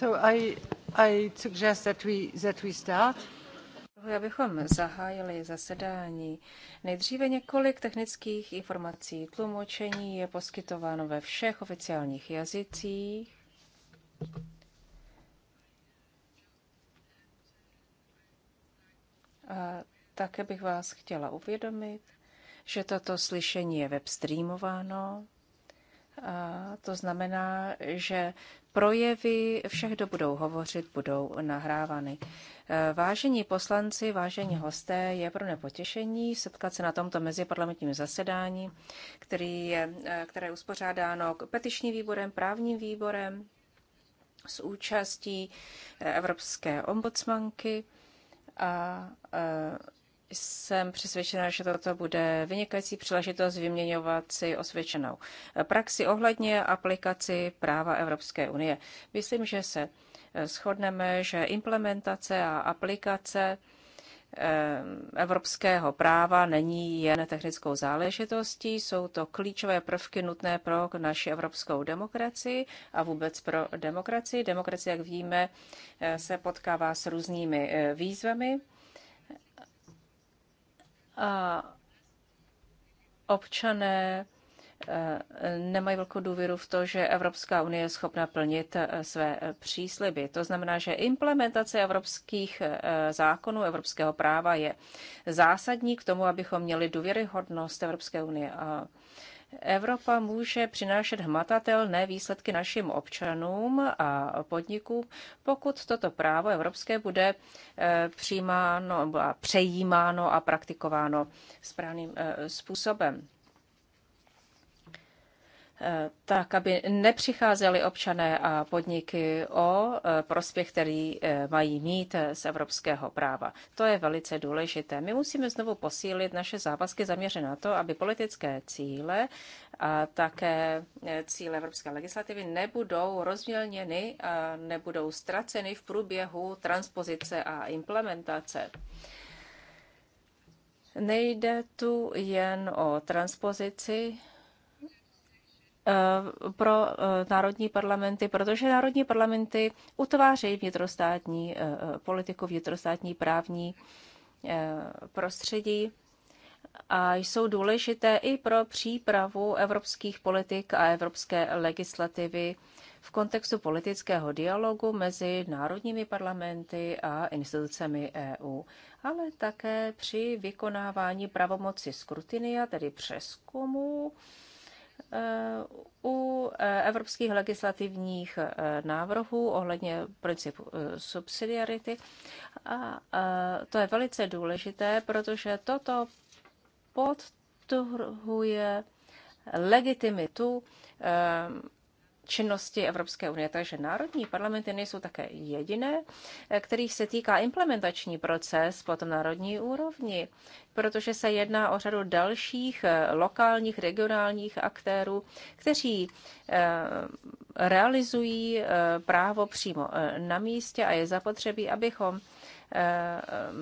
So Abychom zahájili zasedání. Nejdříve několik technických informací. Tlumočení je poskytováno ve všech oficiálních jazycích. A také bych vás chtěla uvědomit, že toto slyšení je webstreamováno to znamená, že projevy všech, kdo budou hovořit, budou nahrávány. E, vážení poslanci, vážení hosté, je pro mě potěšení setkat se na tomto meziparlamentním zasedání, který je, e, které je uspořádáno petičním výborem, právním výborem s účastí Evropské ombudsmanky a e, jsem přesvědčena, že toto bude vynikající příležitost vyměňovat si osvědčenou praxi ohledně aplikaci práva Evropské unie. Myslím, že se eh, shodneme, že implementace a aplikace eh, evropského práva není jen technickou záležitostí, jsou to klíčové prvky nutné pro naši evropskou demokracii a vůbec pro demokracii. Demokracie, jak víme, eh, se potkává s různými výzvami a občané eh, nemají velkou důvěru v to, že Evropská unie je schopna plnit eh, své eh, přísliby. To znamená, že implementace evropských zákonů, evropského práva je zásadní k tomu, abychom měli důvěryhodnost Evropské unie. A Evropa může přinášet hmatatelné výsledky našim občanům a podnikům, pokud toto právo evropské bude eh, přijímáno, přejímáno a praktikováno správným eh, způsobem tak aby nepřicházeli občané a podniky o eh, prospěch, který eh, mají mít eh, z evropského práva. To je velice důležité. My musíme znovu posílit naše závazky zaměřené na to, aby politické cíle a také cíle evropské legislativy nebudou rozmělněny a nebudou ztraceny v průběhu transpozice a implementace. Nejde tu jen o transpozici Eh, pro eh, národní parlamenty, protože národní parlamenty utvářejí vnitrostátní eh, politiku, vnitrostátní právní prostředí a jsou důležité i pro přípravu evropských politik a evropské legislativy v kontextu politického dialogu mezi národními parlamenty a institucemi EU, ale také při vykonávání pravomoci skrutinia, tedy přeskumu u eh, evropských legislativních eh, návrhů ohledně principu eh, subsidiarity. A to je velice důležité, protože toto podtrhuje legitimitu činnosti Evropské unie. Takže národní parlamenty nejsou také jediné, kterých se týká implementační proces potom národní úrovni, protože se jedná o řadu dalších eh, lokálních, regionálních aktérů, kteří eh, realizují eh, právo přímo na místě a je zapotřebí, abychom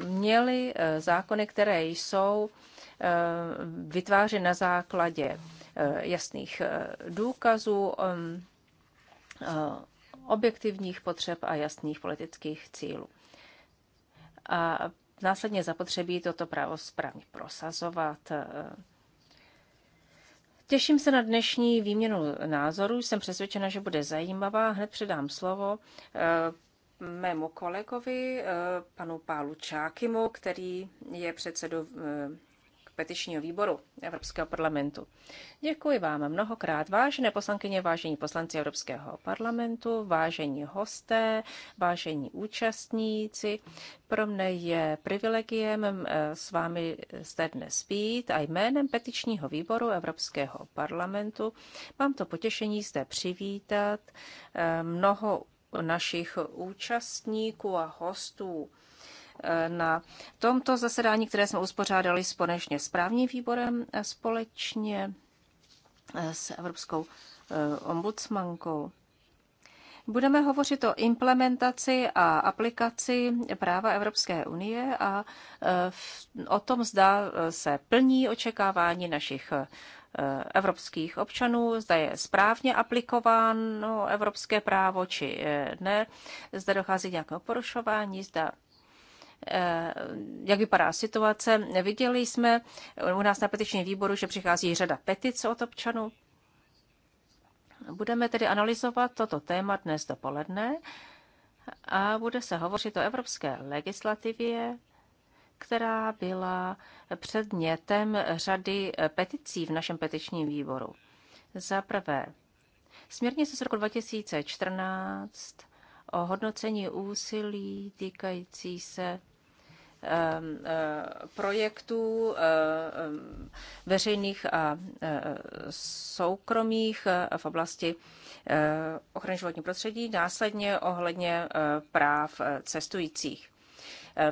měli zákony, které jsou vytvářeny na základě Eh, jasných eh, důkazů, eh, objektivních potřeb a jasných politických cílů. A následně zapotřebí toto právo správně prosazovat. Těším se na dnešní výměnu názorů. Jsem přesvědčena, že bude zajímavá. Hned předám slovo mému kolegovi, panu Pálu Čákymu, který je předsedou petičního výboru Evropského parlamentu. Děkuji vám mnohokrát, vážené poslankyně, vážení poslanci Evropského parlamentu, vážení hosté, vážení účastníci. Pro mne je privilegiem eh, s vámi zde dnes být a jménem petičního výboru Evropského parlamentu mám to potěšení zde přivítat eh, mnoho našich účastníků a hostů na tomto zasedání, které jsme uspořádali společně s právním výborem, společně eh, s Evropskou eh, ombudsmankou. Budeme hovořit o implementaci a aplikaci práva Evropské unie a eh, o tom, zda se plní očekávání našich evropských občanů, zda je správně aplikováno evropské právo či ne, zda dochází k nějakého porušování, zda Eh, jak vypadá situace. Viděli jsme u nás na petičním výboru, že přichází řada petic od občanů. Budeme tedy analyzovat toto téma dnes dopoledne a bude se hovořit o evropské legislativě, která byla předmětem řady peticí v našem petičním výboru. Za prvé, směrnice z roku 2014 o hodnocení úsilí týkající se Eh, projektů eh, veřejných a eh, soukromých v oblasti ochrany životního prostředí, následně ohledně práv cestujících.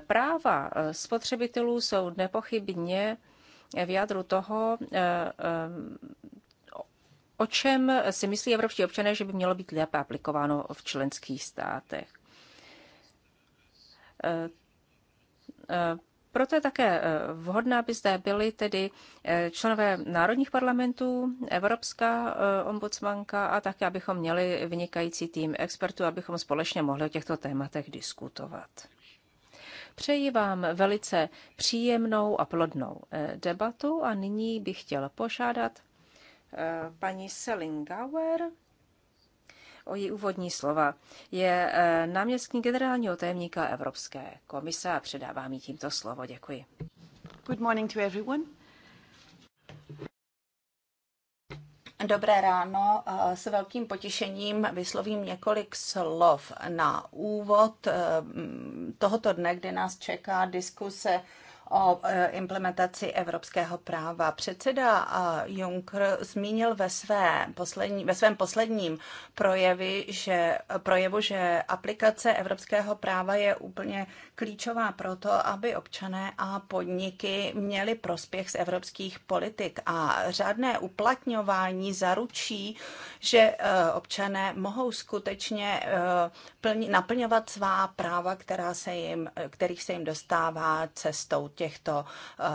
Práva spotřebitelů jsou nepochybně v jádru toho, o čem si myslí evropští občané, že by mělo být lépe aplikováno v členských státech. Eh, proto je také eh, vhodné, aby zde byli tedy eh, členové národních parlamentů, Evropská ombudsmanka a také, abychom měli vynikající tým expertů, abychom společně mohli o těchto tématech diskutovat. Přeji vám velice příjemnou a plodnou debatu a nyní bych chtěla požádat paní Selingauer, o její úvodní slova. Je eh, náměstní generálního tajemníka Evropské komise a předávám jí tímto slovo. Děkuji. Good morning to everyone. Dobré ráno. Eh, s velkým potěšením vyslovím několik slov na úvod eh, tohoto dne, kde nás čeká diskuse o e, implementaci evropského práva. Předseda Juncker zmínil ve, své poslední, ve svém posledním projevi, že, projevu, že aplikace evropského práva je úplně klíčová pro to, aby občané a podniky měli prospěch z evropských politik a řádné uplatňování zaručí, že e, občané mohou skutečně e, naplňovat svá práva, která se jim, kterých se jim dostává cestou těchto eh,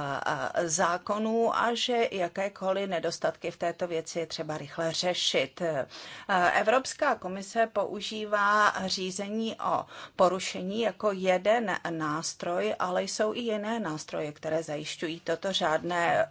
eh, zákonů a že jakékoliv nedostatky v této věci je třeba rychle řešit. Eh, Evropská komise používá řízení o porušení jako jeden nástroj, ale jsou i jiné nástroje, které zajišťují toto řádné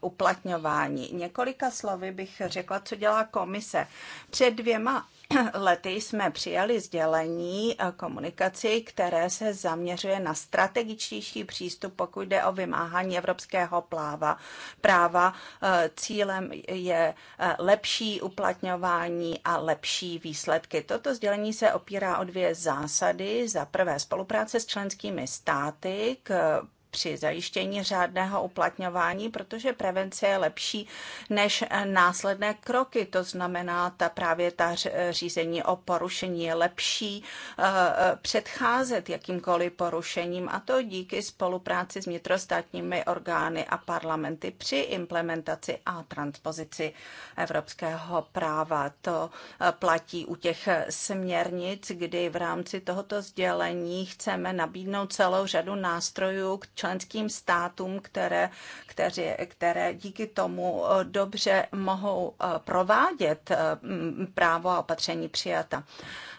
uplatňování. Několika slovy bych řekla, co dělá komise. Před dvěma lety jsme přijali sdělení eh, komunikaci, které se zaměřuje na strategičtější přístup, pokud jde o vymáhání evropského pláva práva eh, cílem je eh, lepší uplatňování a lepší výsledky. Toto sdělení se opírá o dvě zásady. Za prvé spolupráce s členskými státy k při zajištění řádného uplatňování, protože prevence je lepší než následné kroky. To znamená, ta právě ta řízení o porušení je lepší eh, eh, předcházet jakýmkoliv porušením a to díky spolupráci s vnitrostátními orgány a parlamenty při implementaci a transpozici evropského práva. To eh, platí u těch směrnic, kdy v rámci tohoto sdělení chceme nabídnout celou řadu nástrojů členským státům, které, které, které díky tomu eh, dobře mohou eh, provádět eh, právo a opatření přijata.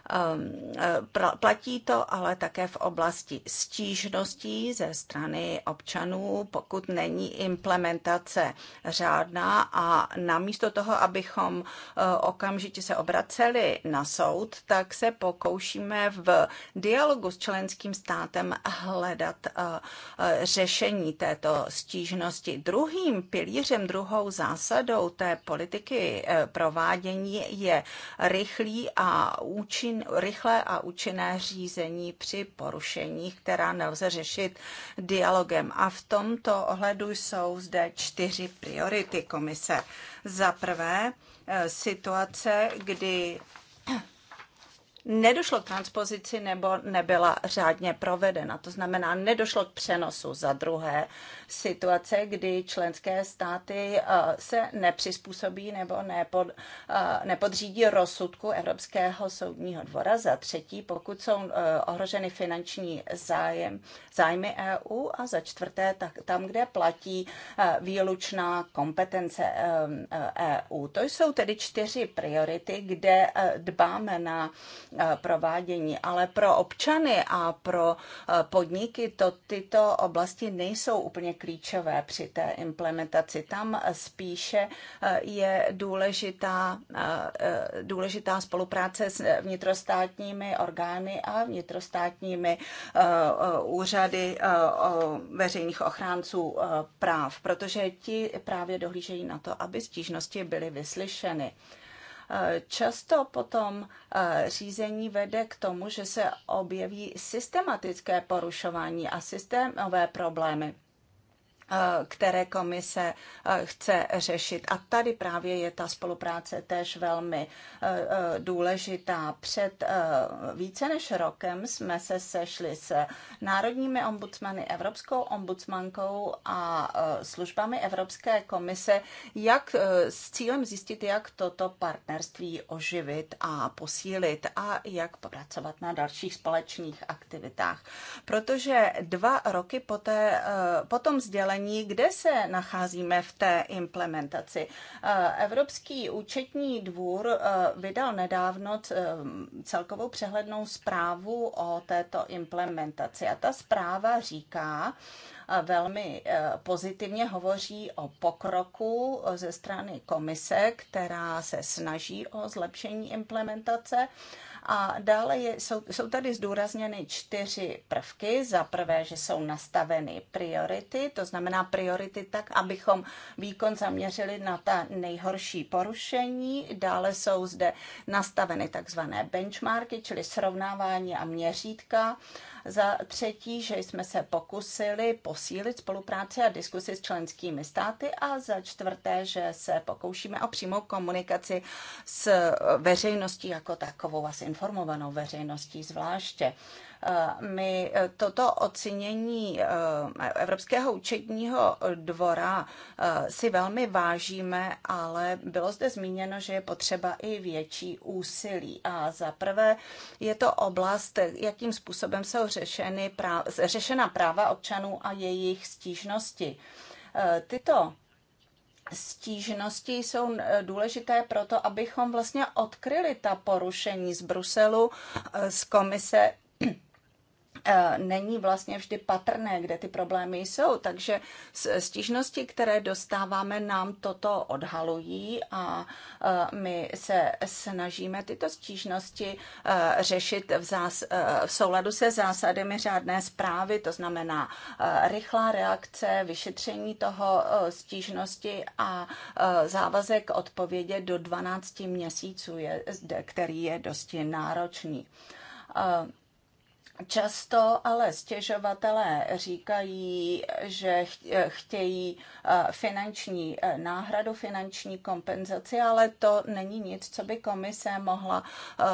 Ehm, platí to ale také v oblasti stížností ze strany občanů, pokud není implementace řádná a namísto toho, abychom okamžitě se obraceli na soud, tak se pokoušíme v dialogu s členským státem hledat řešení této stížnosti. Druhým pilířem, druhou zásadou té politiky eh, provádění je rychlý a účin, rychlé a účinné řízení při porušeních, která nelze řešit dialogem. A v tomto ohledu jsou zde čtyři priority komise. Za prvé, eh, situace, kdy nedošlo k transpozici nebo nebyla řádně provedena. To znamená, nedošlo k přenosu. Za druhé, situace, kdy členské státy eh, se nepřizpůsobí nebo nepod, eh, nepodřídí rozsudku Evropského soudního dvora. Za třetí, pokud jsou eh, ohroženy finanční zájem, zájmy EU. A za čtvrté, tak tam, kde platí výlučná kompetence EU. E to jsou tedy čtyři priority, kde dbáme na Eh, provádění. Ale pro občany a pro eh, podniky to tyto oblasti nejsou úplně klíčové při té implementaci. Tam spíše eh, je důležitá, důležitá spolupráce s vnitrostátními orgány a vnitrostátními úřady veřejných ochránců práv, protože ti právě dohlížejí na to, aby stížnosti byly vyslyšeny. Často potom eh, řízení vede k tomu, že se objeví systematické porušování a systémové problémy. Eh, které komise eh, chce řešit. A tady právě je ta spolupráce též velmi eh, důležitá. Před více než rokem jsme se sešli s národními ombudsmany, evropskou ombudsmankou a službami Evropské komise, jak s cílem zjistit, jak toto partnerství oživit a posílit a jak pracovat na dalších společných aktivitách. Protože dva roky poté, potom sdělení sdělení, kde se nacházíme v té implementaci. Eh, Evropský účetní dvůr eh, vydal nedávno eh, celkovou přehlednou zprávu o této implementaci a ta zpráva říká, velmi pozitivně hovoří o pokroku ze strany komise, která se snaží o zlepšení implementace a dále je, jsou, jsou tady zdůrazněny čtyři prvky. Za prvé, že jsou nastaveny priority, to znamená priority tak, abychom výkon zaměřili na ta nejhorší porušení. Dále jsou zde nastaveny takzvané benchmarky, čili srovnávání a měřítka za třetí, že jsme se pokusili posílit spolupráci a diskusi s členskými státy a za čtvrté, že se pokoušíme o přímou komunikaci s veřejností jako takovou a s informovanou veřejností zvláště. Eh, my eh, toto ocenění eh, Evropského účetního dvora si velmi vážíme, ale bylo zde zmíněno, že je potřeba i větší úsilí. A za prvé je to oblast, jakým způsobem jsou řešeny práv, řešena práva občanů a jejich stížnosti. Tyto stížnosti jsou důležité proto, abychom vlastně odkryli ta porušení z Bruselu, z komise E, není vlastně vždy patrné, kde ty problémy jsou. Takže stížnosti, které dostáváme, nám toto odhalují a e, my se snažíme tyto stížnosti e, řešit v, zás, v souladu se zásadami řádné zprávy, to znamená rychlá reakce, vyšetření toho stížnosti a závazek odpovědě do 12 měsíců, je, který je dosti náročný Často ale stěžovatelé říkají, že chtějí eh, finanční eh, náhradu, finanční kompenzaci, ale to není nic, co by komise mohla, eh,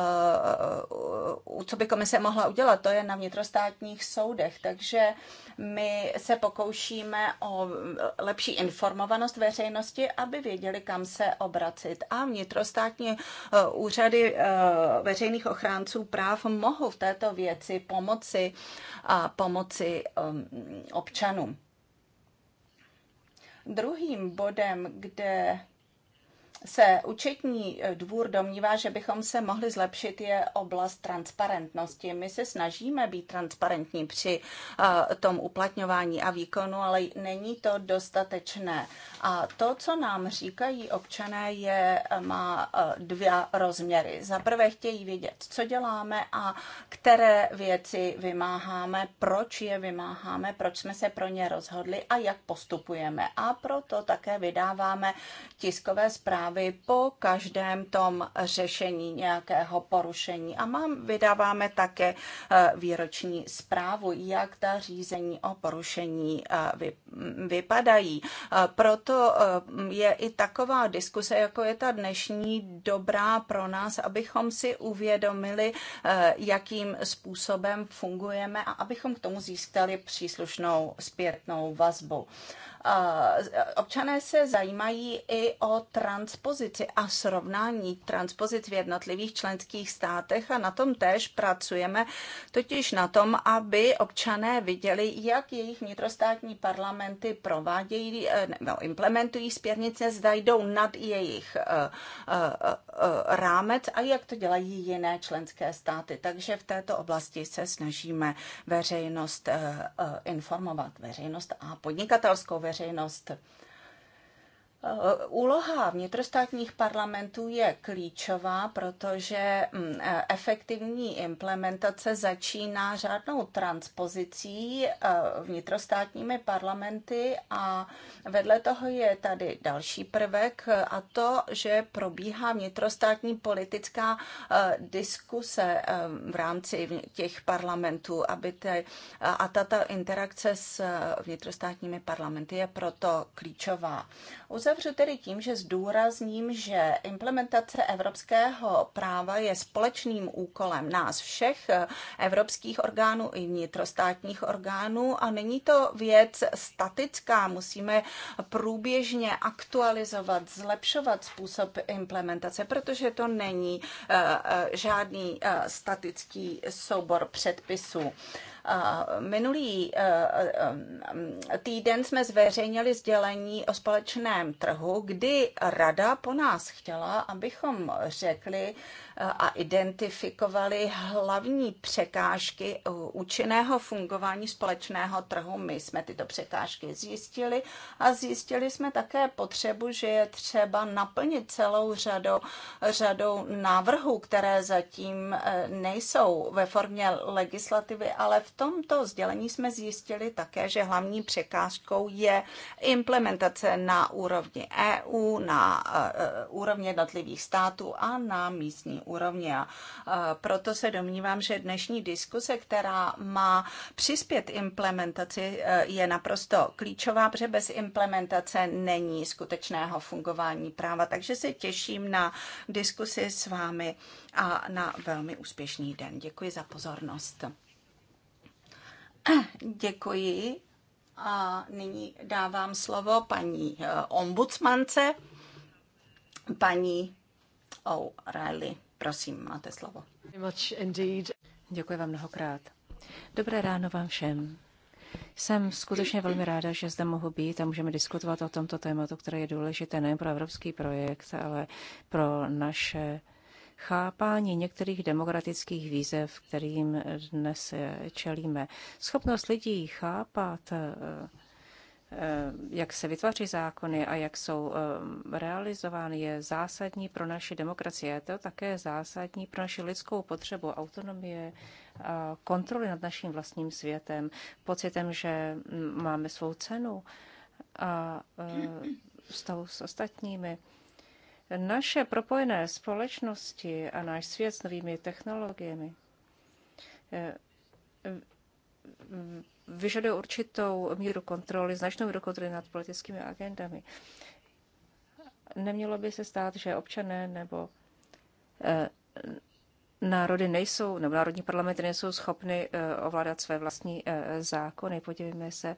co by komise mohla udělat. To je na vnitrostátních soudech. Takže my se pokoušíme o lepší informovanost veřejnosti, aby věděli, kam se obracit. A vnitrostátní úřady veřejných ochránců práv mohou v této věci pomoci pomoci a pomoci um, občanům. Druhým bodem, kde se účetní eh, dvůr domnívá, že bychom se mohli zlepšit, je oblast transparentnosti. My se snažíme být transparentní při eh, tom uplatňování a výkonu, ale není to dostatečné. A to, co nám říkají občané, je, eh, má dva rozměry. Za prvé chtějí vědět, co děláme a které věci vymáháme, proč je vymáháme, proč jsme se pro ně rozhodli a jak postupujeme. A proto také vydáváme tiskové zprávy zprávy po každém tom řešení nějakého porušení. A mám, vydáváme také eh, výroční zprávu, jak ta řízení o porušení eh, vy, mm, vypadají. Eh, proto je i taková diskuse, jako je ta dnešní, dobrá pro nás, abychom si uvědomili, jakým způsobem fungujeme a abychom k tomu získali příslušnou zpětnou vazbu. Eh, občané se zajímají i o transpozici a srovnání transpozic v jednotlivých členských státech a na tom též pracujeme, totiž na tom, aby občané viděli, jak jejich vnitrostátní parlamenty provádějí eh, nebo implementují směrnice, zda jdou nad jejich eh, rámec a jak to dělají jiné členské státy. Takže v této oblasti se snažíme veřejnost informovat, veřejnost a podnikatelskou veřejnost veřejnost. Eh, úloha vnitrostátních parlamentů je klíčová, protože mm, eh, efektivní implementace začíná řádnou transpozicí eh, vnitrostátními parlamenty a vedle toho je tady další prvek a to, že probíhá vnitrostátní politická diskuse v rámci těch parlamentů aby te, a tato interakce s vnitrostátními parlamenty je proto klíčová. Uzavření Uzavřu tedy tím, že zdůrazním, že implementace evropského práva je společným úkolem nás všech, eh, evropských orgánů i vnitrostátních orgánů a není to věc statická. Musíme průběžně aktualizovat, zlepšovat způsob implementace, protože to není eh, eh, žádný statický soubor předpisů. Minulý e, e, e, týden jsme zveřejnili sdělení o společném trhu, kdy rada po nás chtěla, abychom řekli, a identifikovali hlavní překážky uh, účinného fungování společného trhu. My jsme tyto překážky zjistili a zjistili jsme také potřebu, že je třeba naplnit celou řadou, řadou návrhů, které zatím uh, nejsou ve formě legislativy, ale v tomto sdělení jsme zjistili také, že hlavní překážkou je implementace na úrovni EU, na uh, úrovni jednotlivých států a na místní úrovni. A proto se domnívám, že dnešní diskuse, která má přispět implementaci, e, je naprosto klíčová, protože bez implementace není skutečného fungování práva. Takže se těším na diskusi s vámi a na velmi úspěšný den. Děkuji za pozornost. Děkuji. A nyní dávám slovo paní e, ombudsmance, paní O'Reilly. Prosím, máte slovo. Děkuji vám mnohokrát. Dobré ráno vám všem. Jsem skutečně velmi ráda, že zde mohu být a můžeme diskutovat o tomto tématu, které je důležité nejen pro evropský projekt, ale pro naše chápání některých demokratických výzev, kterým dnes eh, čelíme. Schopnost lidí chápat eh, Eh, jak se vytváří zákony a jak jsou eh, realizovány, je zásadní pro naši demokracii. Je to také zásadní pro naši lidskou potřebu autonomie, kontroly nad naším vlastním světem, pocitem, že hm, máme svou cenu a eh, vztahu s ostatními. Naše propojené společnosti a náš svět s novými technologiemi vyžaduje určitou míru kontroly, značnou míru kontroly nad politickými agendami. Nemělo by se stát, že občané nebo eh, národy nejsou, nebo národní parlamenty nejsou schopny eh, ovládat své vlastní eh, zákony. Podívejme se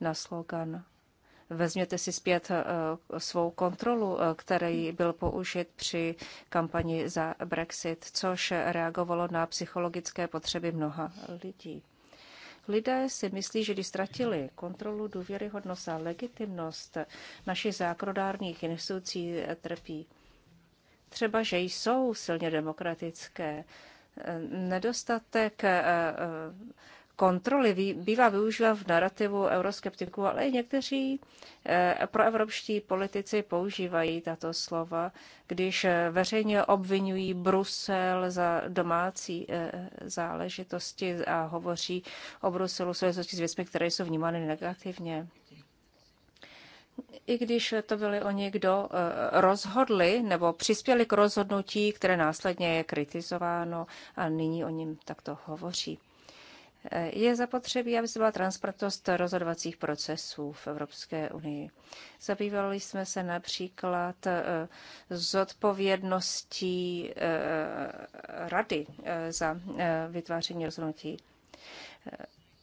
na slogan Vezměte si zpět svou kontrolu, který byl použit při kampani za Brexit, což reagovalo na psychologické potřeby mnoha lidí. Lidé si myslí, že když ztratili kontrolu, důvěryhodnost a legitimnost našich zákonodárných institucí eh, trpí. Třeba, že jsou silně demokratické. Eh, nedostatek eh, kontroly bývá využíván v narrativu euroskeptiků, ale i někteří eh, proevropští politici používají tato slova, když eh, veřejně obvinují Brusel za domácí eh, záležitosti a hovoří o Bruselu v souvislosti s věcmi, které jsou vnímány negativně i když to byli oni, kdo rozhodli nebo přispěli k rozhodnutí, které následně je kritizováno a nyní o něm takto hovoří. Je zapotřebí, aby se byla transparentnost rozhodovacích procesů v Evropské unii. Zabývali jsme se například e, odpovědností e, rady e, za vytváření rozhodnutí.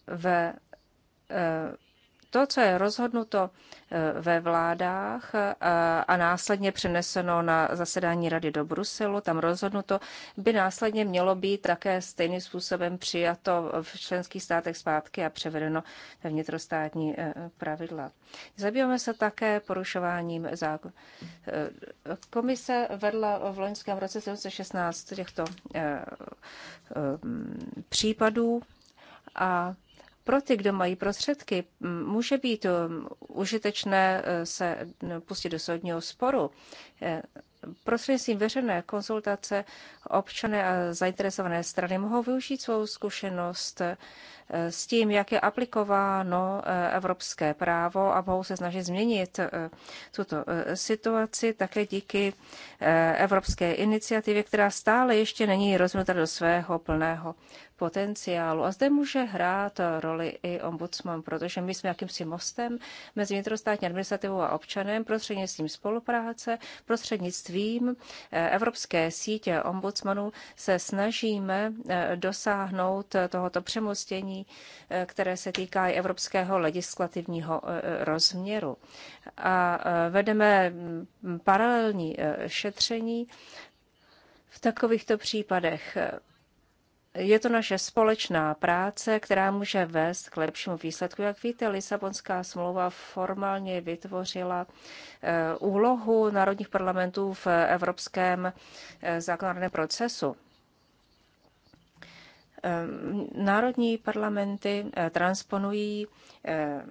V to, co je rozhodnuto e, ve vládách e, a následně přeneseno na zasedání Rady do Bruselu, tam rozhodnuto, by následně mělo být také stejným způsobem přijato v členských státech zpátky a převedeno ve vnitrostátní e, pravidla. Zabýváme se také porušováním zákonů. Komise vedla v loňském roce 2016 těchto případů a pro ty, kdo mají prostředky, může být užitečné e, se pustit do soudního sporu. E, prostřednictvím veřejné konzultace občané a zainteresované strany mohou využít svou zkušenost s tím, jak je aplikováno eh, evropské právo a mohou se snažit změnit eh, tuto eh, situaci také díky evropské iniciativě, která stále ještě není rozhodnuta do svého plného potenciálu. A zde může hrát roli i ombudsman, protože my jsme jakýmsi mostem mezi vnitrostátní administrativou a občanem prostřednictvím spolupráce, prostřednictvím Evropské sítě ombudsmanů se snažíme dosáhnout tohoto přemostění nařízení, eh, které se týká i evropského legislativního eh, eh, rozměru. A vedeme mm, paralelní šetření v takovýchto případech. Je to naše společná práce, která může vést k lepšímu výsledku. Jak víte, Lisabonská smlouva formálně vytvořila úlohu národních parlamentů v evropském zákonodárném procesu. Ehm, národní parlamenty eh, transponují eh, eh,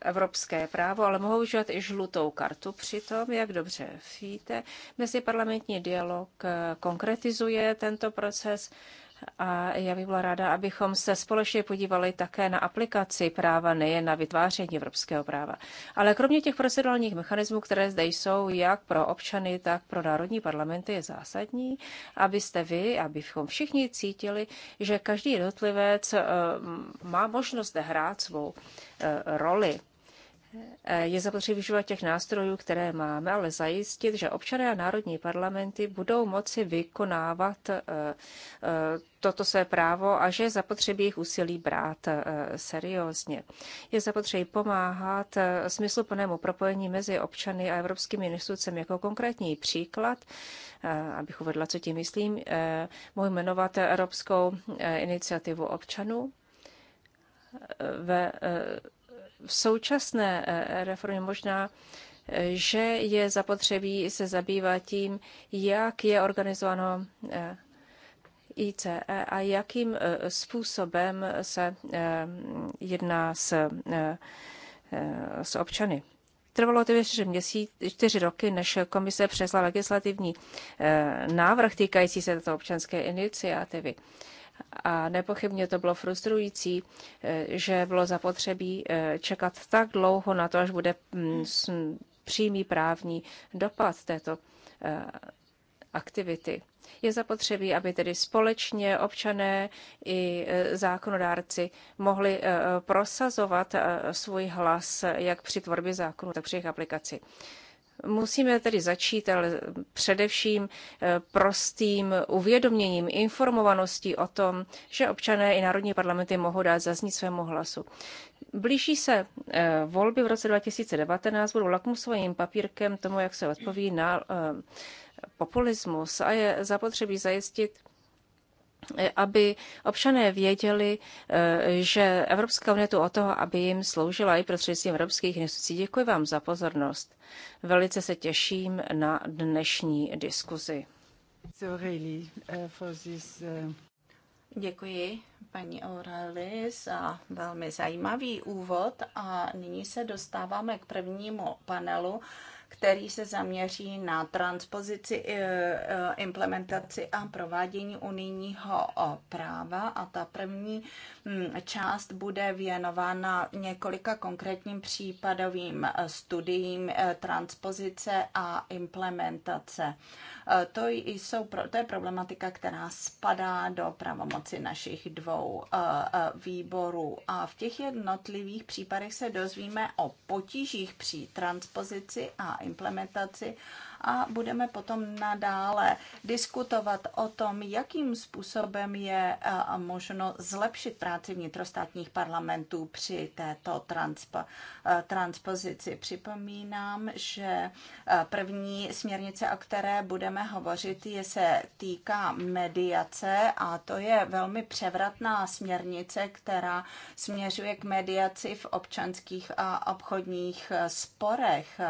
evropské právo, ale mohou užívat i žlutou kartu přitom, jak dobře víte. Meziparlamentní dialog konkretizuje tento proces a já bych byla ráda, abychom se společně podívali také na aplikaci práva, nejen na vytváření evropského práva. Ale kromě těch procedurálních mechanismů, které zde jsou jak pro občany, tak pro národní parlamenty, je zásadní, abyste vy, abychom všichni cítili, že každý jednotlivec eh, má možnost hrát svou eh, roli Eh, je zapotřebí využívat těch nástrojů, které máme, ale zajistit, že občané a národní parlamenty budou moci vykonávat eh, eh, toto své právo a že je zapotřebí jejich úsilí brát seriózně. Je zapotřebí pomáhat smysluplnému propojení mezi občany a evropskými institucemi. Jako konkrétní příklad, abych uvedla, co tím myslím, mohu jmenovat Evropskou iniciativu občanů ve v současné eh, eh, reformě možná, eh, že je zapotřebí se zabývat tím, jak je organizováno ICE a jakým způsobem se jedná s, s občany. Trvalo to čtyři, měsíc, čtyři roky, než komise přesla legislativní návrh týkající se této občanské iniciativy. A nepochybně to bylo frustrující, eh, že bylo zapotřebí eh, čekat tak dlouho na to, až bude mm, přímý právní dopad této eh, aktivity. Je zapotřebí, aby tedy společně občané i zákonodárci mohli prosazovat svůj hlas jak při tvorbě zákonů, tak při jejich aplikaci. Musíme tedy začít ale především eh, prostým uvědoměním, informovaností o tom, že občané i národní parlamenty mohou dát zaznít svému hlasu. Blíží se eh, volby v roce 2019, budou lakmusovým papírkem tomu, jak se odpoví na eh, populismus a je zapotřebí zajistit aby občané věděli, e, že Evropská unie tu o toho, aby jim sloužila i prostřednictvím evropských institucí. Děkuji vám za pozornost. Velice se těším na dnešní diskuzi. Uh, uh, Děkuji paní Aureli za velmi zajímavý úvod a nyní se dostáváme k prvnímu panelu který se zaměří na transpozici, eh, eh, implementaci a provádění unijního eh, práva. A ta první hm, část bude věnována několika konkrétním případovým studiím transpozice a implementace. Eh, to, jsou, to je problematika, která spadá do pravomoci našich dvou eh, eh, výborů. A v těch jednotlivých případech se dozvíme o potížích při transpozici a implementaci a budeme potom nadále diskutovat o tom, jakým způsobem je možno zlepšit práci vnitrostátních parlamentů při této transpo, transpozici. Připomínám, že první směrnice, o které budeme hovořit, je se týká mediace a to je velmi převratná směrnice, která směřuje k mediaci v občanských a obchodních sporech.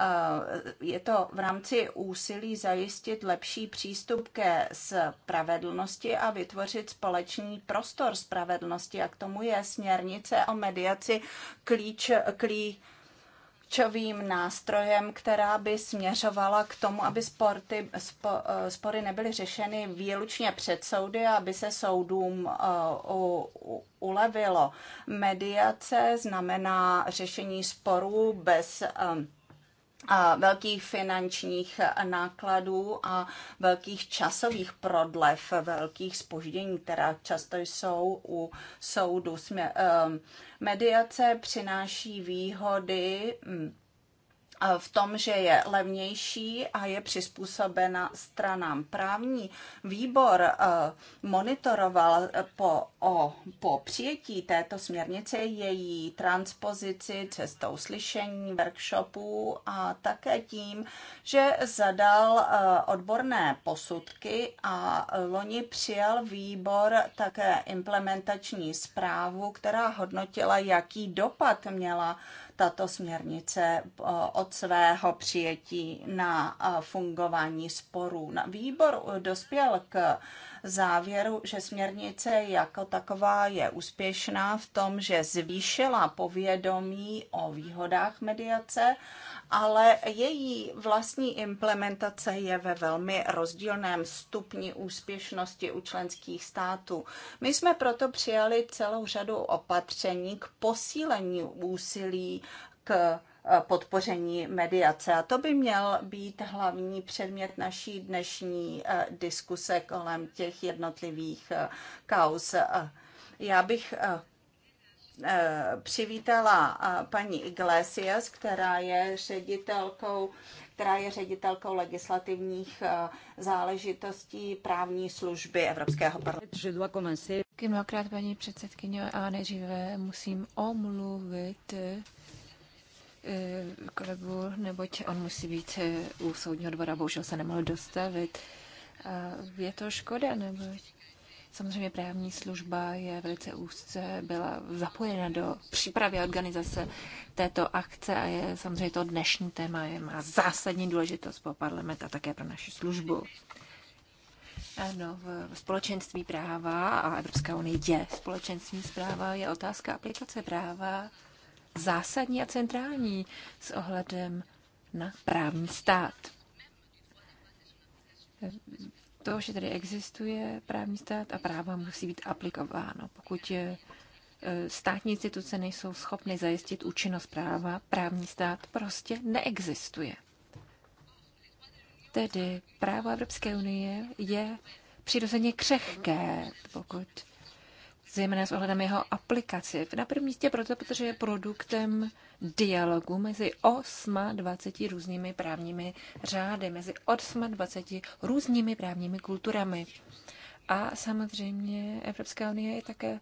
Eh, je to v rámci úsilí zajistit lepší přístup ke spravedlnosti a vytvořit společný prostor spravedlnosti. A k tomu je směrnice o mediaci klíč, klíčovým nástrojem, která by směřovala k tomu, aby sporty, spo, eh, spory nebyly řešeny výlučně před soudy a aby se soudům eh, u, u, ulevilo. Mediace znamená řešení sporů bez um, velkých finančních nákladů a velkých časových prodlev, velkých spoždění, která často jsou u soudu. Ehm, mediace přináší výhody hm, v tom, že je levnější a je přizpůsobena stranám. Právní výbor eh, monitoroval eh, po, o, po přijetí této směrnice její transpozici cestou slyšení, workshopů a také tím, že zadal eh, odborné posudky a loni přijal výbor také implementační zprávu, která hodnotila, jaký dopad měla tato směrnice od od svého přijetí na fungování sporů. Na výbor dospěl k závěru, že směrnice jako taková je úspěšná v tom, že zvýšila povědomí o výhodách mediace, ale její vlastní implementace je ve velmi rozdílném stupni úspěšnosti u členských států. My jsme proto přijali celou řadu opatření k posílení úsilí k Eh, podpoření mediace. A to by měl být hlavní předmět naší dnešní eh, diskuse kolem těch jednotlivých eh, kauz. Já bych přivítala paní Iglesias, která je ředitelkou která je ředitelkou legislativních záležitostí právní služby Evropského parlamentu. Mnohokrát, paní předsedkyně, ale nejdříve musím omluvit Eh, kolegu, neboť on musí být eh, u soudního dvora, bohužel se nemohl dostavit. A je to škoda, neboť samozřejmě právní služba je velice úzce, byla zapojena do přípravy organizace této akce a je samozřejmě to dnešní téma, je, má zásadní důležitost pro parlament a také pro naši službu. Ano, v společenství práva a Evropská unie je společenství práva, je otázka aplikace práva zásadní a centrální s ohledem na právní stát. To, že tady existuje právní stát a práva musí být aplikováno. Pokud eh, státní instituce nejsou schopny zajistit účinnost práva, právní stát prostě neexistuje. Tedy právo Evropské unie je přirozeně křehké, pokud zejména s ohledem jeho aplikaci. Na prvním místě proto, protože je produktem dialogu mezi 28 různými právními řády, mezi 28 různými právními kulturami. A samozřejmě Evropská unie je také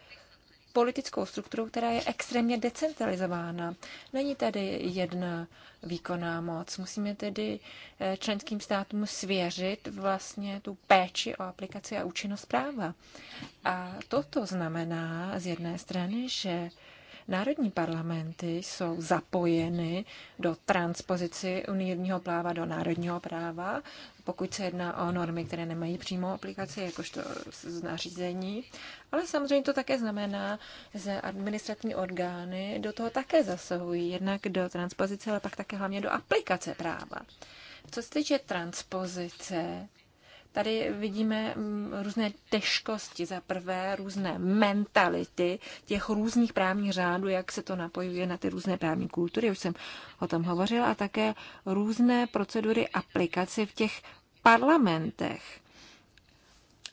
politickou strukturou, která je extrémně decentralizována. Není tady jedna výkonná moc. Musíme tedy eh, členským státům svěřit vlastně tu péči o aplikaci a účinnost práva. A toto znamená z jedné strany, že Národní parlamenty jsou zapojeny do transpozici unijního práva do národního práva, pokud se jedná o normy, které nemají přímou aplikaci, jakožto z nařízení. Ale samozřejmě to také znamená, že administrativní orgány do toho také zasahují, jednak do transpozice, ale pak také hlavně do aplikace práva. Co se týče transpozice, Tady vidíme mm, různé težkosti, za prvé různé mentality těch různých právních řádů, jak se to napojuje na ty různé právní kultury, už jsem o tom hovořila, a také různé procedury aplikace v těch parlamentech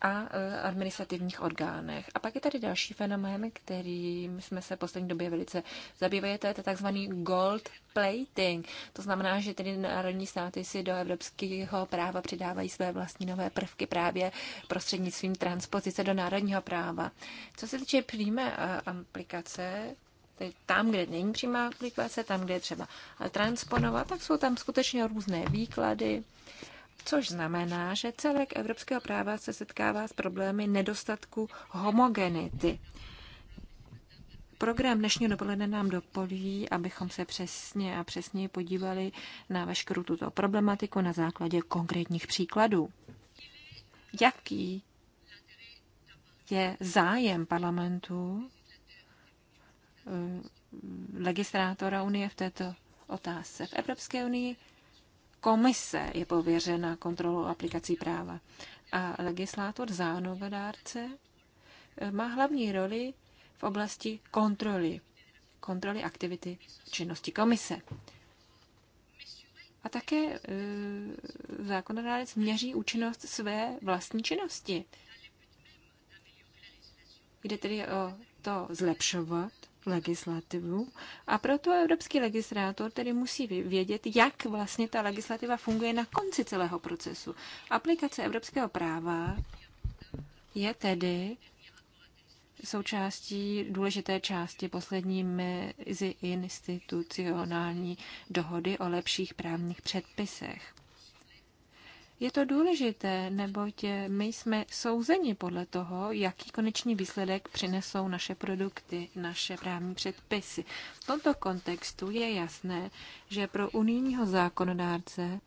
a e, administrativních orgánech. A pak je tady další fenomén, kterým jsme se v poslední době velice zabývali, to je takzvaný gold plating. To znamená, že tedy národní státy si do evropského práva přidávají své vlastní nové prvky právě prostřednictvím transpozice do národního práva. Co se týče přímé e, aplikace, tam, kde není přímá aplikace, tam, kde je třeba transponovat, tak jsou tam skutečně různé výklady což znamená, že celek evropského práva se setkává s problémy nedostatku homogenity. Program dnešního dopoledne nám dopoví, abychom se přesně a přesně podívali na veškerou tuto problematiku na základě konkrétních příkladů. Jaký je zájem parlamentu eh, legislátora Unie v této otázce? V Evropské unii Komise je pověřena kontrolou aplikací práva a legislátor zákonodárce eh, má hlavní roli v oblasti kontroly, kontroly aktivity činnosti komise. A také e, zákonodárec měří účinnost své vlastní činnosti. Jde tedy o to zlepšovat legislativu a proto evropský legislátor tedy musí vědět, jak vlastně ta legislativa funguje na konci celého procesu. Aplikace evropského práva je tedy součástí důležité části poslední mezi institucionální dohody o lepších právních předpisech. Je to důležité, neboť eh, my jsme souzeni podle toho, jaký konečný výsledek přinesou naše produkty, naše právní předpisy. V tomto kontextu je jasné, že pro unijního zákonodárce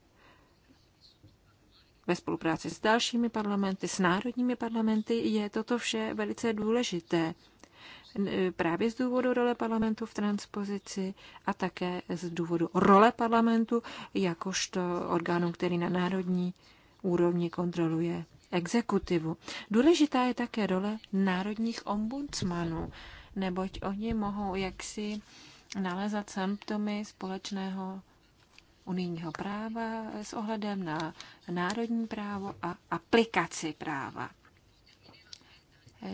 ve spolupráci s dalšími parlamenty, s národními parlamenty, je toto vše velice důležité právě z důvodu role parlamentu v transpozici a také z důvodu role parlamentu jakožto orgánu, který na národní úrovni kontroluje exekutivu. Důležitá je také role národních ombudsmanů, neboť oni mohou jaksi nalézat symptomy společného unijního práva s ohledem na národní právo a aplikaci práva.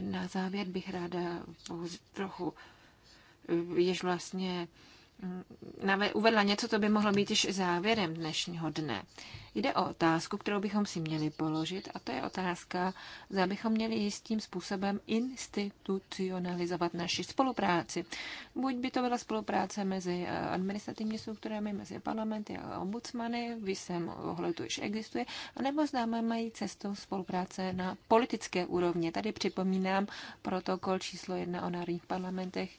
Na závěr bych ráda trochu, eh, jež vlastně mm, uvedla něco, co by mohlo být již závěrem dnešního dne. Jde o otázku, kterou bychom si měli položit, a to je otázka, zda bychom měli jistým způsobem institucionalizovat naši spolupráci. Buď by to byla spolupráce mezi eh, administrativními strukturami, mezi parlamenty a ombudsmany, v jsem ohledu již existuje, anebo známe mají cestou spolupráce na politické úrovni. Tady připomínám protokol číslo jedna o národních parlamentech,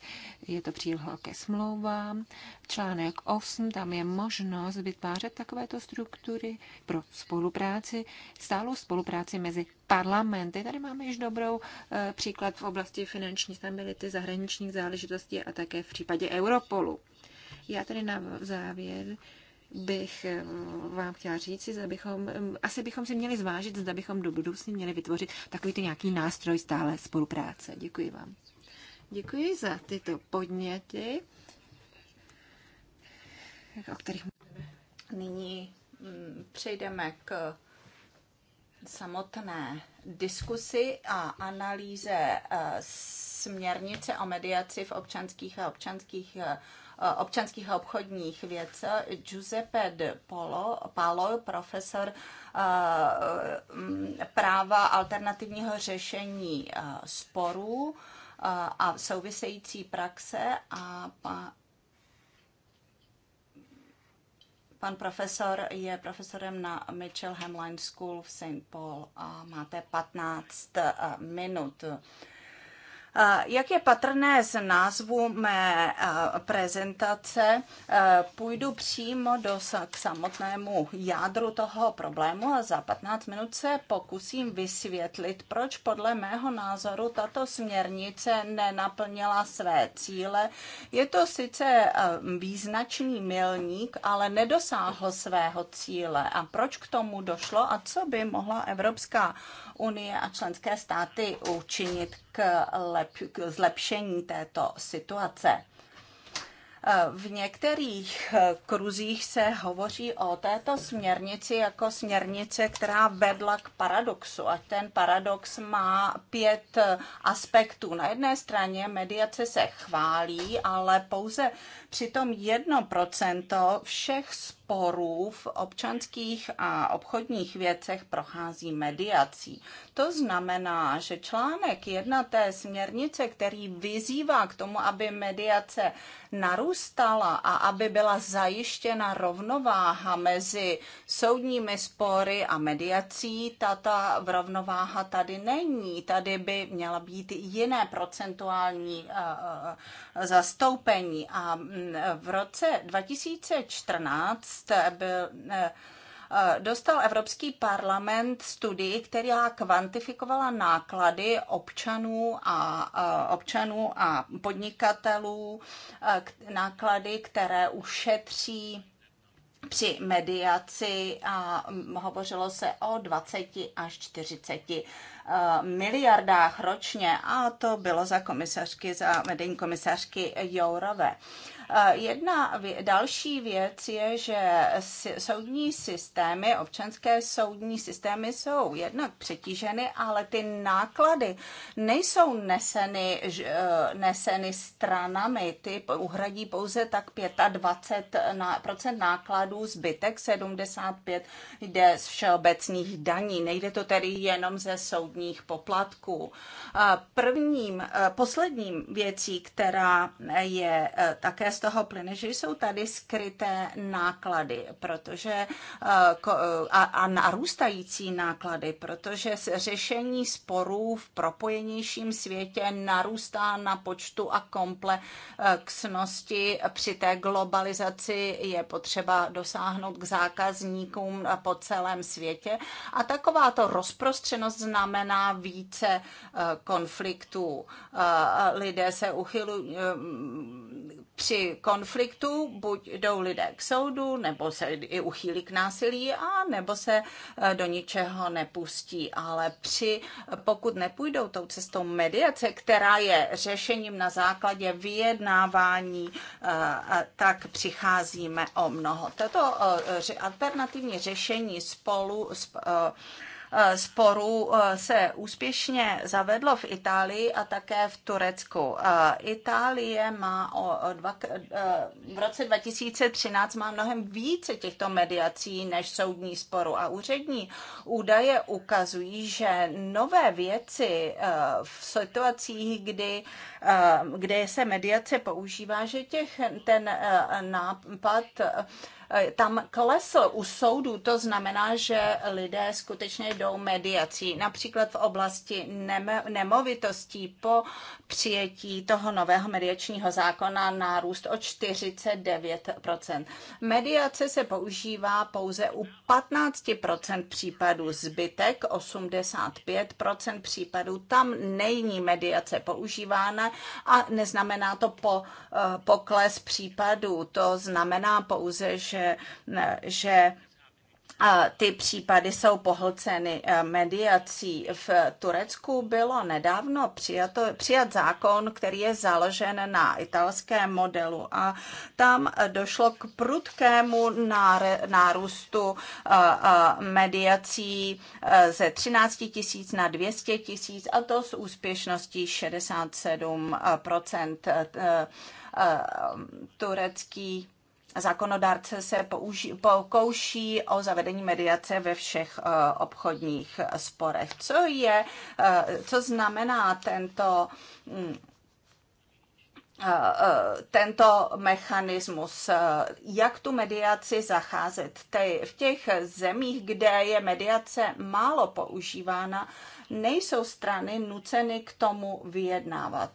je to příloha ke smlouvám, článek 8, tam je možnost vytvářet takovéto struktury pro spolupráci, stálou spolupráci mezi parlamenty. Tady máme již dobrou e, příklad v oblasti finanční stability, zahraničních záležitostí a také v případě Europolu. Já tedy na závěr bych eh, vám chtěla říct, zda bychom, eh, asi bychom si měli zvážit, zda bychom do budoucna měli vytvořit takový ty nějaký nástroj stále spolupráce. Děkuji vám. Děkuji za tyto podněty o kterých Nyní mm, přejdeme k samotné diskusi a analýze eh, směrnice o mediaci v občanských a občanských eh, občanských a obchodních věc Giuseppe de Polo, Palo, profesor eh, mm, práva alternativního řešení sporů a související praxe a Pan profesor je profesorem na Mitchell Hamline School v St. Paul a máte 15 eh, minut. Eh, jak je patrné z názvu mé eh, prezentace, eh, půjdu přímo do, k samotnému jádru toho problému a za 15 minut se pokusím vysvětlit, proč podle mého názoru tato směrnice nenaplnila své cíle. Je to sice význačný milník, ale nedosáhl svého cíle. A proč k tomu došlo a co by mohla Evropská unie a členské státy učinit k, lep, k zlepšení této situace. V některých kruzích se hovoří o této směrnici jako směrnice, která vedla k paradoxu. A ten paradox má pět aspektů. Na jedné straně mediace se chválí, ale pouze přitom procento všech společností sporů v občanských a obchodních věcech prochází mediací. To znamená, že článek jedna té směrnice, který vyzývá k tomu, aby mediace narůstala a aby byla zajištěna rovnováha mezi soudními spory a mediací, tata v rovnováha tady není. Tady by měla být jiné procentuální eh, eh, zastoupení. A mm, v roce 2014 byl, eh, dostal Evropský parlament studii, která kvantifikovala náklady občanů a, eh, občanů a podnikatelů, eh, náklady, které ušetří při mediaci a mm, hovořilo se o 20 až 40 miliardách ročně a to bylo za komisařky, za vedení komisařky Jourové. Eh, jedna další věc je, že soudní systémy, občanské soudní systémy jsou jednak přetíženy, ale ty náklady nejsou neseny, eh, neseny stranami. Ty uhradí pouze tak 25% nákladů, zbytek 75 jde z všeobecných daní. Nejde to tedy jenom ze soudních poplatků. Eh, prvním, posledním věcí, která je také z toho plyne, že jsou tady skryté náklady, protože eh, a, a narůstající náklady, protože řešení sporů v propojenějším světě narůstá na počtu a komplexnosti. Eh, Při té globalizaci je potřeba dosáhnout k zákazníkům po celém světě a takováto rozprostřenost znamená více eh, konfliktů. Lidé se uchylují při konfliktu buď jdou lidé k soudu, nebo se i uchýlí k násilí, a nebo se eh, do ničeho nepustí. Ale při, pokud nepůjdou tou cestou mediace, která je řešením na základě vyjednávání, eh, eh, tak přicházíme o mnoho. Toto alternativní řešení spolu Eh, sporů eh, se úspěšně zavedlo v Itálii a také v Turecku. Eh, Itálie má o dva, v roce 2013 má mnohem více těchto mediací než soudní sporu a úřední údaje ukazují, že nové věci v situacích, kdy, kde se mediace používá, že těch, ten nápad Eh, tam klesl u soudu. To znamená, že lidé skutečně jdou mediací. Například v oblasti nemovitostí po přijetí toho nového mediačního zákona nárůst o 49 Mediace se používá pouze u 15 případů, zbytek 85 případů. Tam není mediace používána a neznamená to po, eh, pokles případů. To znamená pouze, že že a eh, ty případy jsou pohlceny eh, mediací. V Turecku bylo nedávno přijato, přijat zákon, který je založen na italském modelu a tam eh, došlo k prudkému nárůstu mediací ze 13 tisíc na 200 tisíc a to s úspěšností 67 turecký zákonodárce se použi- pokouší o zavedení mediace ve všech eh, obchodních sporech. Co je, eh, co znamená tento mm, eh, tento mechanismus, jak tu mediaci zacházet. V těch zemích, kde je mediace málo používána, nejsou strany nuceny k tomu vyjednávat.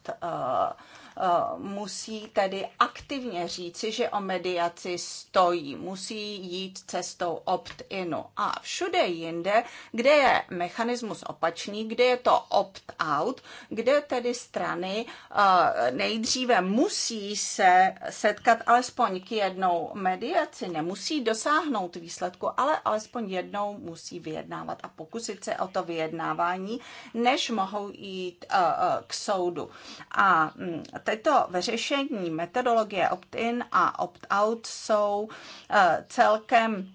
Eh, musí tedy aktivně říci, že o mediaci stojí, musí jít cestou opt-inu. A všude jinde, kde je mechanismus opačný, kde je to opt-out, kde tedy strany eh, nejdříve musí se setkat alespoň k jednou mediaci, nemusí dosáhnout výsledku, ale alespoň jednou musí vyjednávat a pokusit se o to vyjednávání, než mohou jít eh, k soudu. A mm, tyto vyřešení metodologie opt-in a opt-out jsou eh, celkem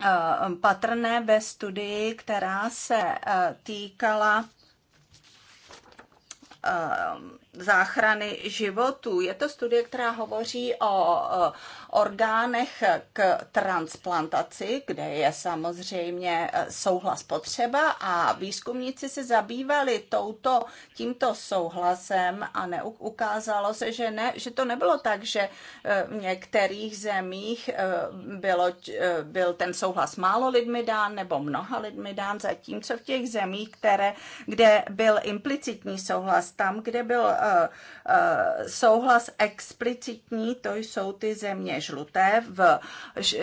eh, patrné ve studii, která se eh, týkala záchrany životů. Je to studie, která hovoří o orgánech k transplantaci, kde je samozřejmě e, souhlas potřeba a výzkumníci se zabývali touto, tímto souhlasem a neukázalo se, že, ne, že to nebylo tak, že e, v některých zemích e, bylo, byl ten souhlas málo lidmi dán nebo mnoha lidmi dán, zatímco v těch zemích, které, kde byl implicitní souhlas, tam, kde byl Eh, eh, souhlas explicitní, to jsou ty země žluté. V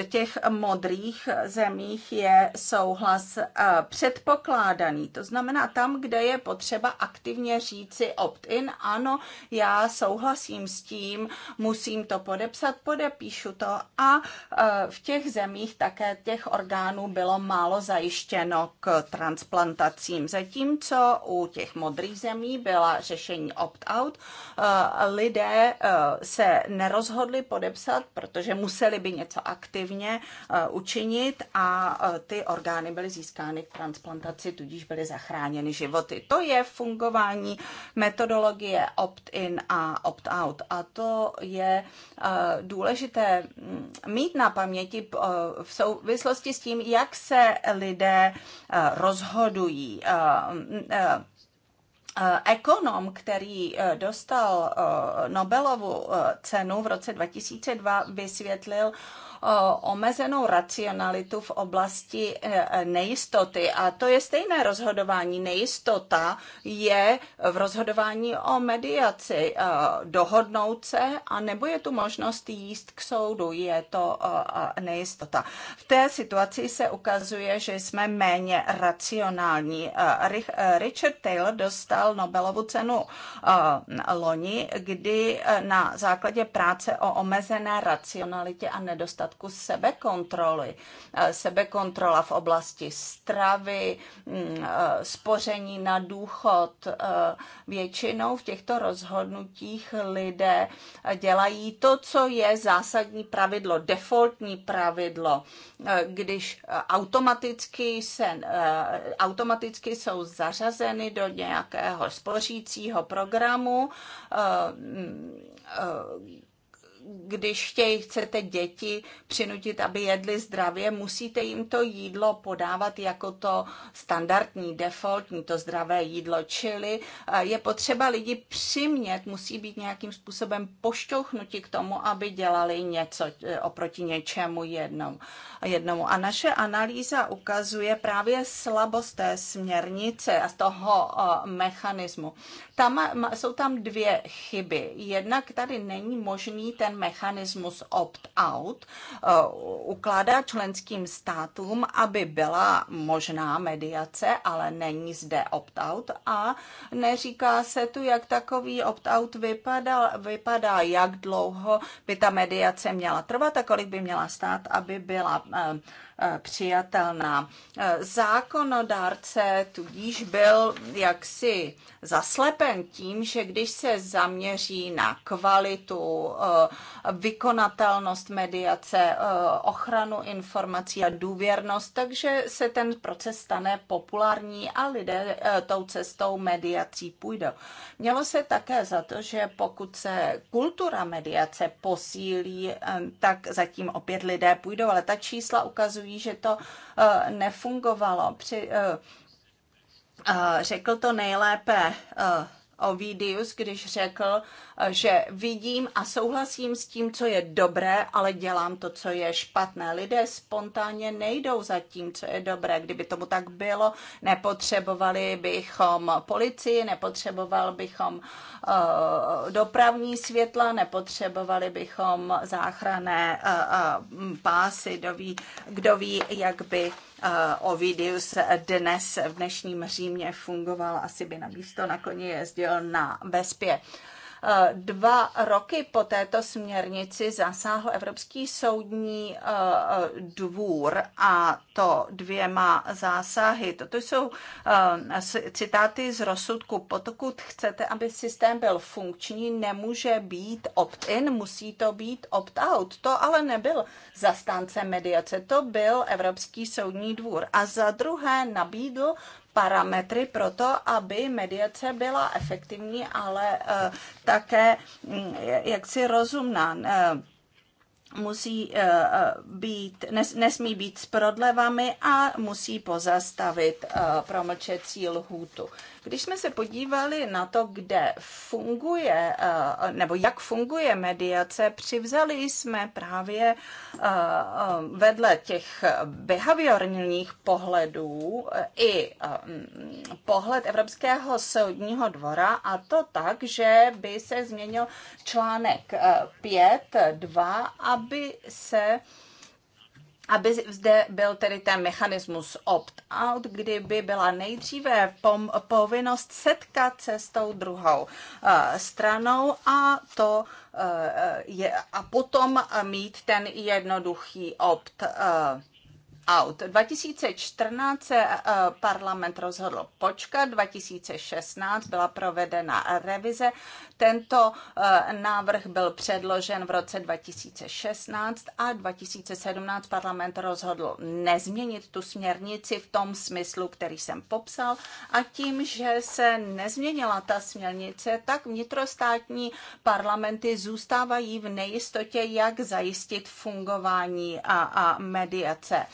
těch modrých zemích je souhlas eh, předpokládaný. To znamená tam, kde je potřeba aktivně říci opt-in, ano, já souhlasím s tím, musím to podepsat, podepíšu to a v těch zemích také těch orgánů bylo málo zajištěno k transplantacím. Zatímco u těch modrých zemí byla řešení opt-out, opt-out. Eh, lidé eh, se nerozhodli podepsat, protože museli by něco aktivně eh, učinit a ty orgány byly získány k transplantaci, tudíž byly zachráněny životy. To je fungování metodologie opt-in a opt-out. A to je důležité mm, mít na paměti v souvislosti s tím, jak se lidé rozhodují. Eh, ekonom, který eh, dostal eh, Nobelovu cenu v roce 2002, vysvětlil omezenou racionalitu v oblasti e, nejistoty. A to je stejné rozhodování. Nejistota je v rozhodování o mediaci e, dohodnout se, a nebo je tu možnost jíst k soudu. Je to e, nejistota. V té situaci se ukazuje, že jsme méně racionální. Richard Taylor dostal Nobelovu cenu loni, kdy na základě práce o omezené racionalitě a nedostatku nedostatku sebekontroly. Eh, sebekontrola v oblasti stravy, mm, eh, spoření na důchod. Eh, většinou v těchto rozhodnutích lidé dělají to, co je zásadní pravidlo, defaultní pravidlo, když automaticky, se, automaticky jsou zařazeny do nějakého spořícího programu, mm, když chtějí, chcete děti přinutit, aby jedli zdravě, musíte jim to jídlo podávat jako to standardní, defaultní, to zdravé jídlo. Čili eh, je potřeba lidi přimět, musí být nějakým způsobem pošťouchnuti k tomu, aby dělali něco eh, oproti něčemu jednou, jednomu. A naše analýza ukazuje právě slabost té směrnice a z toho eh, mechanismu. Tam jsou tam dvě chyby. Jednak tady není možný ten mechanismus opt-out, eh, ukládá členským státům, aby byla možná mediace, ale není zde opt-out a neříká se tu, jak takový opt-out vypadá, vypadá, jak dlouho by ta mediace měla trvat a kolik by měla stát, aby byla eh, Eh, přijatelná. Eh, zákonodárce tudíž byl jaksi zaslepen tím, že když se zaměří na kvalitu, eh, vykonatelnost mediace, ochranu informací a důvěrnost, takže se ten proces stane populární a lidé tou cestou mediací půjdou. Mělo se také za to, že pokud se kultura mediace posílí, tak zatím opět lidé půjdou, ale ta čísla ukazují, ukazují, že to eh, nefungovalo. Při, eh, eh, řekl to nejlépe Ovidius, když řekl, že vidím a souhlasím s tím, co je dobré, ale dělám to, co je špatné. Lidé spontánně nejdou za tím, co je dobré. Kdyby tomu tak bylo, nepotřebovali bychom policii, nepotřeboval bychom uh, dopravní světla, nepotřebovali bychom záchranné uh, uh, pásy, kdo ví, kdo ví jak by Eh, Ovidius dnes v dnešním Římě fungoval, asi by na místo na koně jezdil na Vespě. Dva roky po této směrnici zasáhl Evropský soudní eh, dvůr a to dvěma zásahy. Toto jsou eh, citáty z rozsudku. Pokud chcete, aby systém byl funkční, nemůže být opt-in, musí to být opt-out. To ale nebyl zastánce mediace, to byl Evropský soudní dvůr. A za druhé nabídl parametry pro to, aby mediace byla efektivní, ale eh, také mm, jaksi rozumná eh, musí eh, eh, být, nesmí být s prodlevami a musí pozastavit eh, promlčecí lhůtu. Když jsme se podívali na to, kde funguje, nebo jak funguje mediace, přivzali jsme právě vedle těch behaviorních pohledů i mm, pohled Evropského soudního dvora a to tak, že by se změnil článek 2, aby aby se aby zde byl tedy ten mechanismus opt-out, kdyby byla nejdříve pom- povinnost setkat se s tou druhou uh, stranou a to uh, je, a potom mít ten jednoduchý opt-out. Uh, eh, aut. 2014 se eh, parlament rozhodl počkat, 2016 byla provedena revize. Tento eh, návrh byl předložen v roce 2016 a 2017 parlament rozhodl nezměnit tu směrnici v tom smyslu, který jsem popsal. A tím, že se nezměnila ta směrnice, tak vnitrostátní parlamenty zůstávají v nejistotě, jak zajistit fungování a, a mediace.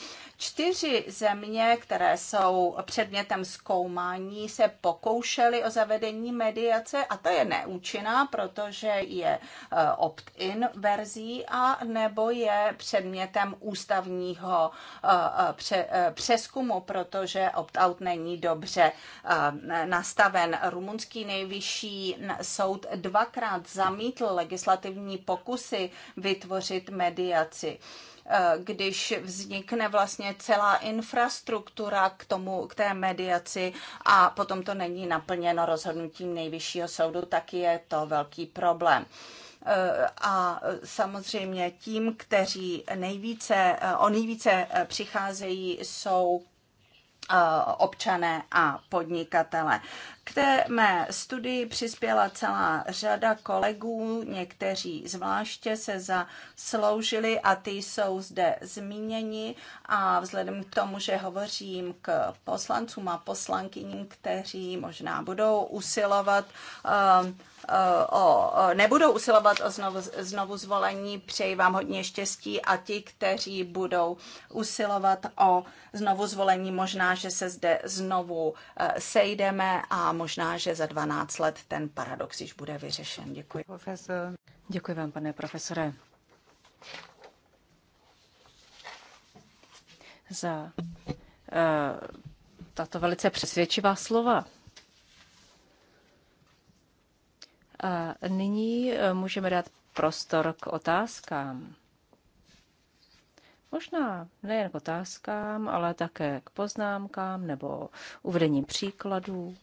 Čtyři země, které jsou předmětem zkoumání, se pokoušely o zavedení mediace a to je neúčinná, protože je eh, opt-in verzí a nebo je předmětem ústavního eh, eh, přeskumu, protože opt-out není dobře nastaven. Rumunský nejvyšší soud dvakrát zamítl legislativní pokusy vytvořit mediaci. Eh, když vznikne vlastně celá infrastruktura k tomu, k té mediaci a potom to není naplněno rozhodnutím nejvyššího soudu, tak je to velký problém eh, a samozřejmě tím, kteří nejvíce, eh, o nejvíce přicházejí, jsou občané a podnikatele. K té mé studii přispěla celá řada kolegů, někteří zvláště se zasloužili a ty jsou zde zmíněni a vzhledem k tomu, že hovořím k poslancům a poslankyním, kteří možná budou usilovat um, uh, o, nebudou usilovat o znovu, znovu zvolení. Přeji vám hodně štěstí a ti, kteří budou usilovat o znovu zvolení, možná, že se zde znovu eh, sejdeme a možná, že za 12 let ten paradox již bude vyřešen. Děkuji. Profesor. Děkuji vám, pane profesore. Za uh, tato velice přesvědčivá slova. A eh, nyní eh, můžeme dát prostor k otázkám. Možná nejen k otázkám, ale také k poznámkám nebo uvedení příkladů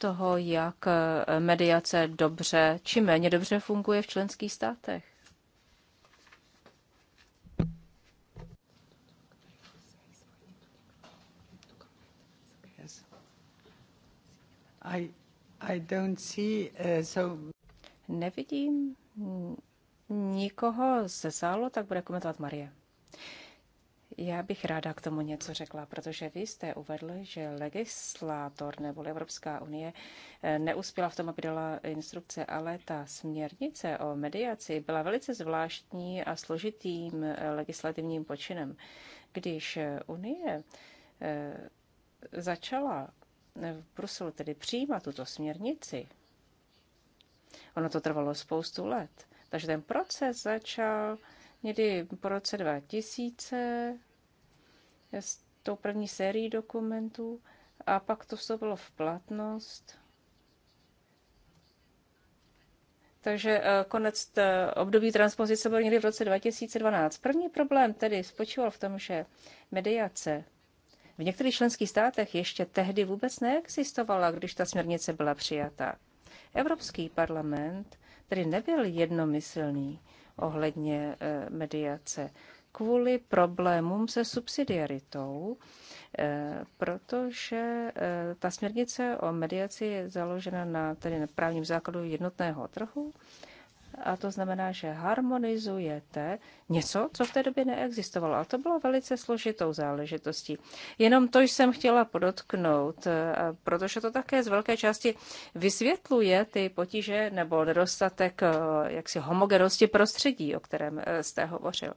toho, jak eh, mediace dobře či méně dobře funguje v členských státech. I, I don't see, uh, so... Nevidím nikoho ze sálu, tak bude komentovat Marie. Já bych ráda k tomu něco řekla, protože vy jste uvedl, že legislátor nebo Evropská unie eh, neuspěla v tom, aby dala instrukce, ale ta směrnice o mediaci byla velice zvláštní a složitým eh, legislativním počinem. Když eh, unie začala v Bruselu tedy přijímat tuto směrnici, ono to trvalo spoustu let, takže ten proces začal někdy po roce 2000 s tou první sérií dokumentů a pak to vstoupilo v platnost. Takže eh, konec eh, období transpozice byl někdy v roce 2012. První problém tedy spočíval v tom, že mediace v některých členských státech ještě tehdy vůbec neexistovala, když ta směrnice byla přijata. Evropský parlament tedy nebyl jednomyslný ohledně eh, mediace kvůli problémům se subsidiaritou, eh, protože eh, ta směrnice o mediaci je založena na, tedy na právním základu jednotného trhu a to znamená, že harmonizujete něco, co v té době neexistovalo. A to bylo velice složitou záležitostí. Jenom to jsem chtěla podotknout, eh, protože to také z velké části vysvětluje ty potíže nebo nedostatek jaksi homogenosti prostředí, o kterém jste hovořil.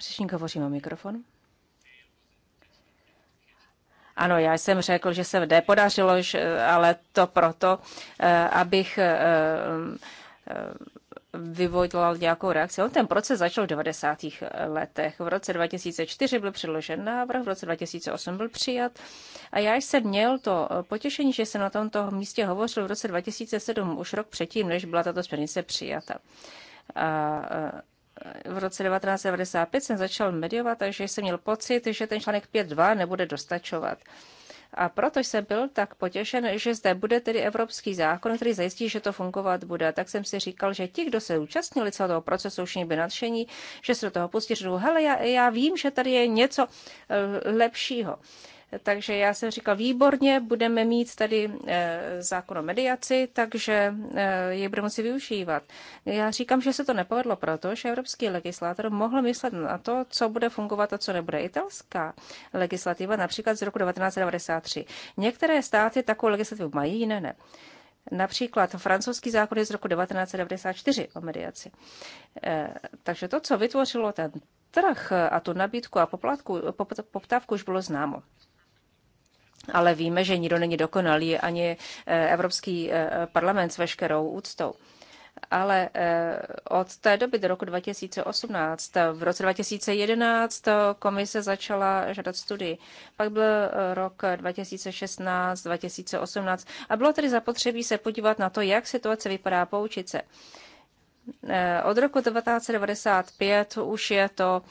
Řečník hovoří o mikrofon. Ano, já jsem řekl, že se vde podařilo, ale to proto, eh, abych eh, eh, vyvodil nějakou reakci. On ten proces začal v 90. letech. V roce 2004 byl předložen návrh, v roce 2008 byl přijat a já jsem měl to potěšení, že jsem na tomto místě hovořil v roce 2007, už rok předtím, než byla tato směrnice přijata. A v roce 1995 jsem začal mediovat, takže jsem měl pocit, že ten článek 5.2 nebude dostačovat. A proto jsem byl tak potěšen, že zde bude tedy evropský zákon, který zajistí, že to fungovat bude. Tak jsem si říkal, že ti, kdo se účastnili celého toho procesu, už by nadšení, že se do toho pustí, že hele, já, já vím, že tady je něco eh, lepšího. Takže já jsem říkal, výborně, budeme mít tady eh, zákon o mediaci, takže eh, je budeme moci využívat. Já říkám, že se to nepovedlo proto, že evropský legislátor mohl myslet na to, co bude fungovat a co nebude. Italská legislativa například z roku 1993. Některé státy takovou legislativu mají, jiné ne. Například francouzský zákon je z roku 1994 o mediaci. Eh, takže to, co vytvořilo ten trh a tu nabídku a poplatku, poptávku už bylo známo ale víme, že nikdo není dokonalý, ani eh, Evropský eh, parlament s veškerou úctou ale eh, od té doby do roku 2018, v roce 2011 komise začala žádat studii. Pak byl rok 2016, 2018 a bylo tedy zapotřebí se podívat na to, jak situace vypadá, poučit se. Od roku 1995 už je to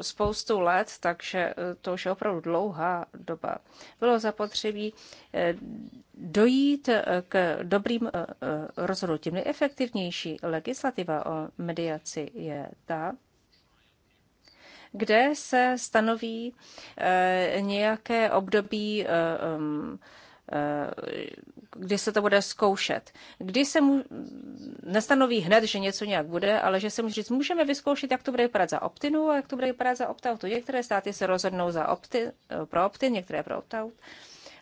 spoustu let, takže eh, to už je opravdu dlouhá doba. Bylo zapotřebí eh, dojít eh, k dobrým rozhodnutím. Nejefektivnější legislativa o mediaci je ta, kde se stanoví nějaké období kdy se to bude zkoušet. Kdy se mu nestanoví hned, že něco nějak bude, ale že se může říct, můžeme vyzkoušet, jak to bude vypadat za optinu a jak to bude vypadat za opt Některé státy se rozhodnou za opti, pro optin, některé pro opt-out.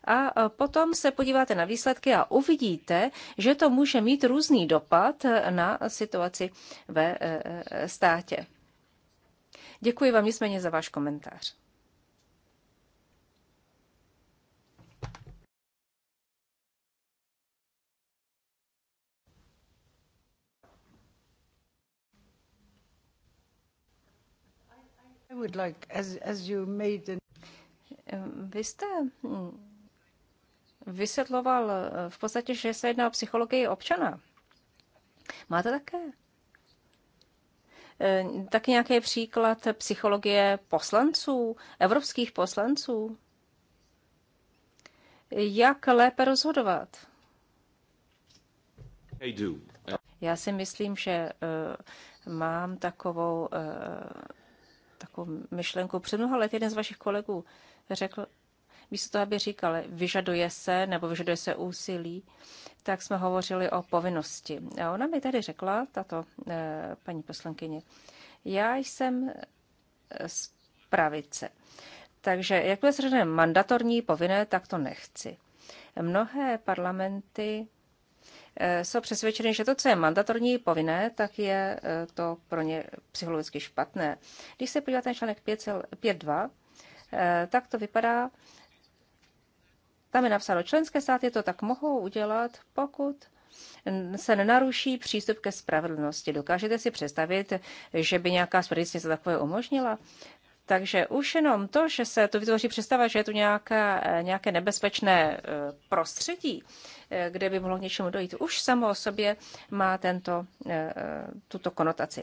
A e, potom se podíváte na výsledky a uvidíte, že to může mít různý dopad e, na situaci ve e, státě. Děkuji vám nicméně za váš komentář. Vy jste hm, vysvětloval eh, v podstatě, že se jedná o psychologii občana. Máte také eh, Tak nějaký příklad psychologie poslanců, evropských poslanců? Jak lépe rozhodovat? Já si myslím, že eh, mám takovou takovou myšlenku. Před mnoha let jeden z vašich kolegů řekl, místo toho, aby říkal, vyžaduje se nebo vyžaduje se úsilí, tak jsme hovořili o povinnosti. A ona mi tady řekla, tato eh, paní poslankyně, já jsem eh, z pravice. Takže jak bude se mandatorní, povinné, tak to nechci. Mnohé parlamenty Eh, jsou přesvědčeny, že to, co je mandatorní povinné, tak je eh, to pro ně psychologicky špatné. Když se podíváte na článek 5.2, eh, tak to vypadá, tam je napsáno, členské státy to tak mohou udělat, pokud se nenaruší přístup ke spravedlnosti. Dokážete si představit, že by nějaká spravedlnost něco takové umožnila? Takže už jenom to, že se to vytvoří představa, že je tu nějaká, nějaké nebezpečné e, prostředí, e, kde by mohlo k něčemu dojít, už samo o sobě má tento, e, tuto konotaci.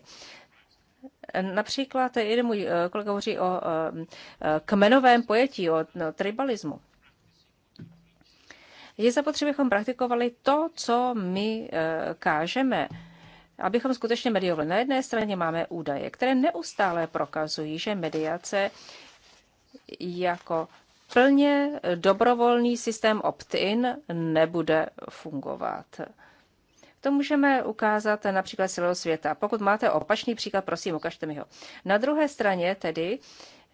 Například jeden můj kolega hovoří o kmenovém pojetí, o no, tribalismu. Je zapotřebí, abychom praktikovali to, co my kážeme abychom skutečně mediovali. Na jedné straně máme údaje, které neustále prokazují, že mediace jako plně dobrovolný systém opt-in nebude fungovat. To můžeme ukázat například celého světa. Pokud máte opačný příklad, prosím, ukažte mi ho. Na druhé straně tedy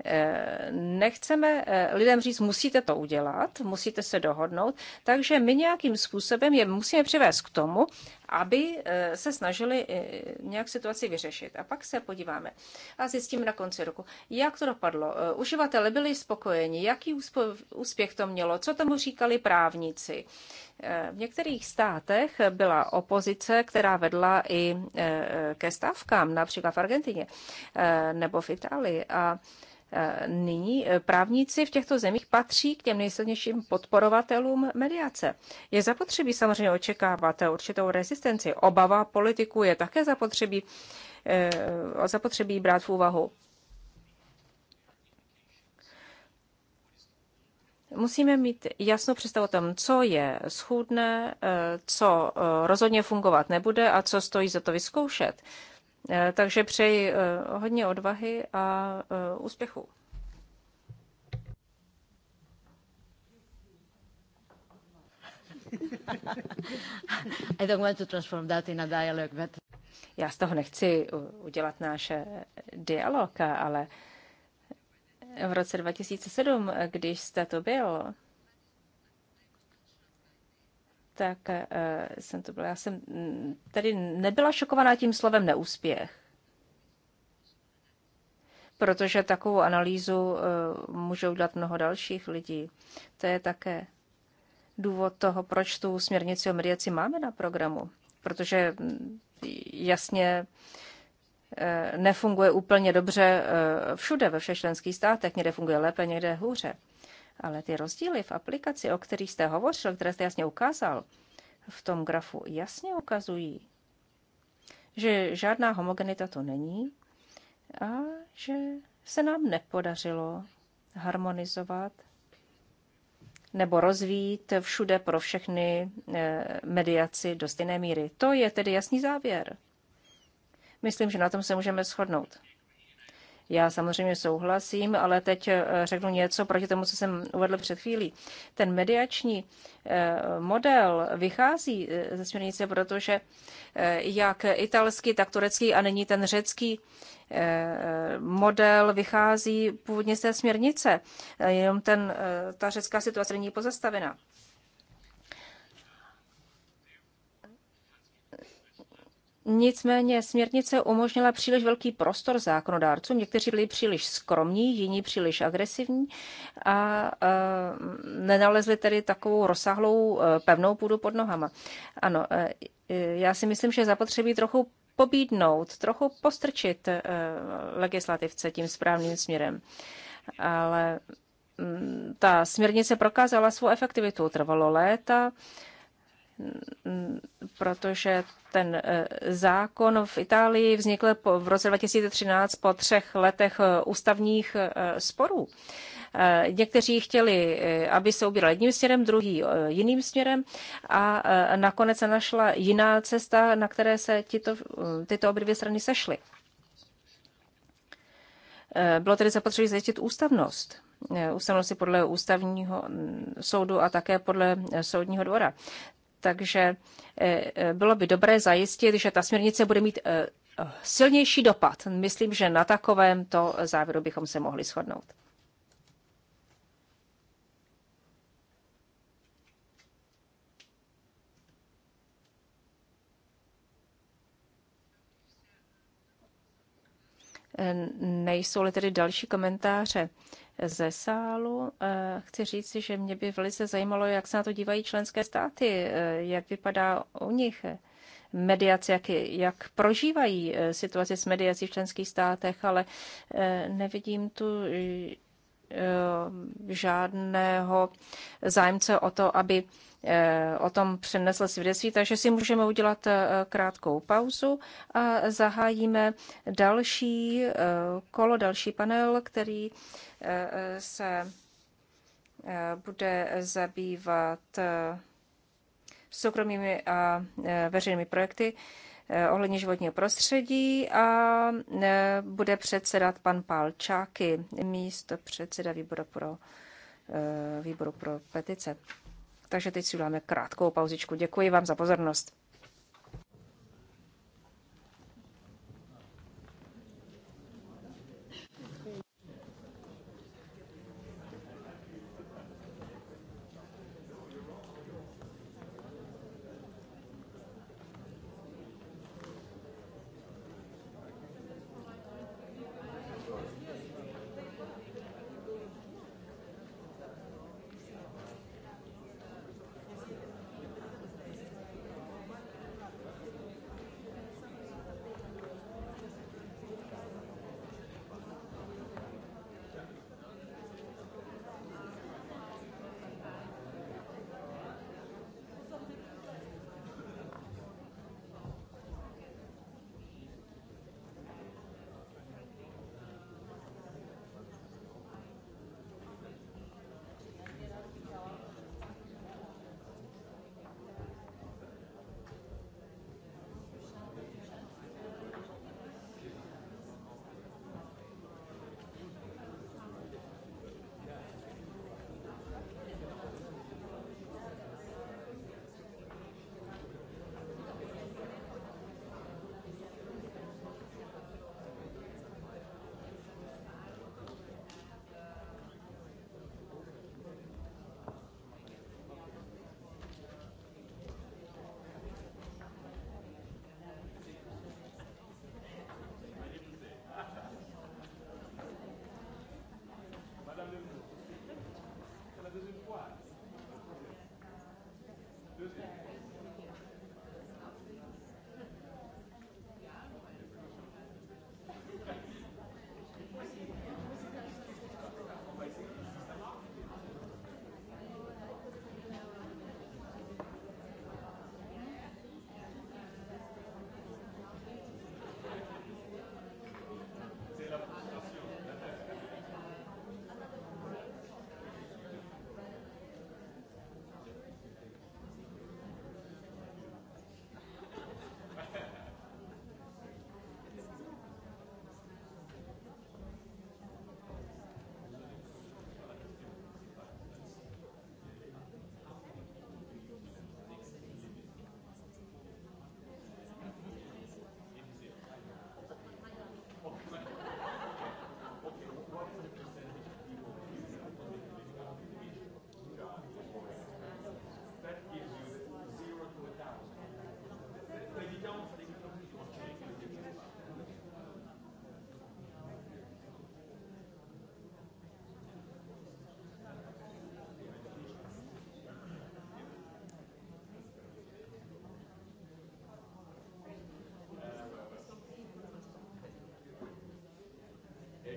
Eh, nechceme eh, lidem říct, musíte to udělat, musíte se dohodnout, takže my nějakým způsobem je musíme přivést k tomu, aby eh, se snažili nějak situaci vyřešit. A pak se podíváme a zjistíme na konci roku, jak to dopadlo. Uživatelé byli spokojeni, jaký úspěch to mělo, co tomu říkali právníci. V některých státech byla opozice, která vedla i ke stavkám, například v Argentině nebo v Itálii. A E, nyní e, právníci v těchto zemích patří k těm nejsilnějším podporovatelům mediace. Je zapotřebí samozřejmě očekávat určitou rezistenci. Obava politiků je také zapotřebí, e, zapotřebí brát v úvahu. Musíme mít jasnou představu o tom, co je schůdné, co rozhodně fungovat nebude a co stojí za to vyzkoušet. Eh, takže přeji eh, hodně odvahy a eh, úspěchu. I don't want to transform that in a dialogue, but... Já z toho nechci udělat náš dialog, ale v roce 2007, když jste to byl, tak eh, jsem to byla. Já jsem mm, tady nebyla šokovaná tím slovem neúspěch, protože takovou analýzu eh, můžou dělat mnoho dalších lidí. To je také důvod toho, proč tu směrnici o mediaci máme na programu, protože mm, jasně eh, nefunguje úplně dobře všude, ve všech členských státech. Někde funguje lépe, někde hůře. Ale ty rozdíly v aplikaci, o kterých jste hovořil, které jste jasně ukázal, v tom grafu jasně ukazují, že žádná homogenita to není a že se nám nepodařilo harmonizovat nebo rozvít všude pro všechny eh, mediaci do stejné míry. To je tedy jasný závěr. Myslím, že na tom se můžeme shodnout. Já samozřejmě souhlasím, ale teď eh, řeknu něco proti tomu, co jsem uvedl před chvílí. Ten mediační eh, model vychází eh, ze směrnice, protože jak italský, tak turecký a není ten řecký model vychází původně z té směrnice. Jenom ten, ta řecká situace není pozastavená. Nicméně směrnice umožnila příliš velký prostor zákonodárcům. Někteří byli příliš skromní, jiní příliš agresivní a e, nenalezli tedy takovou rozsáhlou e, pevnou půdu pod nohama. Ano, e, e já si myslím, že zapotřebí trochu pobídnout, trochu postrčit e, legislativce tím správným směrem. Ale mm, ta směrnice prokázala svou efektivitu, trvalo léta. E, protože ten eh, zákon v Itálii vznikl v roce 2013 po třech letech eh, ústavních eh, sporů. Někteří chtěli, aby se ubíral jedním směrem, druhý jiným směrem a nakonec se našla jiná cesta, na které se tyto, tyto obě dvě strany sešly. Bylo tedy zapotřebí zajistit ústavnost ústavnosti podle ústavního mm, soudu a také podle soudního dvora. Takže eh, eh, bylo by dobré zajistit, že ta směrnice bude mít eh, silnější dopad. Myslím, že na takovém to závěru bychom se mohli shodnout. Nejsou-li tedy další komentáře, ze sálu. Eh, chci říct, že mě by velice zajímalo, jak se na to dívají členské státy, eh, jak vypadá u nich mediace, jak, jak prožívají eh, situaci s mediací v členských státech, ale nevidím tu Eh, žádného zájemce o to, aby eh, o tom přinesl svědectví, takže si můžeme udělat eh, krátkou pauzu a zahájíme další kolo, další panel, který se bude zabývat soukromými a veřejnými projekty. Eh, ohledně životního prostředí a eh, bude předsedat pan Čáky, místo předseda výboru pro, eh, výboru pro petice. Takže teď si uděláme krátkou pauzičku. Děkuji vám za pozornost.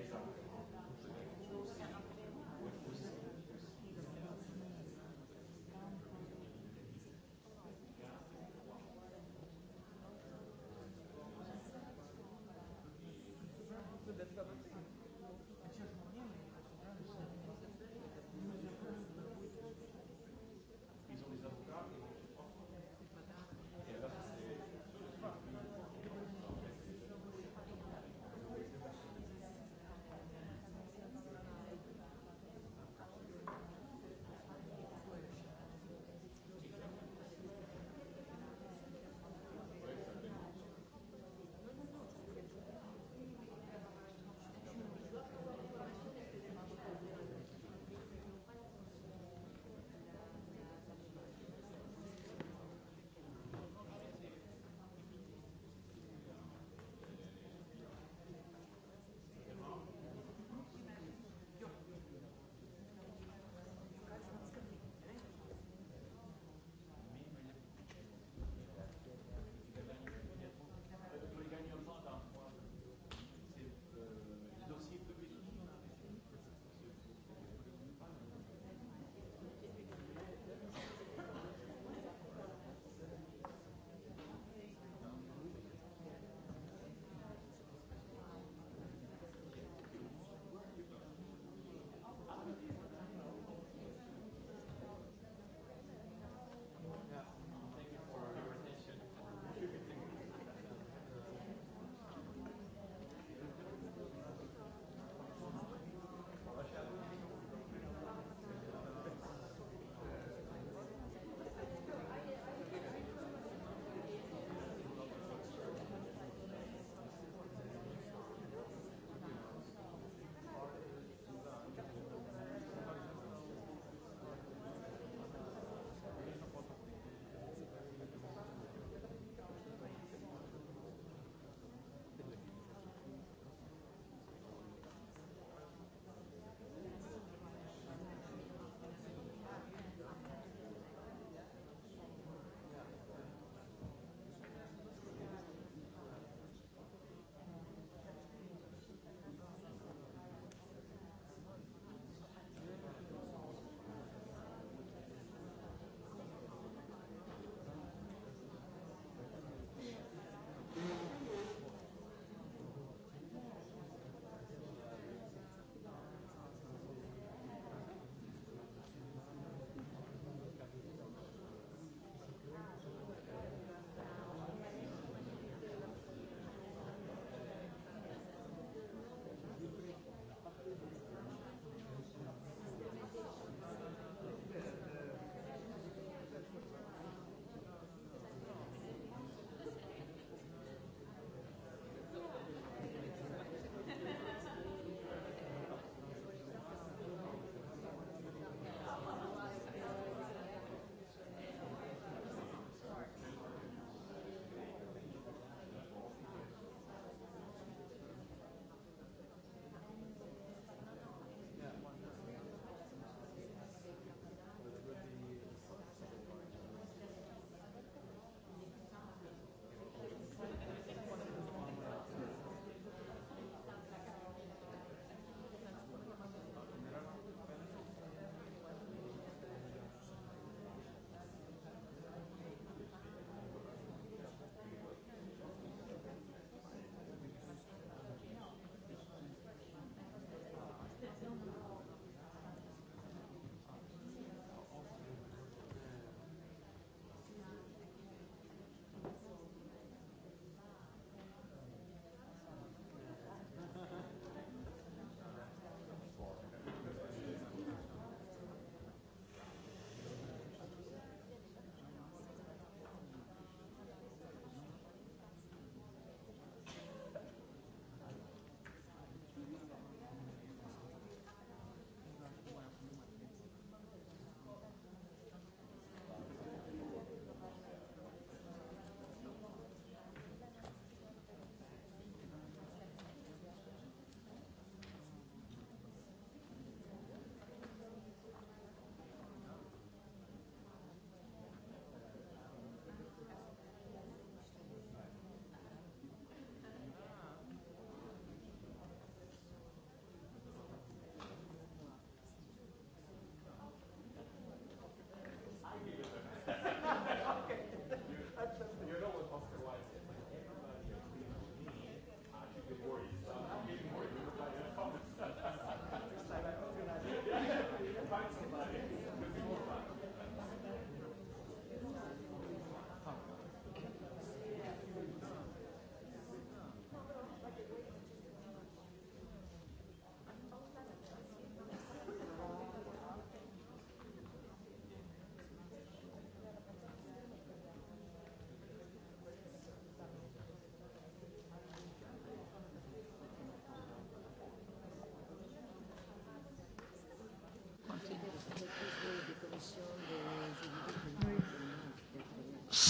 example.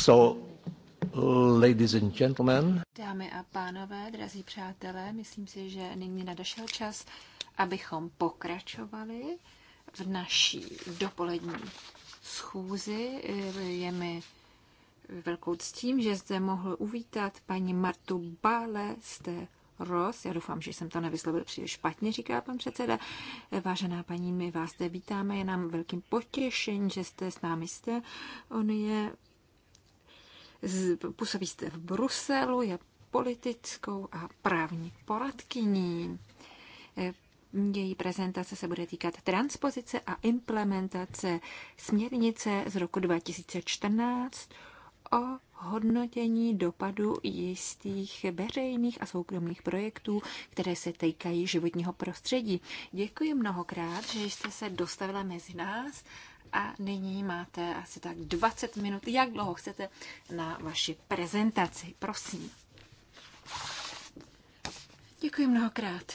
So, ladies and gentlemen. Dámy a pánové, drazí přátelé, myslím si, že nyní nadešel čas, abychom pokračovali v naší dopolední schůzi. Je mi velkou ctím, že zde mohl uvítat paní Martu té Ros. Já doufám, že jsem to nevyslovil příliš špatně, říká pan předseda. Vážená paní, my vás zde vítáme, je nám velkým potěšením, že jste s námi jste. On je působí jste v Bruselu, je politickou a právní poradkyní. E, její prezentace se bude týkat transpozice a implementace směrnice z roku 2014 o hodnotění dopadu jistých veřejných a soukromých projektů, které se týkají životního prostředí. Děkuji mnohokrát, že jste se dostavila mezi nás a nyní máte asi tak 20 minut, jak dlouho chcete, na vaši prezentaci. Prosím. Děkuji mnohokrát.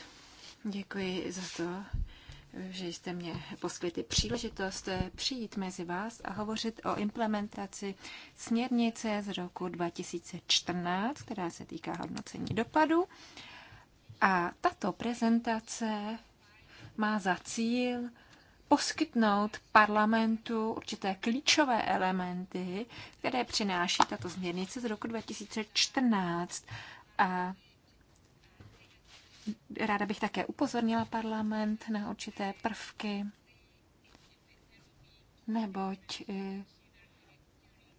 Děkuji za to, že jste mě poskytli příležitost přijít mezi vás a hovořit o implementaci směrnice z roku 2014, která se týká hodnocení dopadu. A tato prezentace má za cíl poskytnout parlamentu určité klíčové elementy, které přináší tato změrnice z roku 2014. A ráda bych také upozornila parlament na určité prvky, neboť eh,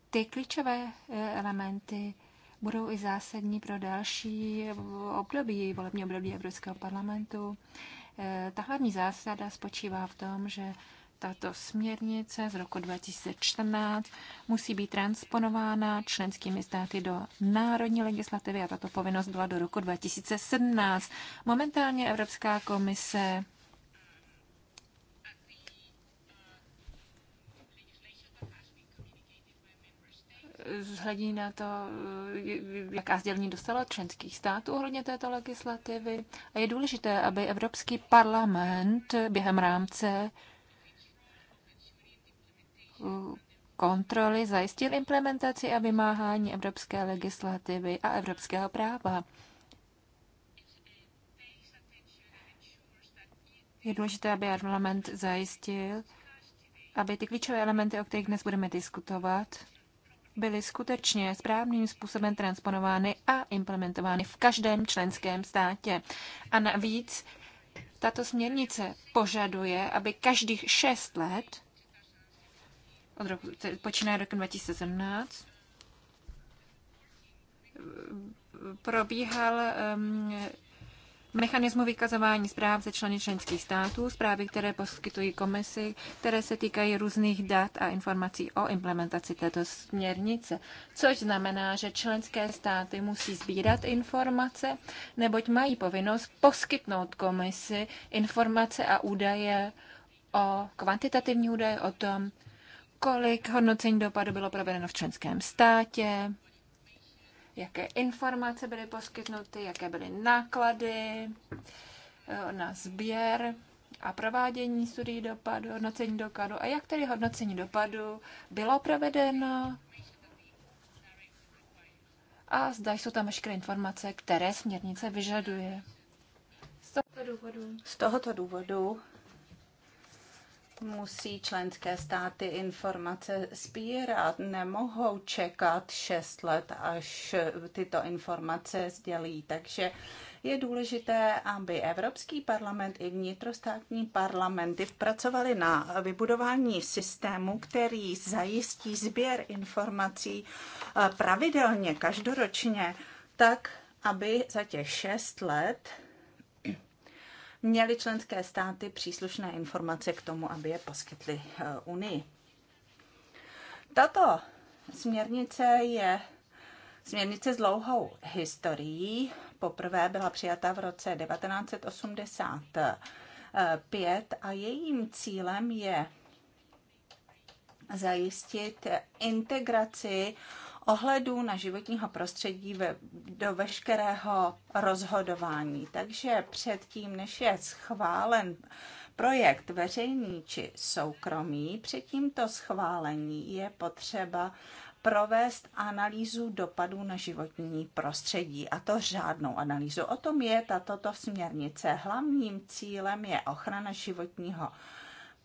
ty klíčové eh, elementy budou i zásadní pro další eh, období, volební období Evropského parlamentu. Eh, ta hlavní zásada spočívá v tom, že tato směrnice z roku 2014 musí být transponována členskými státy do národní legislativy a tato povinnost byla do roku 2017. Momentálně Evropská komise vzhledí na to, eh, jaká sdělení dostala členských států ohledně této legislativy. A je důležité, aby Evropský parlament během rámce eh, kontroly zajistil implementaci a vymáhání evropské legislativy a evropského práva. Je důležité, aby parlament zajistil, aby ty klíčové elementy, o kterých dnes budeme diskutovat, byly skutečně správným způsobem transponovány a implementovány v každém členském státě. A navíc tato směrnice požaduje, aby každých šest let, od roku, počínaje rokem 2017, probíhal um, mechanismu vykazování zpráv ze členy členských států, zprávy, které poskytují komisi, které se týkají různých dat a informací o implementaci této směrnice, což znamená, že členské státy musí sbírat informace, neboť mají povinnost poskytnout komisi informace a údaje o kvantitativní údaje o tom, kolik hodnocení dopadu bylo provedeno v členském státě, jaké informace byly poskytnuty, jaké byly náklady eh, na sběr a provádění studií dopadu, hodnocení dopadu a jak tedy hodnocení dopadu bylo provedeno a zda jsou tam veškeré informace, které směrnice vyžaduje. Z tohoto důvodu, Z tohoto důvodu musí členské státy informace sbírat. Nemohou čekat 6 let, až tyto informace sdělí. Takže je důležité, aby Evropský parlament i vnitrostátní parlamenty pracovali na vybudování systému, který zajistí sběr informací eh, pravidelně, každoročně, tak, aby za těch šest let měly členské státy příslušné informace k tomu, aby je poskytly eh, Unii. Tato směrnice je směrnice s dlouhou historií. Poprvé byla přijata v roce 1985 a jejím cílem je zajistit integraci ohledu na životního prostředí ve, do veškerého rozhodování. Takže předtím, než je schválen projekt veřejný či soukromý, před tímto schválení je potřeba provést analýzu dopadů na životní prostředí, a to řádnou analýzu. O tom je tato směrnice. Hlavním cílem je ochrana životního prostředí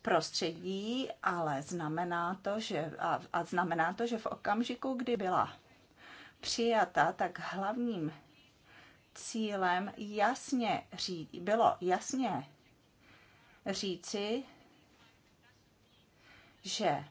prostředí, ale znamená to, že, a, a znamená to, že v okamžiku, kdy byla přijata, tak hlavním cílem jasně ří, bylo jasně říci, že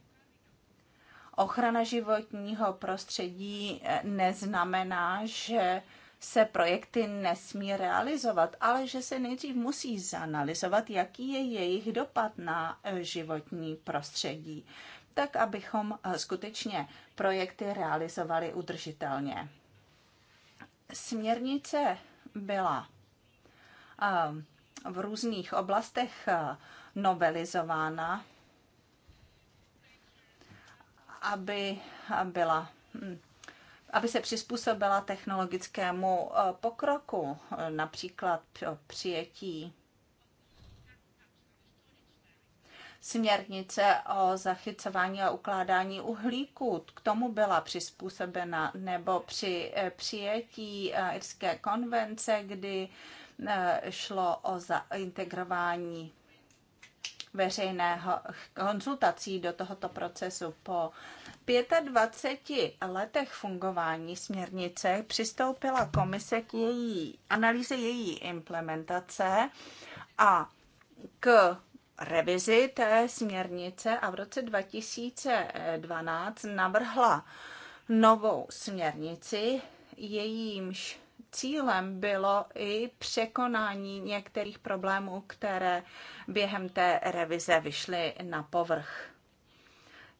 ochrana životního prostředí eh, neznamená, že se projekty nesmí realizovat, ale že se nejdřív musí zanalizovat, jaký je jejich dopad na eh, životní prostředí, tak abychom eh, skutečně projekty realizovali udržitelně. Směrnice byla ehm, v různých oblastech eh, novelizována, aby byla hm, aby se přizpůsobila technologickému eh, pokroku, eh, například přijetí směrnice o zachycování a ukládání uhlíku. K tomu byla přizpůsobena nebo při eh, přijetí irské konvence, kdy šlo o zaintegrování veřejného konzultací do tohoto procesu. Po 25 letech fungování směrnice přistoupila komise k její analýze její implementace a k revizi té směrnice a v roce 2012 navrhla novou směrnici, jejímž cílem bylo i překonání některých problémů, které během té revize vyšly na povrch.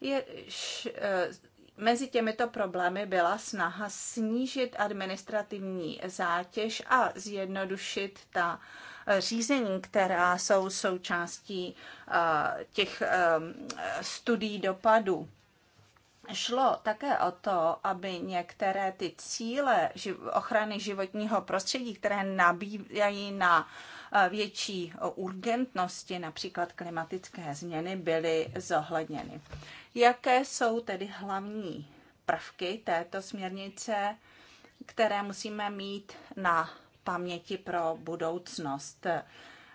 Je, š, eh, mezi těmito problémy byla snaha snížit administrativní zátěž a zjednodušit ta eh, řízení, která jsou součástí eh, těch studií dopadů šlo také o to, aby některé ty cíle ochrany životního prostředí, které nabíjají na eh, větší urgentnosti, například klimatické změny, byly zohledněny. Jaké jsou tedy hlavní prvky této směrnice, které musíme mít na paměti pro budoucnost?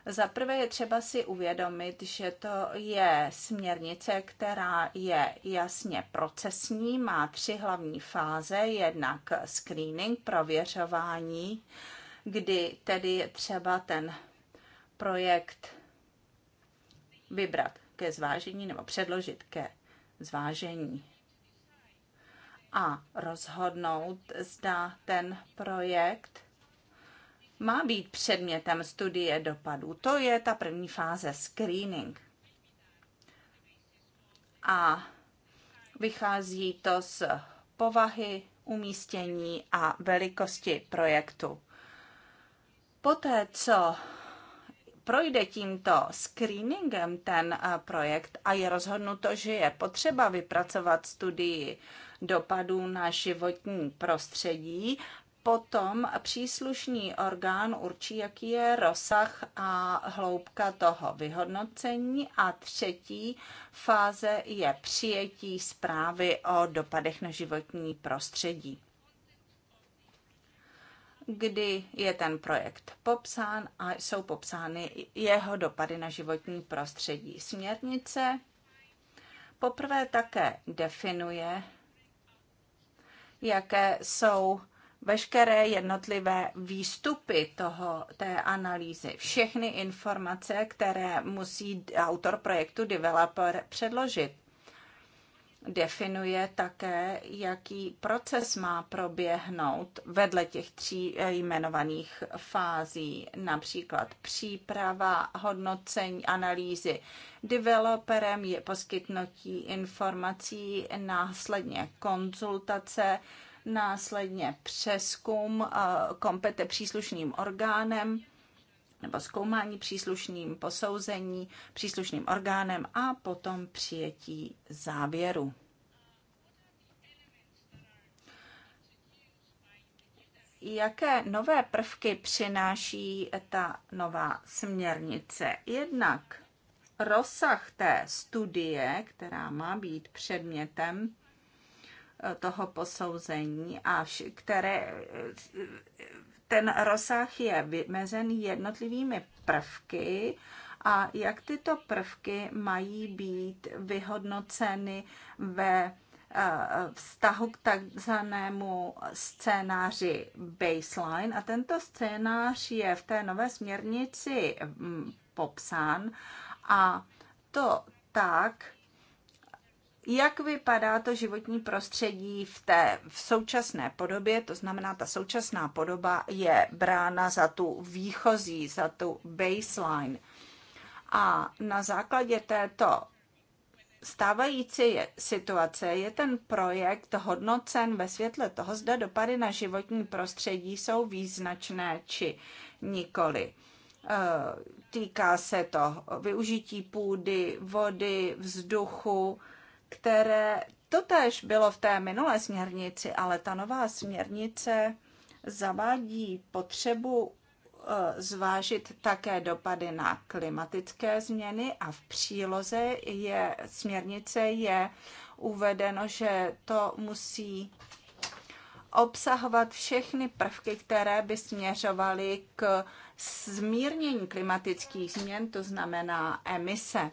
Za prvé je třeba si uvědomit, že to je směrnice, která je jasně procesní, má tři hlavní fáze, jednak screening, prověřování, kdy tedy je třeba ten projekt vybrat ke zvážení nebo předložit ke zvážení a rozhodnout, zda ten projekt má být předmětem studie dopadů. To je ta první fáze screening. A vychází to z povahy, umístění a velikosti projektu. Poté, co projde tímto screeningem ten eh, projekt a je rozhodnuto, že je potřeba vypracovat studii dopadů na životní prostředí, potom příslušný orgán určí, jaký je rozsah a hloubka toho vyhodnocení a třetí fáze je přijetí zprávy o dopadech na životní prostředí kdy je ten projekt popsán a jsou popsány jeho dopady na životní prostředí. Směrnice poprvé také definuje, jaké jsou veškeré jednotlivé výstupy toho, té analýzy, všechny informace, které musí autor projektu, developer předložit. Definuje také, jaký proces má proběhnout vedle těch tří eh, jmenovaných fází, například příprava, hodnocení, analýzy developerem, je poskytnutí informací, následně konzultace, následně přeskum eh, kompete příslušným orgánem nebo zkoumání příslušným posouzení příslušným orgánem a potom přijetí závěru. jaké nové prvky přináší ta nová směrnice. Jednak rozsah té studie, která má být předmětem toho posouzení, a vš- které ten rozsah je vymezen jednotlivými prvky a jak tyto prvky mají být vyhodnoceny ve eh, vztahu k takzvanému scénáři baseline. A tento scénář je v té nové směrnici mm, popsán a to tak, jak vypadá to životní prostředí v té v současné podobě, to znamená, ta současná podoba je brána za tu výchozí, za tu baseline. A na základě této stávající situace je ten projekt hodnocen ve světle toho, zda dopady na životní prostředí jsou význačné či nikoli. Eh, týká se to využití půdy, vody, vzduchu, které totéž bylo v té minulé směrnici, ale ta nová směrnice zavádí potřebu eh, zvážit také dopady na klimatické změny a v příloze je směrnice je uvedeno, že to musí obsahovat všechny prvky, které by směřovaly k zmírnění klimatických změn, to znamená emise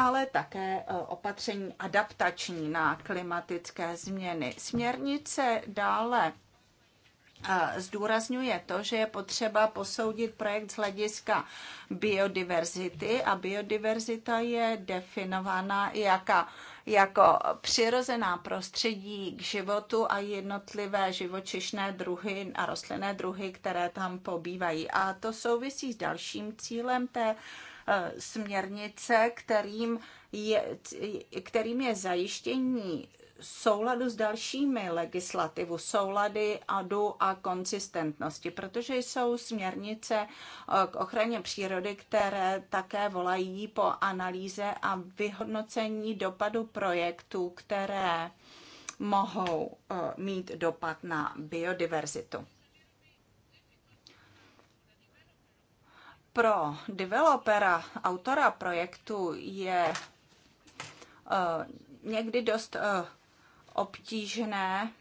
ale také e, opatření adaptační na klimatické změny. Směrnice dále e, zdůrazňuje to, že je potřeba posoudit projekt z hlediska biodiverzity a biodiverzita je definována jaka, jako přirozená prostředí k životu a jednotlivé živočišné druhy a rostlinné druhy, které tam pobývají. A to souvisí s dalším cílem té Eh, směrnice, kterým je, kterým je zajištění souladu s dalšími legislativu, soulady adu a konsistentnosti, protože jsou směrnice eh, k ochraně přírody, které také volají po analýze a vyhodnocení dopadu projektů, které mohou eh, mít dopad na biodiverzitu. pro developera, autora projektu je eh, někdy dost eh, obtížné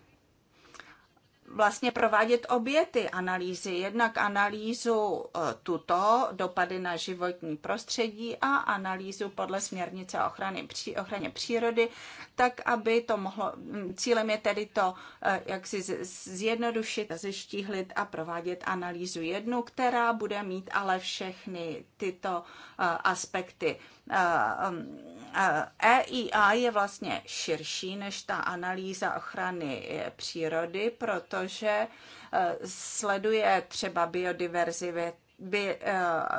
vlastně provádět obě ty analýzy. Jednak analýzu e, tuto, dopady na životní prostředí a analýzu podle směrnice o ochrany, ochraně přírody, tak aby to mohlo, cílem je tedy to, e, jak si zjednodušit, zeštíhlit a provádět analýzu jednu, která bude mít ale všechny tyto e, aspekty. EIA eh, eh, eh, e je vlastně širší než ta analýza ochrany přírody, protože sleduje třeba biodiverzitu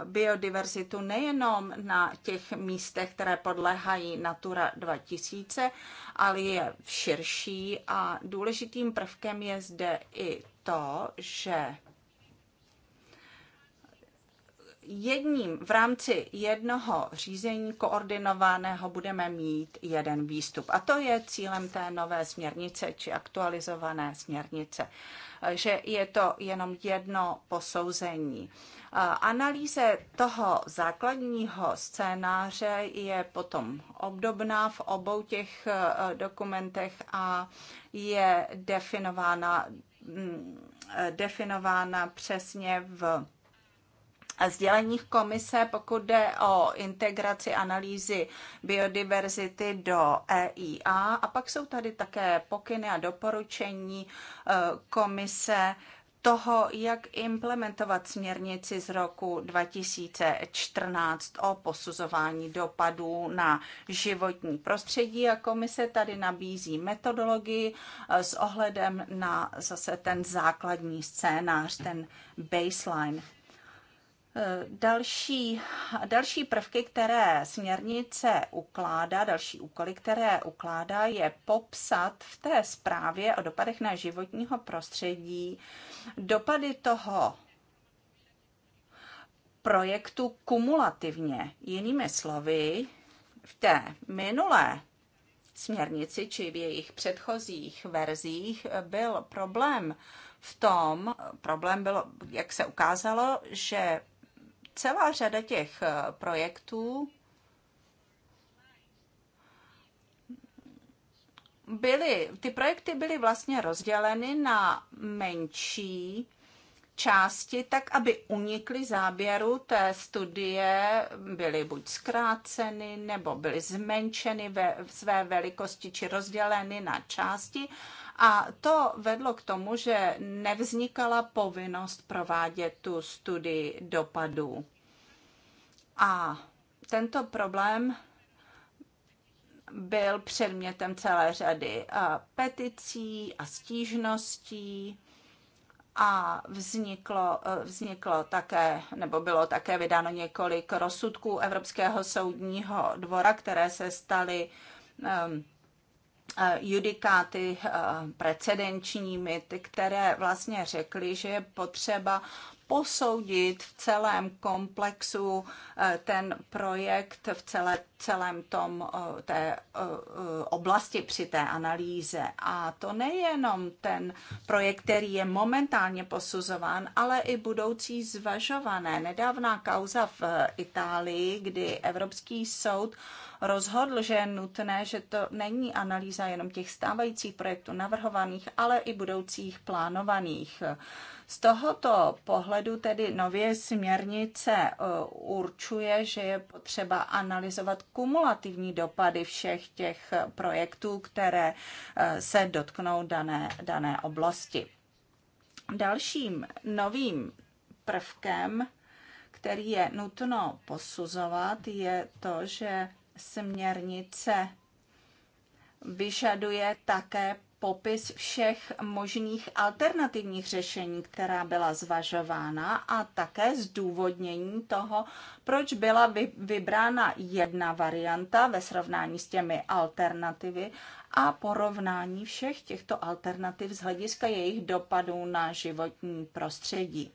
biodiverzitu nejenom na těch místech, které podléhají Natura 2000, ale je širší a důležitým prvkem je zde i to, že jedním v rámci jednoho řízení koordinovaného budeme mít jeden výstup. A to je cílem té nové směrnice či aktualizované směrnice, že je to jenom jedno posouzení. Analýze toho základního scénáře je potom obdobná v obou těch e, dokumentech a je definována, e, definována přesně v sděleních komise, pokud jde o integraci analýzy biodiverzity do EIA. A pak jsou tady také pokyny a doporučení eh, komise toho, jak implementovat směrnici z roku 2014 o posuzování dopadů na životní prostředí a komise tady nabízí metodologii eh, s ohledem na zase ten základní scénář, ten baseline Další, další prvky, které směrnice ukládá, další úkoly, které ukládá, je popsat v té zprávě o dopadech na životního prostředí dopady toho projektu kumulativně. Jinými slovy, v té minulé směrnici či v jejich předchozích verzích byl problém v tom, problém byl, jak se ukázalo, že celá řada těch eh, projektů byly, ty projekty byly vlastně rozděleny na menší části, tak aby unikly záběru té studie, byly buď zkráceny nebo byly zmenšeny ve své velikosti či rozděleny na části a to vedlo k tomu, že nevznikala povinnost provádět tu studii dopadů. A tento problém byl předmětem celé řady peticí a stížností a vzniklo, vzniklo také, nebo bylo také vydáno několik rozsudků Evropského soudního dvora, které se staly um, Eh, judikáty eh, precedenčními, ty, které vlastně řekly, že je potřeba posoudit v celém komplexu eh, ten projekt v celé, celém tom eh, té eh, oblasti při té analýze. A to nejenom ten projekt, který je momentálně posuzován, ale i budoucí zvažované. Nedávná kauza v Itálii, kdy Evropský soud rozhodl, že je nutné, že to není analýza jenom těch stávajících projektů navrhovaných, ale i budoucích plánovaných. Z tohoto pohledu tedy nově směrnice e, určuje, že je potřeba analyzovat kumulativní dopady všech těch projektů, které e, se dotknou dané, dané oblasti. Dalším novým prvkem, který je nutno posuzovat, je to, že směrnice vyžaduje také popis všech možných alternativních řešení, která byla zvažována a také zdůvodnění toho, proč byla vybrána jedna varianta ve srovnání s těmi alternativy a porovnání všech těchto alternativ z hlediska jejich dopadů na životní prostředí.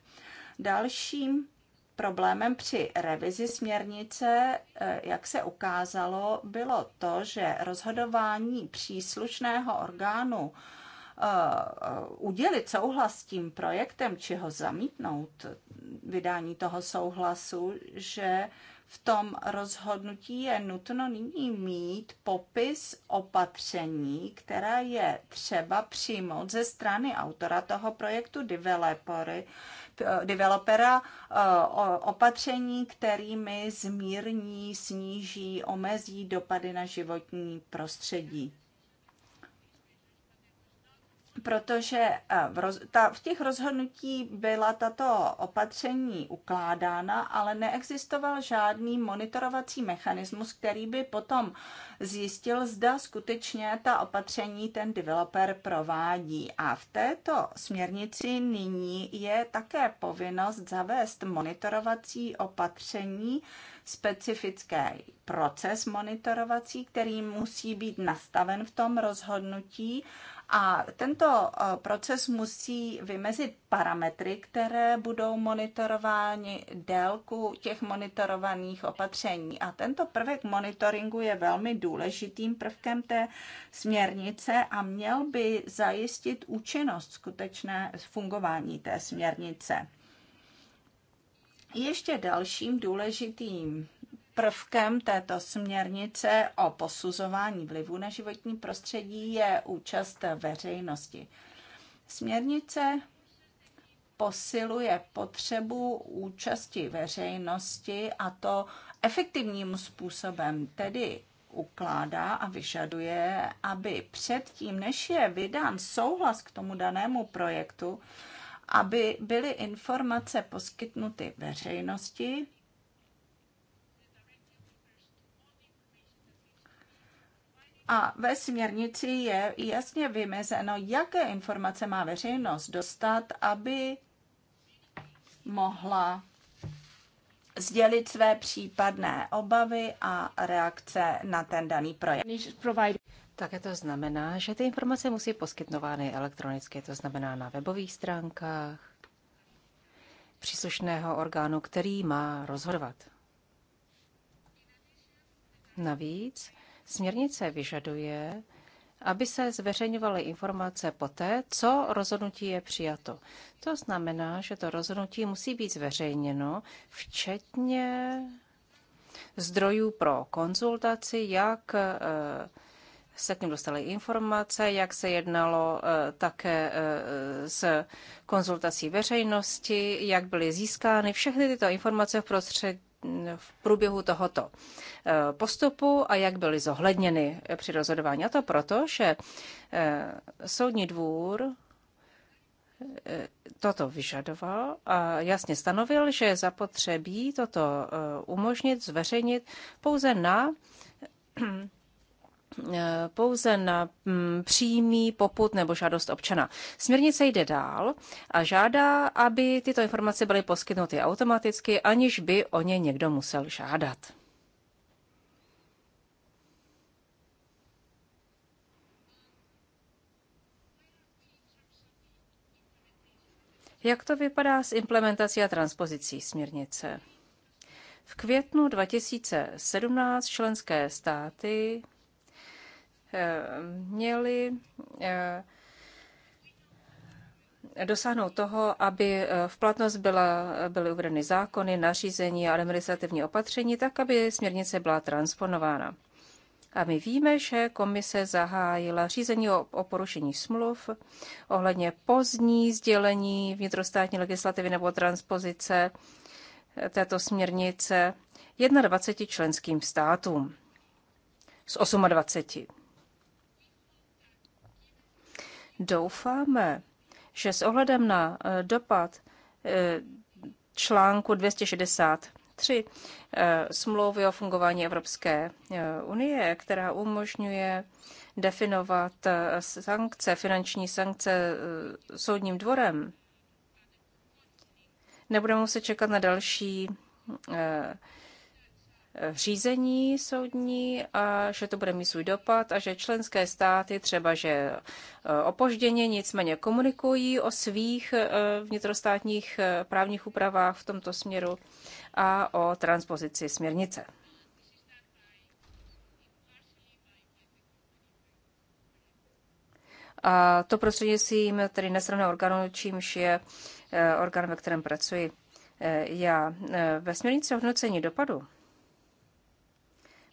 Dalším Problémem při revizi směrnice, eh, jak se ukázalo, bylo to, že rozhodování příslušného orgánu eh, eh, udělit souhlas s tím projektem, či ho zamítnout, vydání toho souhlasu, že v tom rozhodnutí je nutno nyní mít popis opatření, které je třeba přijmout ze strany autora toho projektu developery, Eh, developera eh, opatření, kterými zmírní, sníží, omezí dopady na životní prostředí protože eh, v, roz, ta, v těch rozhodnutí byla tato opatření ukládána, ale neexistoval žádný monitorovací mechanismus, který by potom zjistil, zda skutečně ta opatření ten developer provádí. A v této směrnici nyní je také povinnost zavést monitorovací opatření, specifický proces monitorovací, který musí být nastaven v tom rozhodnutí a tento eh, proces musí vymezit parametry, které budou monitorovány délku těch monitorovaných opatření. A tento prvek monitoringu je velmi důležitým prvkem té směrnice a měl by zajistit účinnost skutečné fungování té směrnice. Ještě dalším důležitým prvkem této směrnice o posuzování vlivu na životní prostředí je účast veřejnosti. Směrnice posiluje potřebu účasti veřejnosti a to efektivním způsobem, tedy ukládá a vyžaduje, aby předtím, než je vydán souhlas k tomu danému projektu, aby byly informace poskytnuty veřejnosti, A ve směrnici je jasně vymezeno, jaké informace má veřejnost dostat, aby mohla sdělit své případné obavy a reakce na ten daný projekt. Také to znamená, že ty informace musí poskytnovány elektronicky, to znamená na webových stránkách příslušného orgánu, který má rozhodovat. Navíc Směrnice vyžaduje, aby se zveřejňovaly informace poté, co rozhodnutí je přijato. To znamená, že to rozhodnutí musí být zveřejněno, včetně zdrojů pro konzultaci, jak e, se k ním dostaly informace, jak se jednalo e, také e, s konzultací veřejnosti, jak byly získány všechny tyto informace v prostředí v průběhu tohoto eh, postupu a jak byly zohledněny při rozhodování. A to proto, že eh, soudní dvůr eh, toto vyžadoval a jasně stanovil, že je zapotřebí toto umožnit, zveřejnit pouze na Eh, pouze na mm, přímý poput nebo žádost občana. Směrnice jde dál a žádá, aby tyto informace byly poskytnuty automaticky, aniž by o ně někdo musel žádat. Jak to vypadá s implementací a transpozicí směrnice? V květnu 2017 členské státy Eh, měli eh, dosáhnout toho, aby eh, v platnost byla, byly uvedeny zákony, nařízení a administrativní opatření, tak aby směrnice byla transponována. A my víme, že komise zahájila řízení o, o porušení smluv ohledně pozdní sdělení vnitrostátní legislativy nebo transpozice této směrnice 21 členským státům z 28. Doufáme, že s ohledem na eh, dopad eh, článku 263 eh, smlouvy o fungování Evropské unie, která umožňuje definovat sankce, finanční sankce soudním dvorem, nebudeme muset čekat na další řízení soudní a že to bude mít svůj dopad a že členské státy třeba, že e, opožděně nicméně komunikují o svých e, vnitrostátních e, právních úpravách v tomto směru a o transpozici směrnice. A to prostřednictvím tedy nestranného orgánu, čímž je orgán, ve kterém pracuji já. Ve směrnici o hodnocení dopadu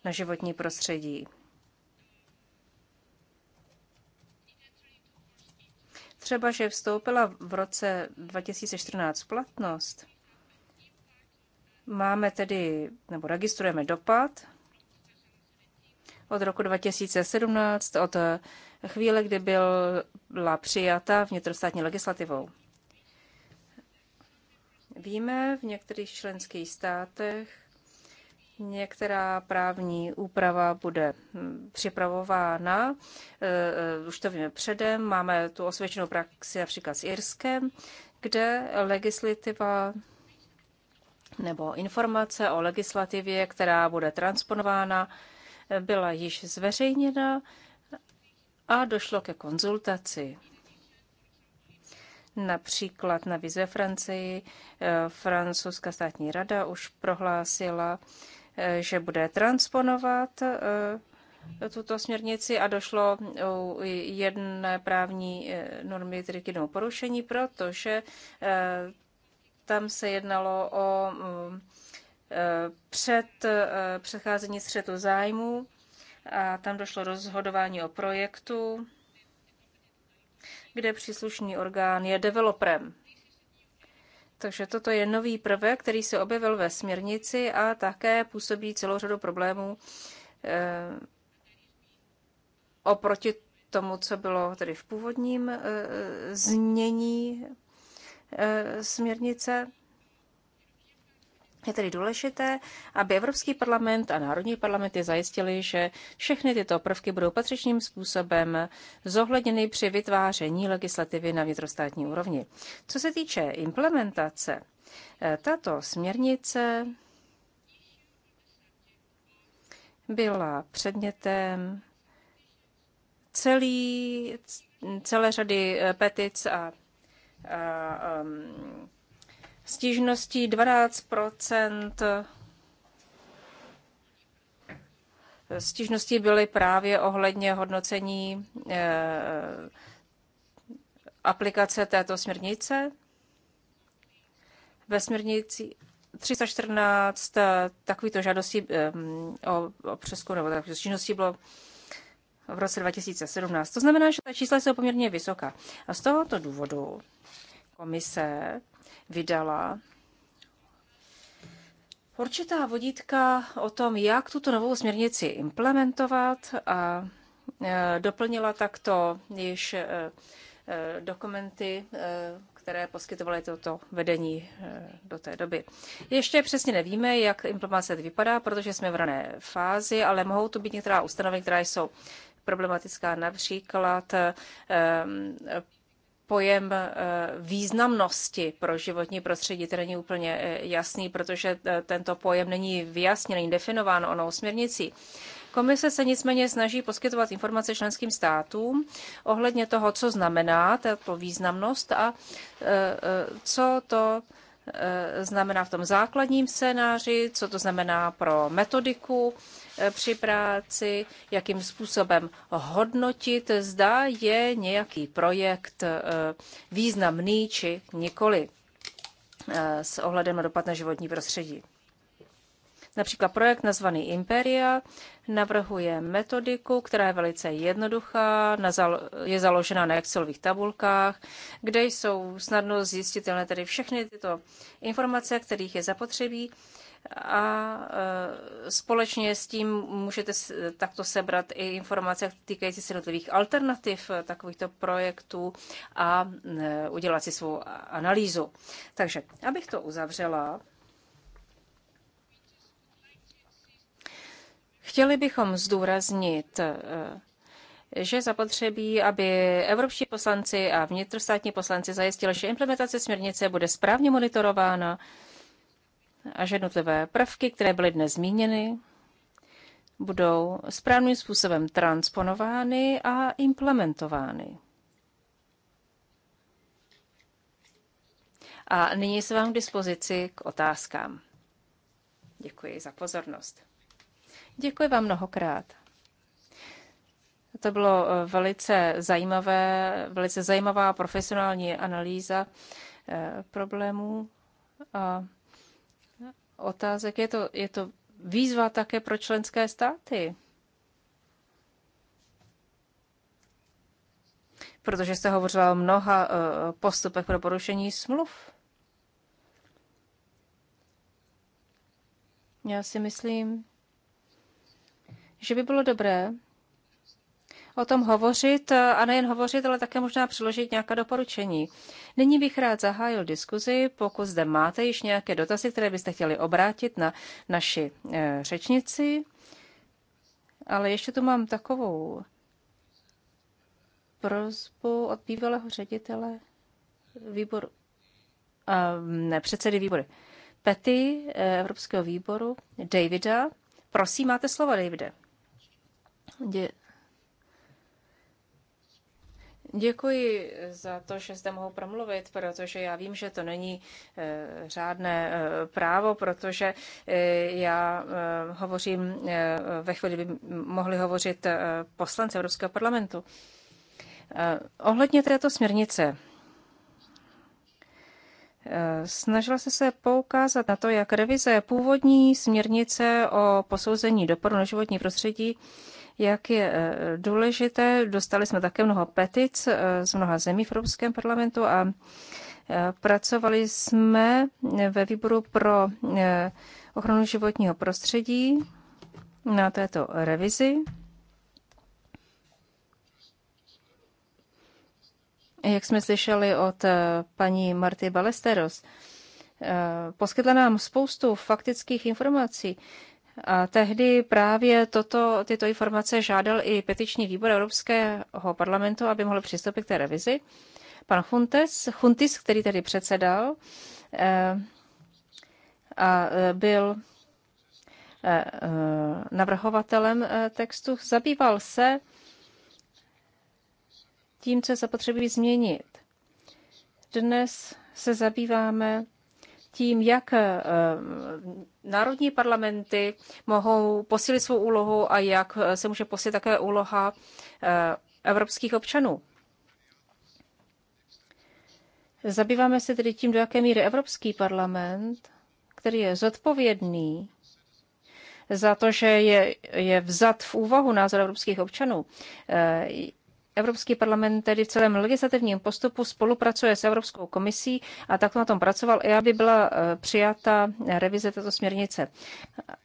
na životní prostředí. Třeba, že vstoupila v roce 2014 platnost, máme tedy, nebo registrujeme dopad od roku 2017, od chvíle, kdy byla přijata vnitrostátní legislativou. Víme v některých členských státech, Některá právní úprava bude hm, připravována, eh, eh, už to víme předem, máme tu osvědčenou praxi například s Irskem, kde legislativa nebo informace o legislativě, která bude transponována, eh, byla již zveřejněna a došlo ke konzultaci. Například na vize Francii francouzská státní rada už prohlásila, Eh, že bude transponovat eh, tuto směrnici a došlo jedné právní eh, normy tedy k jednou porušení, protože tam se jednalo o mm, před přecházení střetu zájmu a tam došlo rozhodování o projektu, kde příslušný orgán je developerem. Takže toto je nový prvek, který se objevil ve směrnici a také působí celou řadu problémů eh, oproti tomu, co bylo tedy v původním eh, eh znění eh, směrnice. Je tedy důležité, aby Evropský parlament a národní parlamenty zajistili, že všechny tyto prvky budou patřičným způsobem zohledněny při vytváření legislativy na vnitrostátní úrovni. Co se týče implementace, eh, tato směrnice byla předmětem celý, celé řady eh, petic a, a mm, stížností 12 Stížnosti byly právě ohledně hodnocení eh, aplikace této směrnice. Ve směrnici 314 eh, takovýto žádostí eh, o, o přeskum nebo takovýto stížností bylo v roce 2017. To znamená, že ta čísla jsou poměrně vysoká. A z tohoto důvodu komise vydala určitá vodítka o tom, jak tuto novou směrnici implementovat a e, doplnila takto již e, e, dokumenty, které poskytovaly toto vedení do té doby. Ještě přesně nevíme, jak implementace vypadá, protože jsme v rané fázi, ale mohou tu být některá ustanovení, která jsou problematická, například pojem eh, významnosti pro životní prostředí, který není úplně eh, jasný, protože eh, tento pojem není vyjasněn, není definován onou směrnicí. Komise se nicméně snaží poskytovat informace členským státům ohledně toho, co znamená tato významnost a co to znamená v tom základním scénáři, co to znamená pro metodiku Eh, při práci, jakým způsobem hodnotit, zda je nějaký projekt eh, významný či nikoli eh, s ohledem na dopad na životní prostředí. Například projekt nazvaný Imperia navrhuje metodiku, která je velice jednoduchá, je založena na Excelových tabulkách, kde jsou snadno zjistitelné tedy všechny tyto informace, kterých je zapotřebí a e, společně s tím můžete takto sebrat i informace týkající se jednotlivých alternativ e, takovýchto projektů a e, udělat si svou analýzu. Takže, abych to uzavřela, chtěli bychom zdůraznit, že zapotřebí, aby evropští poslanci a vnitrostátní poslanci zajistili, že implementace směrnice bude správně monitorována, a že jednotlivé prvky, které byly dnes zmíněny, budou správným způsobem transponovány a implementovány. A nyní se vám k dispozici k otázkám. Děkuji za pozornost. Děkuji vám mnohokrát. To bylo eh, velice zajímavé, velice zajímavá profesionální analýza eh, problémů. A otázek. Je to, je to výzva také pro členské státy. Protože jste hovořila o mnoha eh, postupech pro porušení smluv. Já si myslím, že by bylo dobré, o tom hovořit eh, a nejen hovořit, ale také možná přiložit nějaká doporučení. Nyní bych rád zahájil diskuzi, pokud zde máte již nějaké dotazy, které byste chtěli obrátit na naši eh, řečnici. Ale ještě tu mám takovou prozbu od bývalého ředitele výboru, eh, ne, předsedy výboru, Pety Evropského výboru, Davida. Prosím, máte slovo, Davide. Děkuji za to, že zde mohu promluvit, protože já vím, že to není e, řádné e, právo, protože e, já hovořím ve chvíli, by mohli hovořit poslanci Evropského parlamentu. Ohledně této směrnice, Snažila se se poukázat na to, jak revize původní směrnice o posouzení dopadu na životní prostředí jak je eh, důležité. Dostali jsme také mnoho petic eh, z mnoha zemí v Evropském parlamentu a eh, pracovali jsme ve výboru pro ochranu životního prostředí na této revizi. Jak jsme slyšeli od paní Marty Balesteros, poskytla nám spoustu faktických informací, a tehdy právě toto, tyto informace žádal i petiční výbor Evropského parlamentu, aby mohl přistoupit k té revizi. Pan Huntes, Huntis, který tedy předsedal, eh, a eh, byl eh, navrhovatelem textu, zabýval se tím, co je zapotřebí změnit. Dnes se zabýváme tím, jak eh, národní parlamenty mohou posílit svou úlohu a jak eh, se může posílit také úloha eh, evropských občanů. Zabýváme se tedy tím, do jaké míry Evropský parlament, který je zodpovědný za to, že je, je vzat v úvahu názor evropských občanů, Evropský parlament tedy v celém legislativním postupu spolupracuje s Evropskou komisí a takto na tom pracoval i aby byla e, přijata revize této směrnice.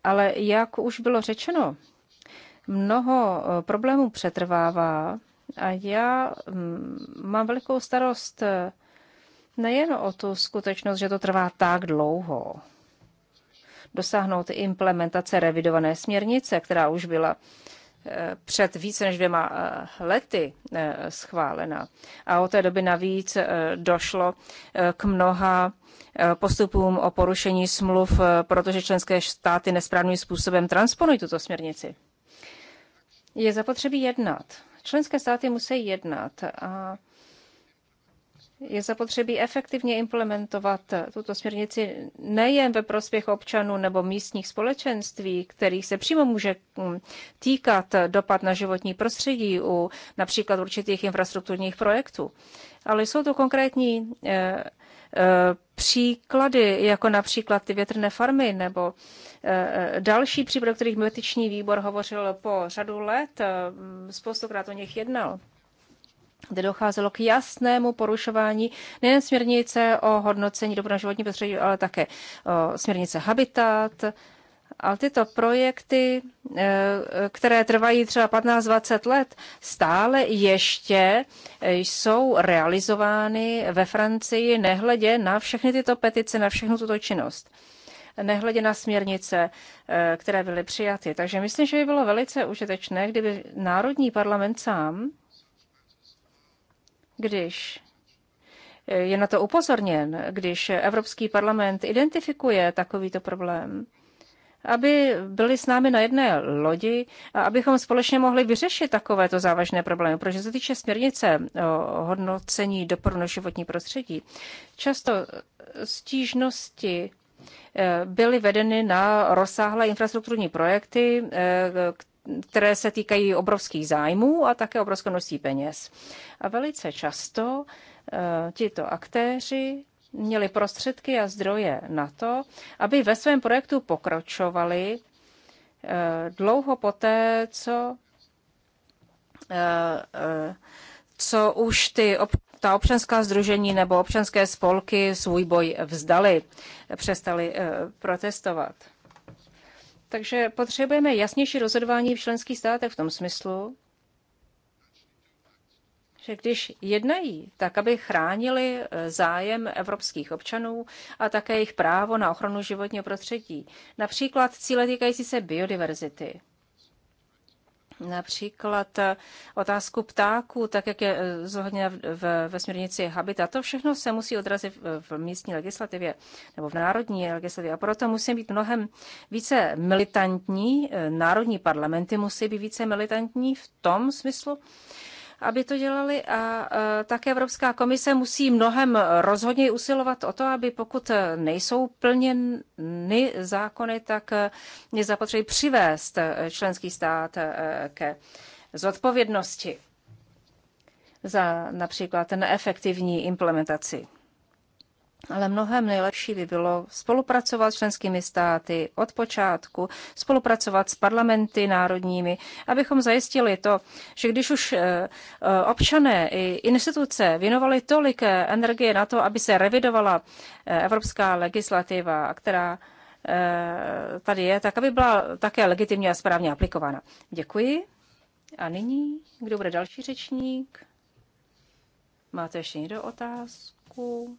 Ale jak už bylo řečeno, mnoho e, problémů přetrvává a já mám velikou starost e, nejen o tu skutečnost, že to trvá tak dlouho dosáhnout implementace revidované směrnice, která už byla před více než dvěma eh, lety eh, schválena. A od té doby navíc eh, došlo k mnoha postupům o porušení smluv, protože členské státy nesprávným způsobem transponují tuto směrnici. Je zapotřebí jednat. Členské státy musí jednat a je zapotřebí efektivně implementovat tuto směrnici nejen ve prospěch občanů nebo místních společenství, kterých se přímo může hm, týkat dopad na životní prostředí u například určitých infrastrukturních projektů, ale jsou to konkrétní eh, eh, příklady, jako například ty větrné farmy nebo eh, další případ, o kterých Mětiční výbor hovořil po řadu let, hm, spoustukrát o nich jednal kde docházelo k jasnému porušování nejen směrnice o hodnocení dobu na životní prostředí, ale také o směrnice Habitat. Ale tyto projekty, e, které trvají třeba 15-20 let, stále ještě e, jsou realizovány ve Francii, nehledě na všechny tyto petice, na všechnu tuto činnost nehledě na směrnice, e, které byly přijaty. Takže myslím, že by bylo velice užitečné, kdyby Národní parlament sám když eh, je na to upozorněn, když Evropský parlament identifikuje takovýto problém, aby byli s námi na jedné lodi a abychom společně mohli vyřešit takovéto závažné problémy. Protože se týče směrnice o hodnocení dopadu na životní prostředí, často stížnosti eh, byly vedeny na rozsáhlé infrastrukturní projekty, eh, které se týkají obrovských zájmů a také obrovské množství peněz. A velice často eh, tito aktéři měli prostředky a zdroje na to, aby ve svém projektu pokročovali eh, dlouho poté, co, eh, co už ty ta občanská združení nebo občanské spolky svůj boj vzdali, přestali protestovat. Takže potřebujeme jasnější rozhodování v členských státech v tom smyslu, že když jednají, tak aby chránili eh, zájem evropských občanů a také jejich právo na ochranu životního prostředí. Například cíle týkající se biodiverzity například eh, otázku ptáků, tak jak je eh, zohledněna v, ve směrnici Habitat. To všechno se musí odrazit v místní legislativě nebo v národní legislativě. A proto musí být mnohem více militantní. Eh, národní parlamenty musí být více militantní v tom smyslu, aby to dělali a e, také Evropská komise musí mnohem rozhodněji usilovat o to, aby pokud nejsou plněny zákony, tak e, je zapotřebí přivést e, členský stát ke zodpovědnosti za například neefektivní implementaci ale mnohem nejlepší by bylo spolupracovat s členskými státy od počátku, spolupracovat s parlamenty národními, abychom zajistili to, že když už eh, eh, občané i instituce věnovali tolik eh, energie na to, aby se revidovala evropská legislativa, která tady je, tak aby byla také legitimně a správně aplikována. Děkuji. A nyní, kdo bude další řečník? Máte ještě někdo otázku?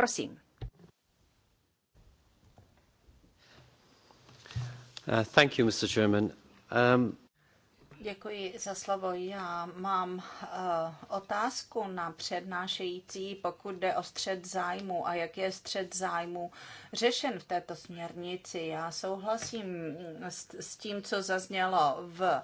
Prosím. Uh, thank you, Mr. Chairman. Um... Děkuji za slovo. Já mám uh, otázku na přednášející, pokud jde o střed zájmu a jak je střed zájmu řešen v této směrnici. Já souhlasím s, s tím, co zaznělo v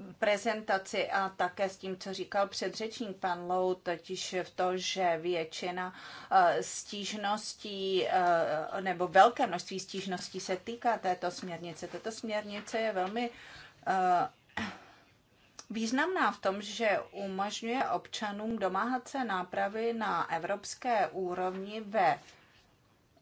uh, prezentaci a také s tím, co říkal předřečník pan Lou, totiž v to, že většina uh, stížností uh, nebo velké množství stížností se týká této směrnice. Tato směrnice je velmi Eh, významná v tom, že umožňuje občanům domáhat se nápravy na evropské úrovni ve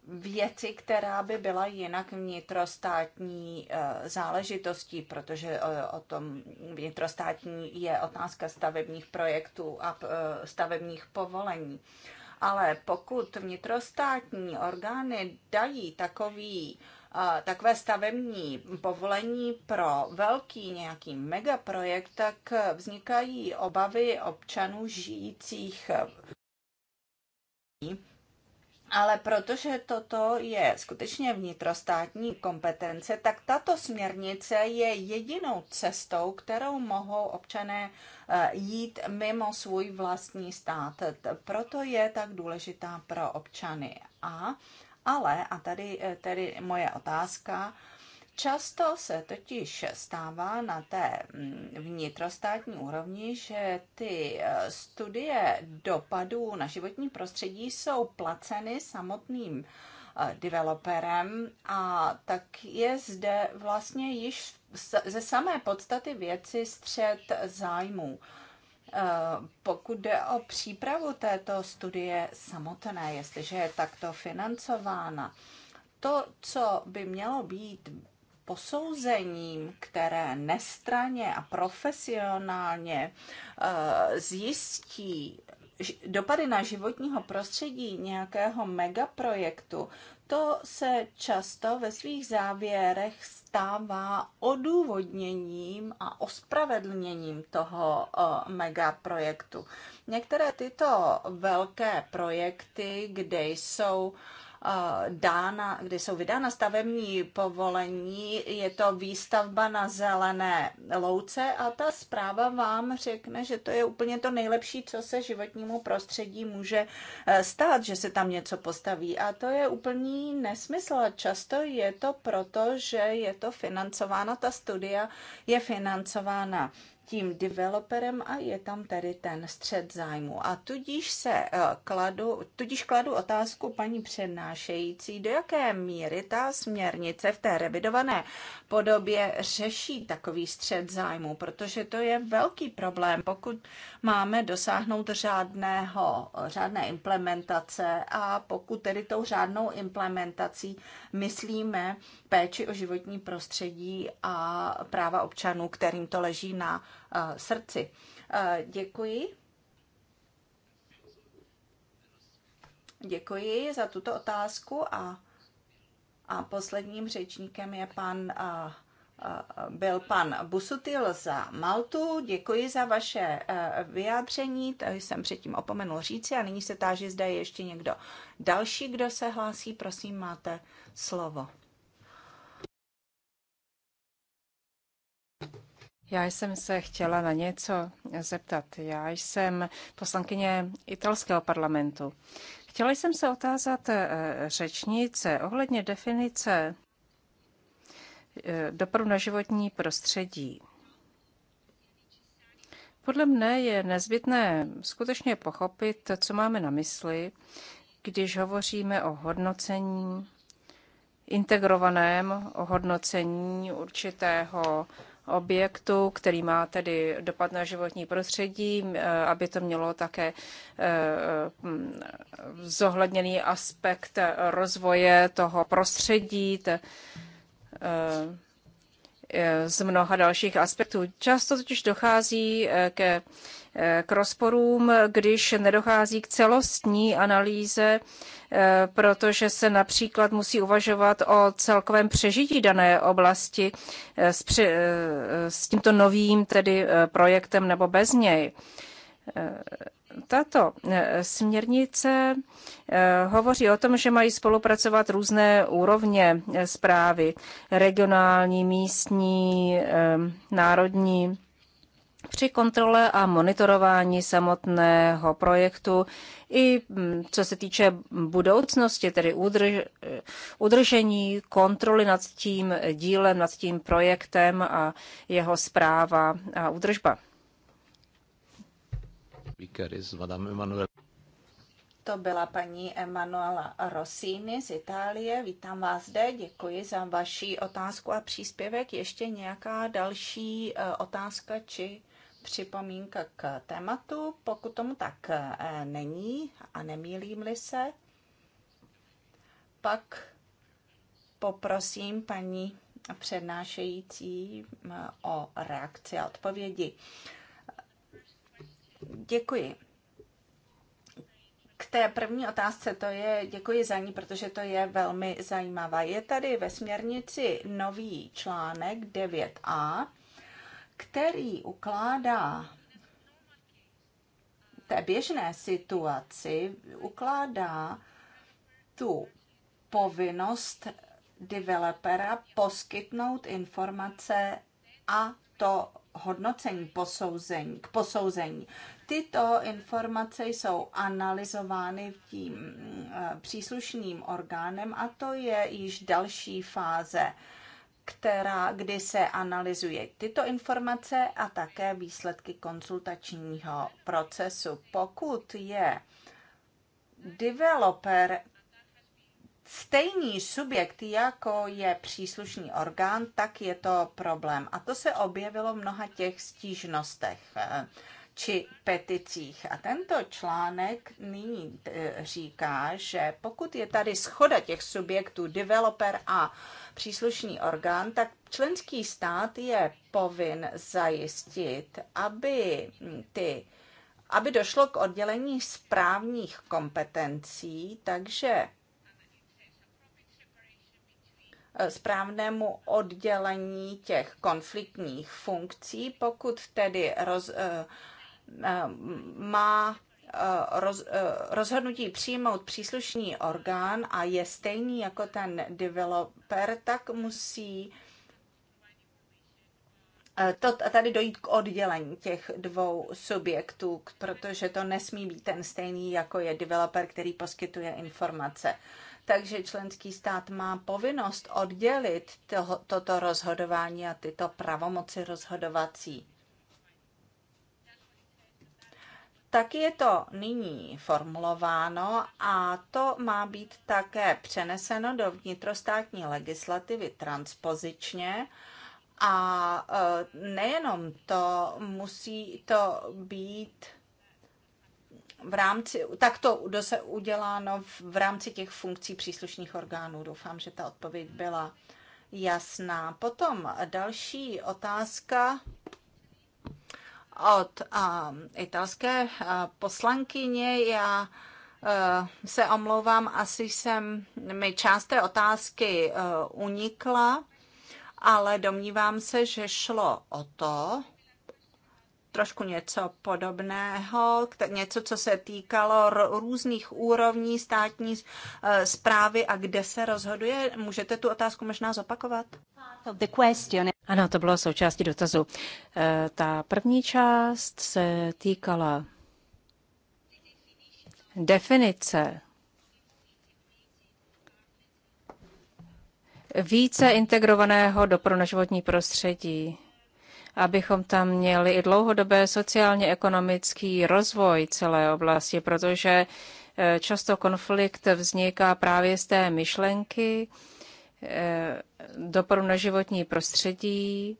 věci, která by byla jinak vnitrostátní eh, záležitostí, protože eh, o tom vnitrostátní je otázka stavebních projektů a stavebních povolení. Ale pokud vnitrostátní orgány dají takový uh, takové stavební povolení pro velký nějaký megaprojekt, tak vznikají obavy občanů žijících ale protože toto je skutečně vnitrostátní kompetence, tak tato směrnice je jedinou cestou, kterou mohou občané eh, jít mimo svůj vlastní stát. Proto je tak důležitá pro občany. A ale, a tady, eh, tady moje otázka, Často se totiž stává na té mm, vnitrostátní úrovni, že ty eh, studie dopadů na životní prostředí jsou placeny samotným eh, developerem a tak je zde vlastně již ze samé podstaty věci střed zájmů. Pokud jde o přípravu této studie samotné, jestliže je takto financována, to, co by mělo být posouzením, které nestraně a profesionálně eh, zjistí dopady na životního prostředí nějakého megaprojektu, to se často ve svých závěrech stává odůvodněním a ospravedlněním toho eh, megaprojektu. Některé tyto velké projekty, kde jsou Eh, dána, kdy jsou vydána stavební povolení, je to výstavba na zelené louce a ta zpráva vám řekne, že to je úplně to nejlepší, co se životnímu prostředí může eh, stát, že se tam něco postaví. A to je úplný nesmysl. A Často je to proto, že je to financována ta studia je financována tím developerem a je tam tedy ten střed zájmu. A tudíž se eh, kladu, tudíž kladu otázku paní přednášející, do jaké míry ta směrnice v té revidované podobě řeší takový střed zájmu, protože to je velký problém, pokud máme dosáhnout řádného, řádné implementace a pokud tedy tou řádnou implementací myslíme péči o životní prostředí a práva občanů, kterým to leží na Eh, srdci. Eh, děkuji. Děkuji za tuto otázku a, a posledním řečníkem je pan a, eh, byl pan Busutil za Maltu. Děkuji za vaše vyjádření, to jsem předtím opomenul říci a nyní se táži, zda je ještě někdo další, kdo se hlásí. Prosím, máte slovo. Já jsem se chtěla na něco zeptat. Já jsem poslankyně italského parlamentu. Chtěla jsem se otázat eh, řečnice ohledně definice eh, dopadu na životní prostředí. Podle mne je nezbytné skutečně pochopit, co máme na mysli, když hovoříme o hodnocení, integrovaném o hodnocení určitého objektu, který má tedy dopad na životní prostředí, eh, aby to mělo také eh, mm, zohledněný aspekt rozvoje toho prostředí eh, z mnoha dalších aspektů. Často totiž dochází ke, k rozporům, když nedochází k celostní analýze Eh, protože se například musí uvažovat o celkovém přežití dané oblasti eh, s, při, eh, s tímto novým tedy projektem nebo bez něj. Tato směrnice hovoří o tom, že mají spolupracovat různé úrovně zprávy, regionální, místní, národní při kontrole a monitorování samotného projektu i mm, co se týče budoucnosti, tedy udrž, udržení kontroly nad tím dílem, nad tím projektem a jeho zpráva a udržba. To byla paní Emanuela Rossini z Itálie. Vítám vás zde, děkuji za vaši otázku a příspěvek. Ještě nějaká další eh, otázka či připomínka k tématu? Pokud tomu tak eh, není a nemýlím-li se, pak poprosím paní přednášející eh, o reakci a odpovědi. Děkuji. K té první otázce to je, děkuji za ní, protože to je velmi zajímavá. Je tady ve směrnici nový článek 9a, který ukládá té běžné situaci, ukládá tu povinnost developera poskytnout informace a to hodnocení posouzení, k posouzení. Tyto informace jsou analyzovány tím eh, příslušným orgánem a to je již další fáze která, kdy se analyzuje tyto informace a také výsledky konzultačního procesu. Pokud je developer stejný subjekt, jako je příslušný orgán, tak je to problém. A to se objevilo v mnoha těch stížnostech či peticích. A tento článek nyní e, říká, že pokud je tady schoda těch subjektů, developer a příslušný orgán, tak členský stát je povin zajistit, aby ty aby došlo k oddělení správních kompetencí, takže správnému oddělení těch konfliktních funkcí, pokud tedy roz, e, Eh, má eh, roz, eh, rozhodnutí přijmout příslušný orgán a je stejný jako ten developer, tak musí to, tady dojít k oddělení těch dvou subjektů, protože to nesmí být ten stejný, jako je developer, který poskytuje informace. Takže členský stát má povinnost oddělit toho, toto rozhodování a tyto pravomoci rozhodovací. tak je to nyní formulováno a to má být také přeneseno do vnitrostátní legislativy transpozičně. A e, nejenom to, musí to být v rámci, tak to se uděláno v rámci těch funkcí příslušných orgánů. Doufám, že ta odpověď byla jasná. Potom další otázka od eh, italské eh, poslankyně. Já eh, se omlouvám, asi jsem mi část té otázky unikla, ale domnívám se, že šlo o to, trošku něco podobného, něco, co se týkalo různých úrovní státní eh, zprávy a kde se rozhoduje. Můžete tu otázku možná zopakovat? Ano, to bylo součástí dotazu. Eh, ta první část se týkala definice více integrovaného dopru prostředí abychom tam měli i dlouhodobé sociálně-ekonomický rozvoj celé oblasti, protože eh, často konflikt vzniká právě z té myšlenky, eh, dopadu na životní prostředí,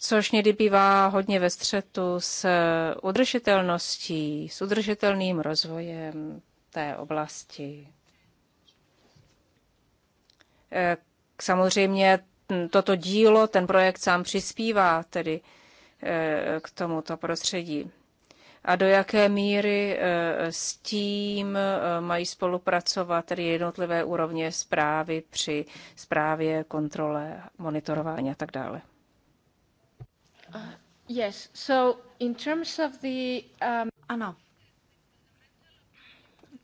což někdy bývá hodně ve střetu s udržitelností, s udržitelným rozvojem té oblasti. Eh, samozřejmě toto dílo, ten projekt sám přispívá tedy e, k tomuto prostředí. A do jaké míry e, s tím e, mají spolupracovat tedy jednotlivé úrovně zprávy při zprávě, kontrole, monitorování a tak dále? Uh, yes, so in terms of the, um... Ano,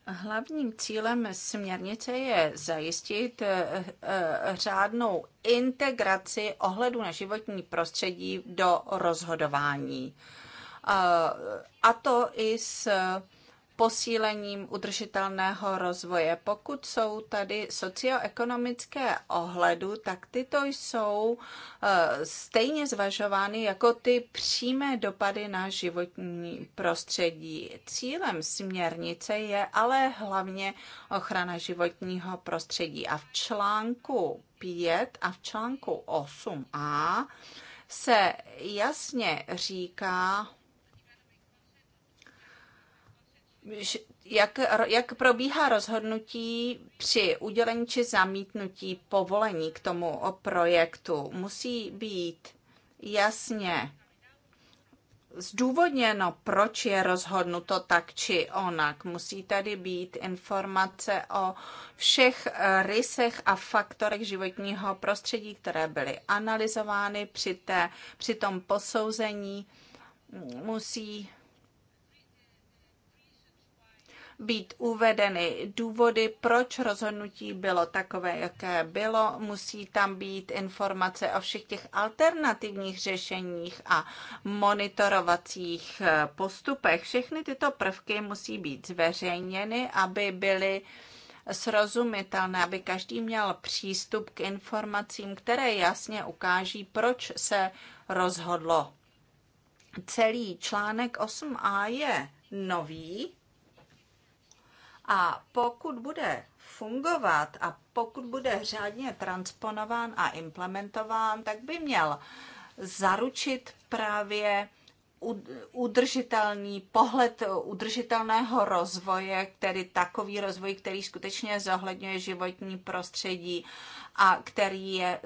Hlavním cílem směrnice je zajistit eh, eh, řádnou integraci ohledu na životní prostředí do rozhodování. Eh, a to i s posílením udržitelného rozvoje. Pokud jsou tady socioekonomické ohledu, tak tyto jsou eh, stejně zvažovány jako ty přímé dopady na životní prostředí. Cílem směrnice je ale hlavně ochrana životního prostředí. A v článku 5 a v článku 8a se jasně říká, jak, jak probíhá rozhodnutí při udělení či zamítnutí povolení k tomu projektu? Musí být jasně zdůvodněno, proč je rozhodnuto tak či onak. Musí tady být informace o všech rysech a faktorech životního prostředí, které byly analyzovány při, té, při tom posouzení. Musí být uvedeny důvody, proč rozhodnutí bylo takové, jaké bylo. Musí tam být informace o všech těch alternativních řešeních a monitorovacích eh, postupech. Všechny tyto prvky musí být zveřejněny, aby byly srozumitelné, aby každý měl přístup k informacím, které jasně ukáží, proč se rozhodlo. Celý článek 8a je nový a pokud bude fungovat a pokud bude řádně transponován a implementován, tak by měl zaručit právě udržitelný pohled udržitelného rozvoje, který takový rozvoj, který skutečně zohledňuje životní prostředí a který je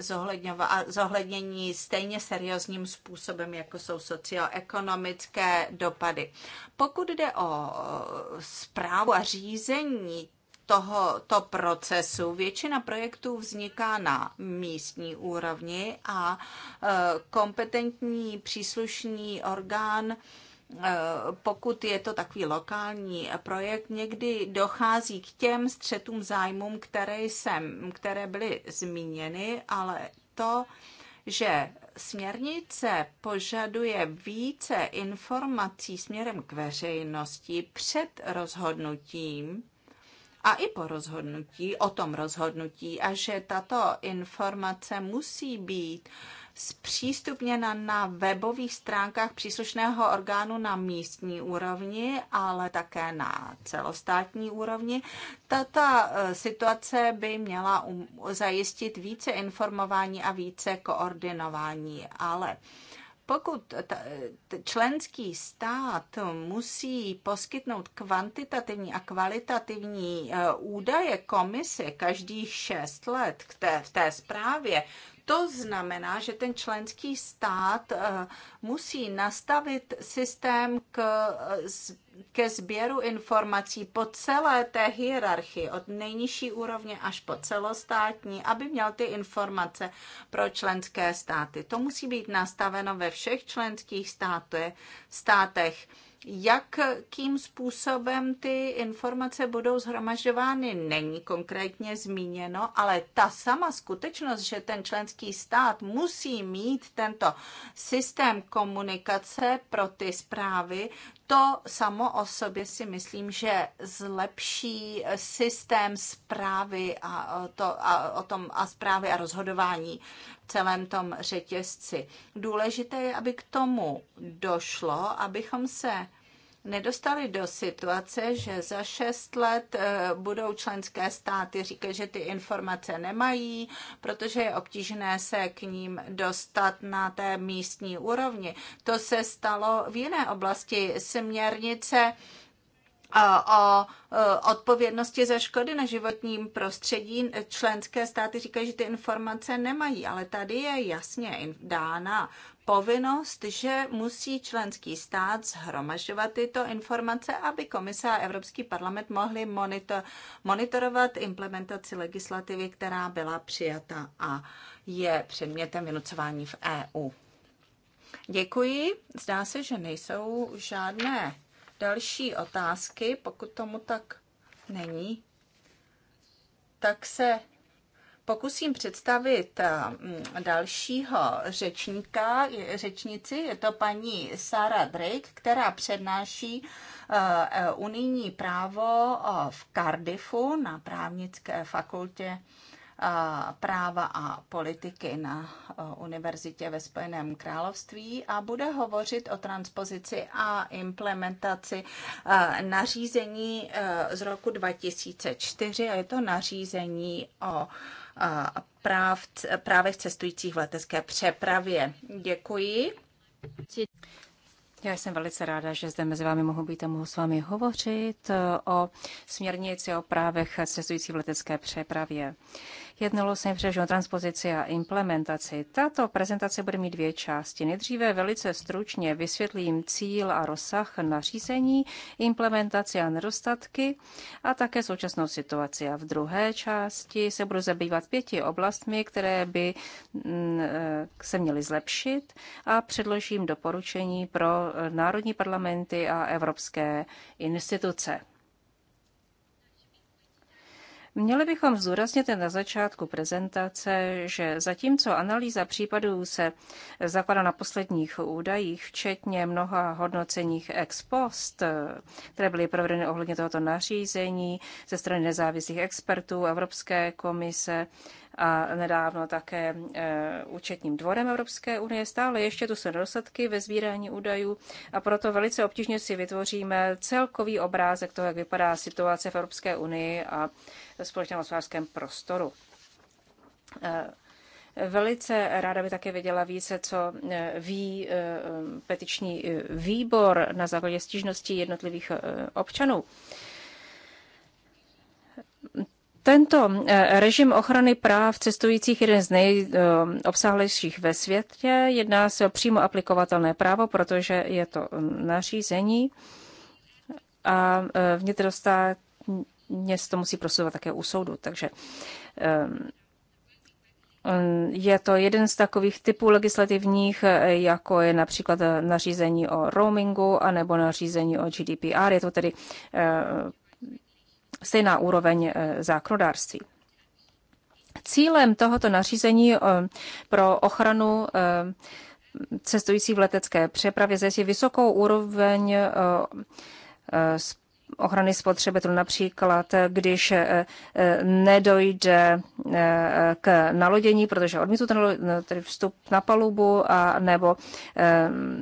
zohlednění stejně seriózním způsobem, jako jsou socioekonomické dopady. Pokud jde o zprávu a řízení tohoto procesu. Většina projektů vzniká na místní úrovni a e, kompetentní příslušný orgán e, pokud je to takový lokální projekt, někdy dochází k těm střetům zájmům, které, jsem, které byly zmíněny, ale to, že směrnice požaduje více informací směrem k veřejnosti před rozhodnutím, a i po rozhodnutí, o tom rozhodnutí a že tato informace musí být zpřístupněna na webových stránkách příslušného orgánu na místní úrovni, ale také na celostátní úrovni. Tato e, situace by měla um, zajistit více informování a více koordinování, ale pokud členský stát musí poskytnout kvantitativní a kvalitativní eh, údaje komise každých šest let k té, v té zprávě, to znamená, že ten členský stát eh, musí nastavit systém k, eh, ke sběru informací po celé té hierarchii, od nejnižší úrovně až po celostátní, aby měl ty informace pro členské státy. To musí být nastaveno ve všech členských státech. státech jakým způsobem ty informace budou zhromažovány, není konkrétně zmíněno, ale ta sama skutečnost, že ten členský stát musí mít tento systém komunikace pro ty zprávy, to samo o sobě si myslím, že zlepší systém zprávy a, to, a, o tom, a zprávy a rozhodování v celém tom řetězci. Důležité je, aby k tomu došlo, abychom se nedostali do situace, že za šest let eh, budou členské státy říkat, že ty informace nemají, protože je obtížné se k ním dostat na té místní úrovni. To se stalo v jiné oblasti směrnice eh, o eh, odpovědnosti za škody na životním prostředí. Členské státy říkají, že ty informace nemají, ale tady je jasně dána povinnost, že musí členský stát zhromažovat tyto informace, aby komise a Evropský parlament mohli monitor, monitorovat implementaci legislativy, která byla přijata a je předmětem vynucování v EU. Děkuji. Zdá se, že nejsou žádné další otázky. Pokud tomu tak není, tak se pokusím představit eh, dalšího řečníka, řečnici, je to paní Sara Drake, která přednáší eh, unijní právo eh, v Cardiffu na právnické fakultě práva a politiky na eh, univerzitě ve Spojeném království a bude hovořit o transpozici a implementaci eh, nařízení eh, z roku 2004 a je to nařízení o práv, právech cestujících v letecké přepravě. Děkuji. Já jsem velice ráda, že zde mezi vámi mohu být a mohu s vámi hovořit o směrnici o právech cestujících v letecké přepravě. Jednalo se především o transpozici a implementaci. Tato prezentace bude mít dvě části. Nejdříve velice stručně vysvětlím cíl a rozsah nařízení, implementaci a nedostatky a také současnou situaci. A v druhé části se budu zabývat pěti oblastmi, které by mm, eh, se měly zlepšit a předložím doporučení pro národní parlamenty a evropské instituce. Měli bychom zdůraznit na začátku prezentace, že zatímco analýza případů se zakládá na posledních údajích, včetně mnoha hodnoceních ex post, které byly provedeny ohledně tohoto nařízení ze strany nezávislých expertů Evropské komise a nedávno také e, účetním dvorem Evropské unie. Stále ještě tu jsou nedostatky ve sbírání údajů a proto velice obtížně si vytvoříme celkový obrázek toho, jak vypadá situace v Evropské unii a společném hospodářském prostoru. E, velice ráda by také věděla více, co e, ví petiční výbor na základě stížností jednotlivých občanů. Tento eh, režim ochrany práv cestujících jeden z nejobsáhlejších ve světě. Jedná se o přímo aplikovatelné právo, protože je to mm, nařízení a eh, vnitrostátně se to musí prosovat také u soudu. Takže eh, mm, je to jeden z takových typů legislativních, jako je například nařízení o roamingu anebo nařízení o GDPR. Je to tedy stejná úroveň eh, zákrodárství. Cílem tohoto nařízení eh, pro ochranu eh, cestující v letecké přepravě je vysokou úroveň ochrany spotřebitelů. Například, když eh, eh, nedojde eh, k nalodění, protože odmítnu ten no, tedy vstup na palubu, a nebo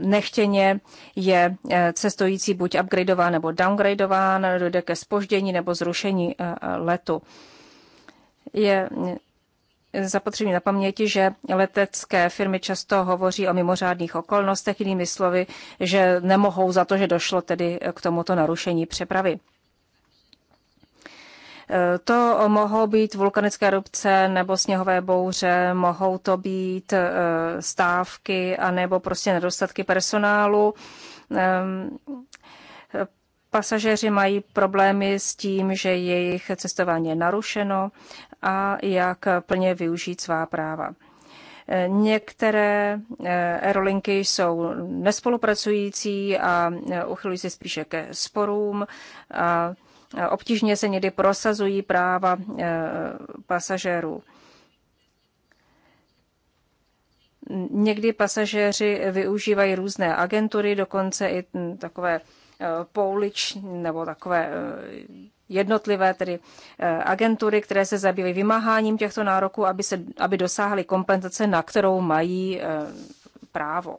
nechtěně je cestující buď upgradeován nebo downgradeován, dojde ke spoždění nebo zrušení letu. Je zapotřebí na paměti, že letecké firmy často hovoří o mimořádných okolnostech, jinými slovy, že nemohou za to, že došlo tedy k tomuto narušení přepravy. To mohou být vulkanické erupce nebo sněhové bouře, mohou to být e, stávky a nebo prostě nedostatky personálu ehm, Pasažéři mají problémy s tím, že jejich cestování je narušeno a jak plně využít svá práva. Některé eh, aerolinky jsou nespolupracující a eh, uchylují se spíše ke sporům. A eh, obtížně se někdy prosazují práva pasažérů. Někdy pasažéři využívají různé agentury, dokonce i hm, takové Eh, poulič nebo takové eh, jednotlivé tedy eh, agentury, které se zabývají vymáháním těchto nároků, aby, se, aby dosáhly kompenzace, na kterou mají právo.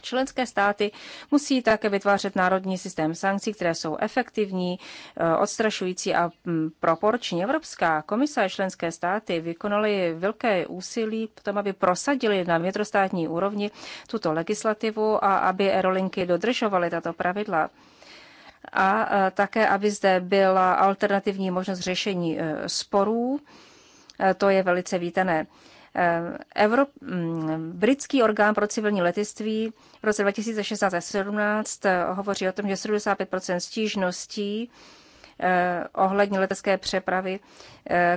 Členské státy musí také vytvářet národní systém sankcí, které jsou efektivní, eh, odstrašující a mm, proporční. Evropská komise a členské státy vykonaly velké úsilí v tom, aby prosadili na vnitrostátní úrovni tuto legislativu a aby aerolinky dodržovaly tato pravidla. A eh, také, aby zde byla alternativní možnost řešení eh, sporů. To je velice vítané. Eh, Evrop, mm, britský orgán pro civilní letectví v roce 2016 a 17 eh, hovoří o tom, že 75 stížností eh, ohledně letecké přepravy,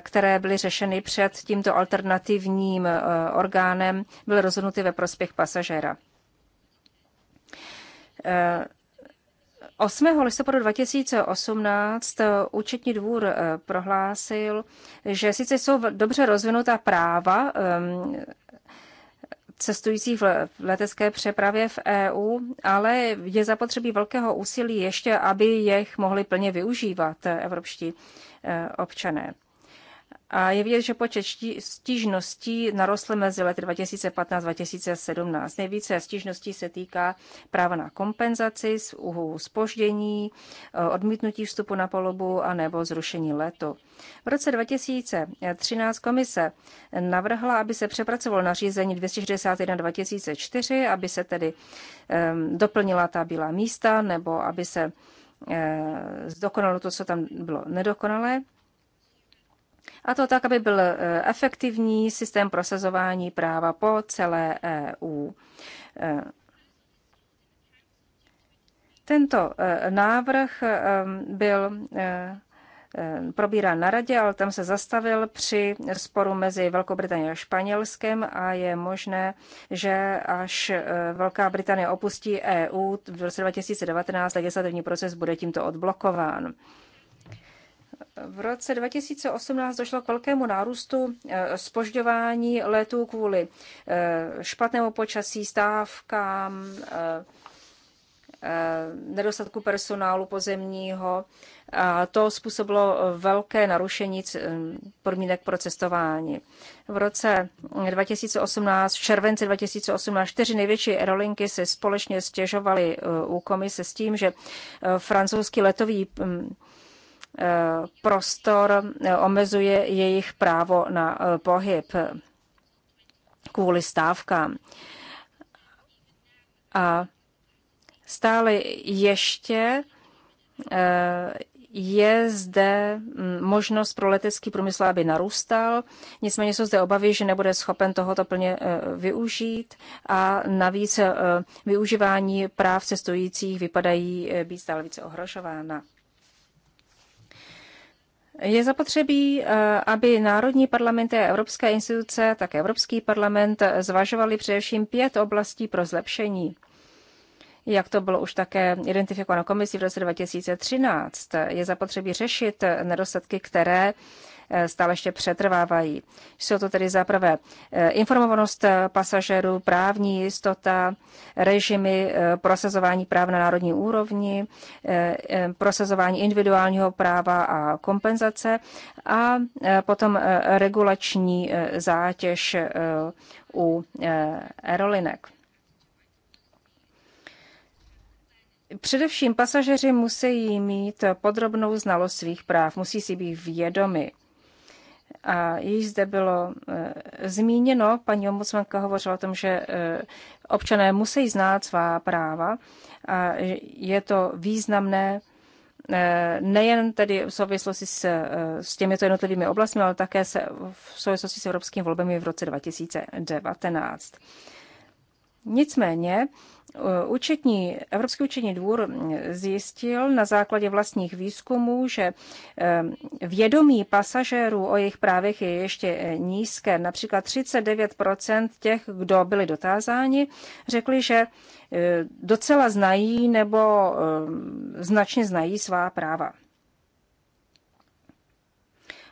které byly řešeny před tímto alternativním orgánem, byly rozhodnuty ve prospěch pasažéra. 8. listopadu 2018 eh, účetní dvůr eh, prohlásil, že sice jsou dobře rozvinutá práva ehm, cestujících v letecké přepravě v EU, ale je zapotřebí velkého úsilí ještě, aby jich mohli plně využívat eh, evropští občané. A je vidět, že počet stížností narostl mezi lety 2015-2017. Nejvíce stížností se týká práva na kompenzaci z uhu spoždění, e, odmítnutí vstupu na polobu a nebo zrušení letu. V roce 2013 komise navrhla, aby se přepracovalo nařízení 261 2004, aby se tedy doplnila ta bílá místa nebo aby se e, zdokonalo to, co tam bylo nedokonalé. A to tak, aby byl eh, efektivní systém prosazování práva po celé EU. Eh, tento eh, návrh byl probírán na radě, ale tam se zastavil při sporu mezi Velkou Británií a Španělskem a je možné, že až Velká Británie opustí EU v roce 2019, legislativní proces bude tímto odblokován. V roce 2018 došlo k velkému nárůstu spožďování eh, letů kvůli eh, špatnému počasí, stávkám, eh, nedostatku personálu pozemního. A to způsobilo velké narušení podmínek pro cestování. V roce 2018, v červenci 2018, čtyři největší aerolinky se společně stěžovaly u komise s tím, že francouzský letový hm, prostor eh, omezuje jejich právo na eh, pohyb kvůli stávkám. A stále ještě eh, je zde mm, možnost pro letecký průmysl, aby narůstal. Nicméně jsou zde obavy, že nebude schopen tohoto plně využít a navíc využívání práv cestujících vypadají být stále více ohrožována. Je zapotřebí, eh, aby národní parlamenty a evropské instituce, tak Evropský parlament, zvažovali především pět oblastí pro zlepšení. Jak to bylo už také identifikováno komisí v roce 2013, je zapotřebí řešit nedostatky, které Eh, stále ještě přetrvávají. Jsou to tedy zaprvé eh, informovanost pasažerů, právní jistota, režimy eh, prosazování práv na národní úrovni, prosazování individuálního práva a kompenzace a potom regulační zátěž u aerolinek. Především pasažeři musí mít podrobnou znalost svých práv, musí si být vědomi a již zde bylo eh, zmíněno, paní ombudsmanka hovořila o tom, že eh, občané musí znát svá práva a je to významné eh, nejen tedy v souvislosti s, s těmito jednotlivými oblastmi, ale také se, v souvislosti s evropskými volbami v roce 2019. Nicméně Účetní, Evropský účetní dvůr zjistil na základě vlastních výzkumů, že ehm, vědomí pasažérů o jejich právech je ještě nízké. Například 39 těch, kdo byli dotázáni, řekli, že eh, docela znají nebo ehm, značně znají svá práva.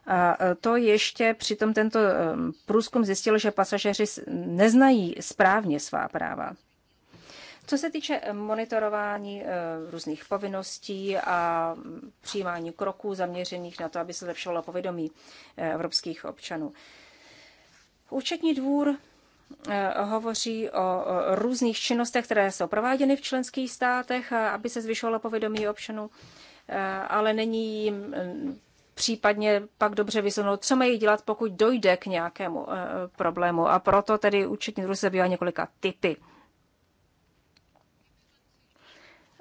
A e, to ještě přitom tento ehm, průzkum zjistil, že pasažéři neznají správně svá práva. Co se týče eh, monitorování eh, různých povinností a mm, přijímání kroků zaměřených na to, aby se zlepšovalo povědomí eh, evropských občanů. Účetní dvůr hovoří o různých činnostech, které jsou prováděny v členských státech, aby se zvyšovalo povědomí občanů, ale není jim mm, případně pak dobře vysunout, co mají dělat, pokud dojde k nějakému problému. A proto tedy účetní dvůr se zabývá několika typy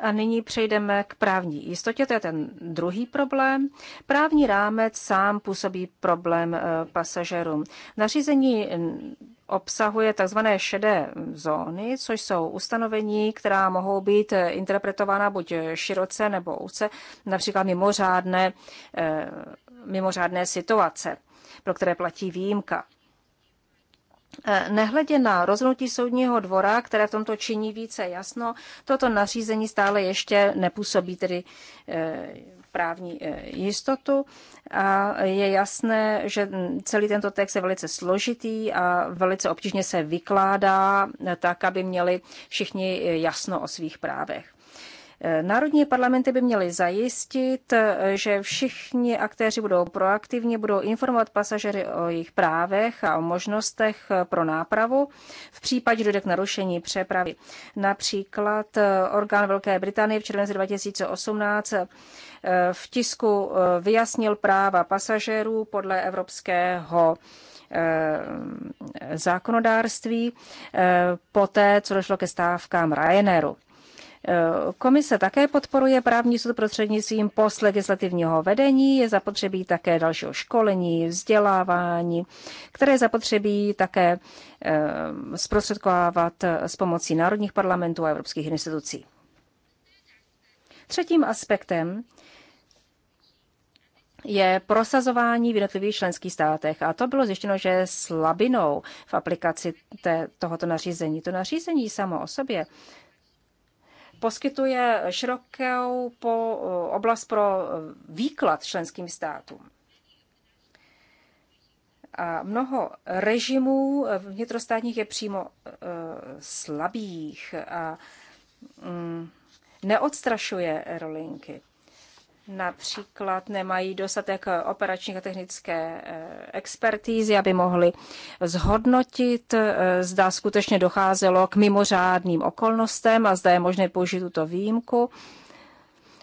a nyní přejdeme k právní jistotě, to je ten druhý problém. Právní rámec sám působí problém eh, pasažerům. Nařízení mm, obsahuje tzv. šedé zóny, což jsou ustanovení, která mohou být eh, interpretována buď široce nebo úce, například mimořádné, eh, mimořádné situace, pro které platí výjimka. Eh, nehledě na rozhodnutí soudního dvora, které v tomto činí více jasno, toto nařízení stále ještě nepůsobí tedy eh, právní eh, jistotu a je jasné, že celý tento text je velice složitý a velice obtížně se vykládá tak, aby měli všichni jasno o svých právech. Národní parlamenty by měly zajistit, eh, že všichni aktéři budou proaktivní, budou informovat pasažery o jejich právech a o možnostech eh, pro nápravu v případě dojde k narušení přepravy. Například eh, orgán Velké Británie v červenci 2018 v tisku vyjasnil práva pasažerů podle evropského zákonodárství poté, co došlo ke stávkám Ryanairu. Eh, komise také podporuje právní sud prostřednictvím post legislativního vedení. Je zapotřebí také dalšího školení, vzdělávání, které je zapotřebí také eh, zprostředkovávat eh, s pomocí národních parlamentů a evropských institucí. Třetím aspektem je prosazování v jednotlivých členských státech. A to bylo zjištěno, že je slabinou v aplikaci té, tohoto nařízení. To nařízení samo o sobě poskytuje širokou po eh, oblast pro eh, výklad členským státům. A mnoho režimů eh, vnitrostátních je přímo slabých a mm, neodstrašuje rolinky například nemají dostatek operačních a technické eh, expertízy, aby mohli zhodnotit, eh, zda skutečně docházelo k mimořádným okolnostem a zda je možné použít tuto výjimku.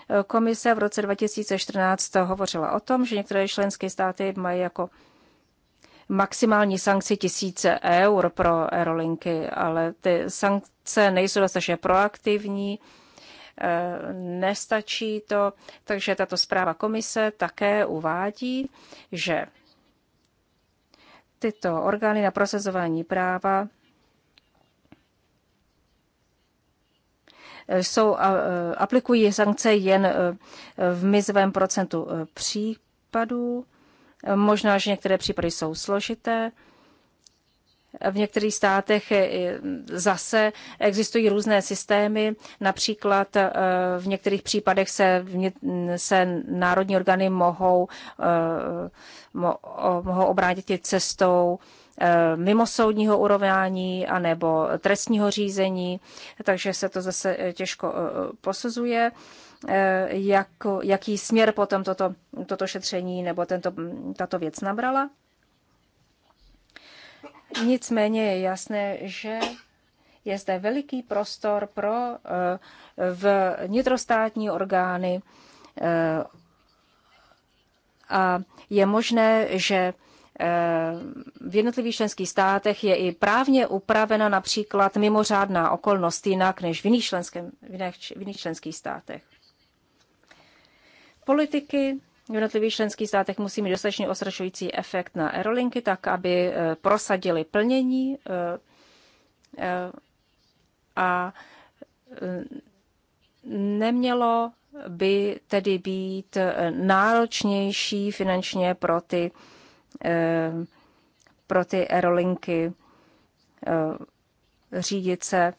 Eh, komise v roce 2014 hovořila o tom, že některé členské státy mají jako maximální sankci tisíce eur pro aerolinky, ale ty sankce nejsou dostatečně proaktivní. Eh, nestačí to. Takže tato zpráva komise také uvádí, že tyto orgány na prosazování práva eh, jsou, eh, aplikují sankce jen v mizovém procentu případů. Možná, že některé případy jsou složité. V některých státech eh, hm, zase existují různé systémy, například eh, v některých případech se, hm, se národní orgány mohou, eh, mohou obrátit cestou mimo soudního urovnání anebo trestního řízení, takže se to zase těžko posuzuje, jak, jaký směr potom toto, toto šetření nebo tento, hm, tato věc nabrala. Nicméně je jasné, že je zde veliký prostor pro eh, vnitrostátní orgány eh, a je možné, že eh, v jednotlivých členských státech je i právně upravena například mimořádná okolnost jinak než v jiných, v jiných, v jiných členských státech. Politiky v jednotlivých členských státech musí mít dostatečně ostrašující efekt na aerolinky, tak aby eh, prosadili plnění eh, eh, a nemělo by tedy být náročnější finančně pro ty, pro ty aerolinky řídit se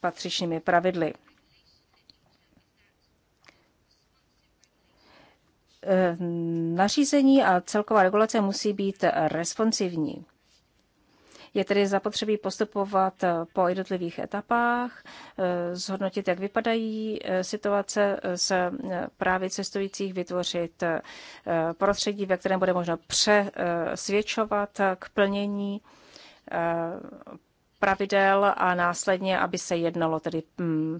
patřičnými pravidly. Eh, nařízení a celková regulace musí být responsivní. Je tedy zapotřebí postupovat eh, po jednotlivých etapách, eh, zhodnotit, jak vypadají situace s právě cestujících, vytvořit prostředí, ve kterém bude možno přesvědčovat k plnění pravidel a následně, aby se jednalo tedy mm,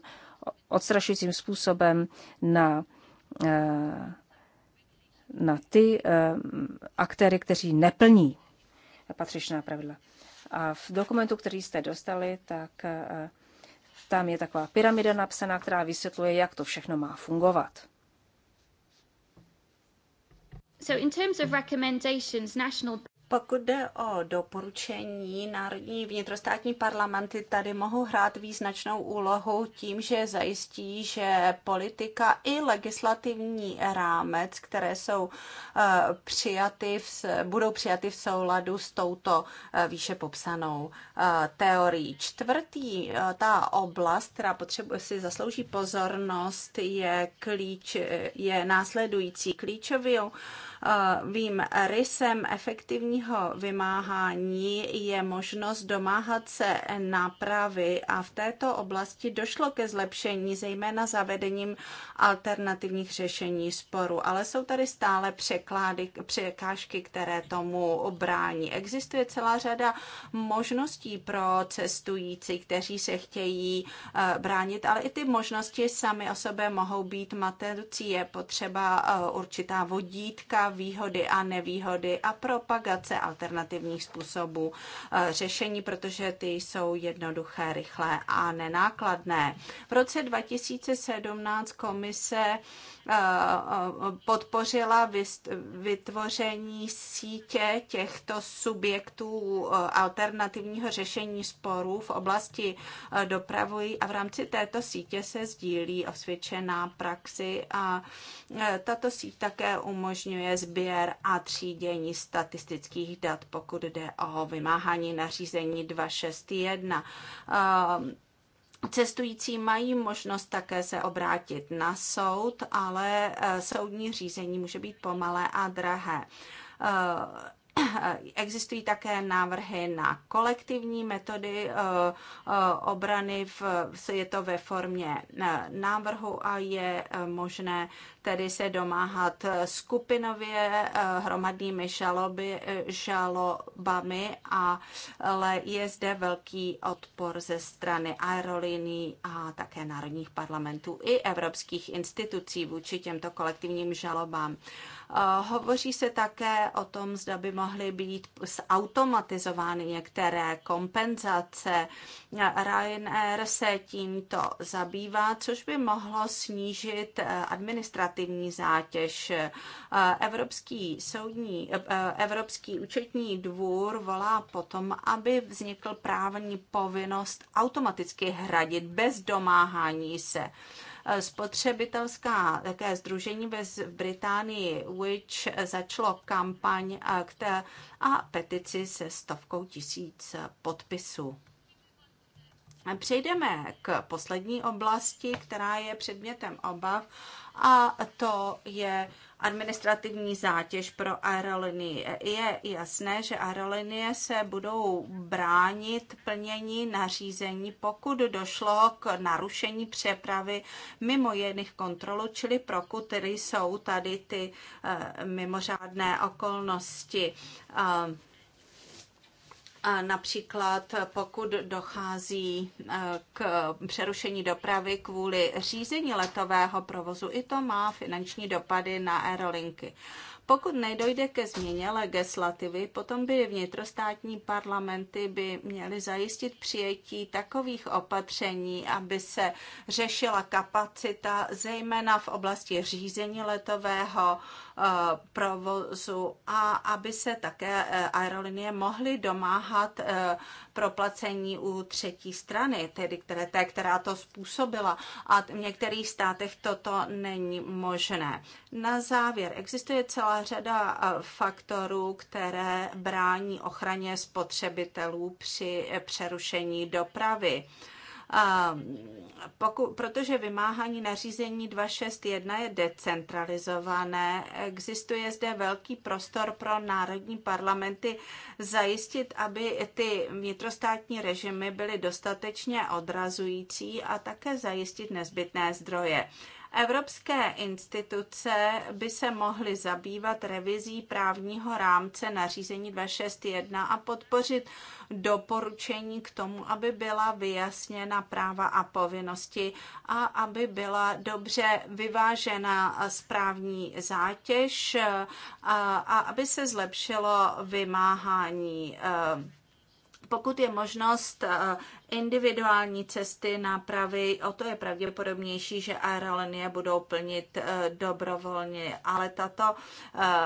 odstrašujícím způsobem na na ty eh, aktéry, kteří neplní patřičná pravidla. A v dokumentu, který jste dostali, tak eh, tam je taková pyramida napsaná, která vysvětluje, jak to všechno má fungovat. So in terms of recommendations, national... Pokud jde o doporučení, národní vnitrostátní parlamenty tady mohou hrát význačnou úlohu tím, že zajistí, že politika i legislativní rámec, které jsou eh, přijaty, v, budou přijaty v souladu s touto eh, výše popsanou eh, teorií. Čtvrtý ta oblast, která potřebuje, si zaslouží pozornost, je, klíč, je následující klíčovou Eh, vým rysem efektivního vymáhání je možnost domáhat se nápravy a v této oblasti došlo ke zlepšení, zejména zavedením alternativních řešení sporu, ale jsou tady stále překlády, překážky, které tomu brání. Existuje celá řada možností pro cestující, kteří se chtějí eh, bránit, ale i ty možnosti sami o sobě mohou být matoucí. Je potřeba eh, určitá vodítka, výhody a nevýhody a propagace alternativních způsobů eh, řešení, protože ty jsou jednoduché, rychlé a nenákladné. V roce 2017 komise eh, eh, podpořila vytvoření sítě těchto subjektů alternativního řešení sporů v oblasti dopravy a v rámci této sítě se sdílí osvědčená praxi a tato síť také umožňuje sběr a třídění statistických dat, pokud jde o vymáhání nařízení 261. Ehm, cestující mají možnost také se obrátit na soud, ale eh, soudní řízení může být pomalé a drahé ehm, Eh, existují také návrhy na kolektivní metody eh, eh, obrany, v, je to ve formě návrhu a je možné tedy se domáhat skupinově hromadnými žaloby, žalobami, ale je zde velký odpor ze strany aerolíní a také národních parlamentů i evropských institucí vůči těmto kolektivním žalobám. Hovoří se také o tom, zda by mohly být zautomatizovány některé kompenzace. Ryanair se tímto zabývá, což by mohlo snížit eh, administrativní zátěž. Eh, Evropský soudní, eh, Evropský účetní dvůr volá potom, aby vznikl právní povinnost automaticky hradit bez domáhání se. Eh, spotřebitelská také združení bez Británii Which začalo kampaň eh, a petici se stovkou tisíc eh, podpisů. Přejdeme k poslední oblasti, která je předmětem obav, a to je administrativní zátěž pro aerolinie. Je jasné, že aerolinie se budou bránit plnění nařízení, pokud došlo k narušení přepravy mimo jiných kontrolů, čili pokud jsou tady ty eh, mimořádné okolnosti. Uh, Například pokud dochází e, k přerušení dopravy kvůli řízení letového provozu, i to má finanční dopady na aerolinky. Pokud nedojde ke změně legislativy, potom by vnitrostátní parlamenty by měly zajistit přijetí takových opatření, aby se řešila kapacita, zejména v oblasti řízení letového Eh, provozu a aby se také eh, aerolinie mohly domáhat eh, proplacení u třetí strany, tedy které, té, která to způsobila. A v některých státech toto není možné. Na závěr existuje celá řada faktorů, které brání ochraně spotřebitelů při přerušení dopravy. Poku, protože vymáhání nařízení 261 je decentralizované, existuje zde velký prostor pro národní parlamenty zajistit, aby ty vnitrostátní režimy byly dostatečně odrazující a také zajistit nezbytné zdroje. Evropské instituce by se mohly zabývat revizí právního rámce nařízení 261 a podpořit doporučení k tomu, aby byla vyjasněna práva a povinnosti a aby byla dobře vyvážena správní zátěž a aby se zlepšilo vymáhání eh, pokud je možnost eh, individuální cesty nápravy, o to je pravděpodobnější, že aerolinie budou plnit eh, dobrovolně, ale tato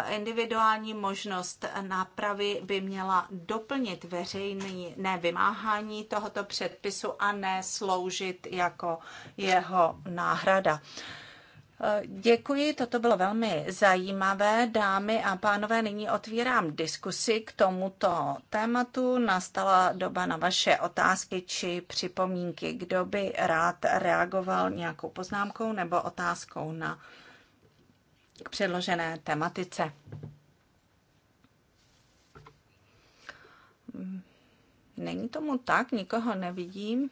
eh, individuální možnost nápravy by měla doplnit veřejné nevymáhání tohoto předpisu a ne sloužit jako jeho náhrada. Děkuji, toto bylo velmi zajímavé. Dámy a pánové, nyní otvírám diskusi k tomuto tématu. Nastala doba na vaše otázky či připomínky. Kdo by rád reagoval nějakou poznámkou nebo otázkou na k předložené tematice? Není tomu tak, nikoho nevidím.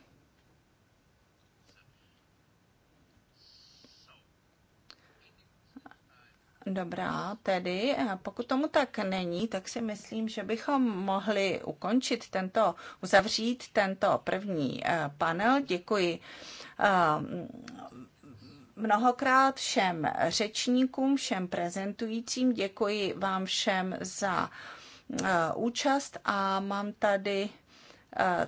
Dobrá, tedy eh, pokud tomu tak není, tak si myslím, že bychom mohli ukončit tento, uzavřít tento první eh, panel. Děkuji eh, mnohokrát všem řečníkům, všem prezentujícím. Děkuji vám všem za účast a mám tady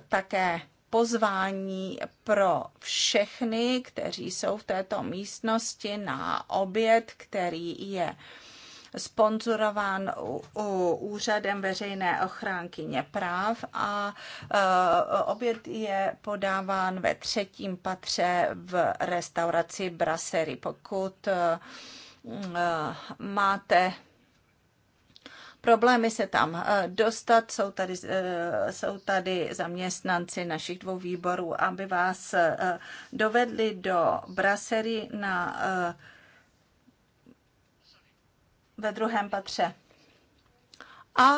také pozvání pro všechny, kteří jsou v této místnosti na oběd, který je sponzorován Úřadem veřejné ochránkyně práv a e, oběd je podáván ve třetím patře v restauraci Brasserie. Pokud e, e, máte problémy se tam eh, dostat. Jsou tady, eh, jsou tady zaměstnanci našich dvou výborů, aby vás eh, dovedli do brasery na, ve druhém patře. A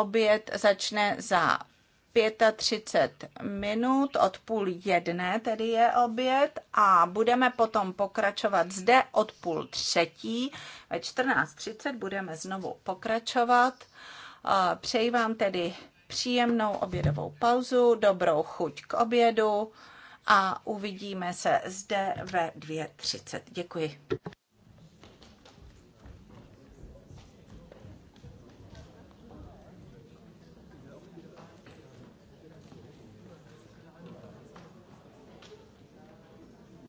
oběd začne za 35 minut, od půl jedné tedy je oběd a budeme potom pokračovat zde od půl třetí. Ve 14.30 budeme znovu pokračovat. Přeji vám tedy příjemnou obědovou pauzu, dobrou chuť k obědu a uvidíme se zde ve 2.30. Děkuji.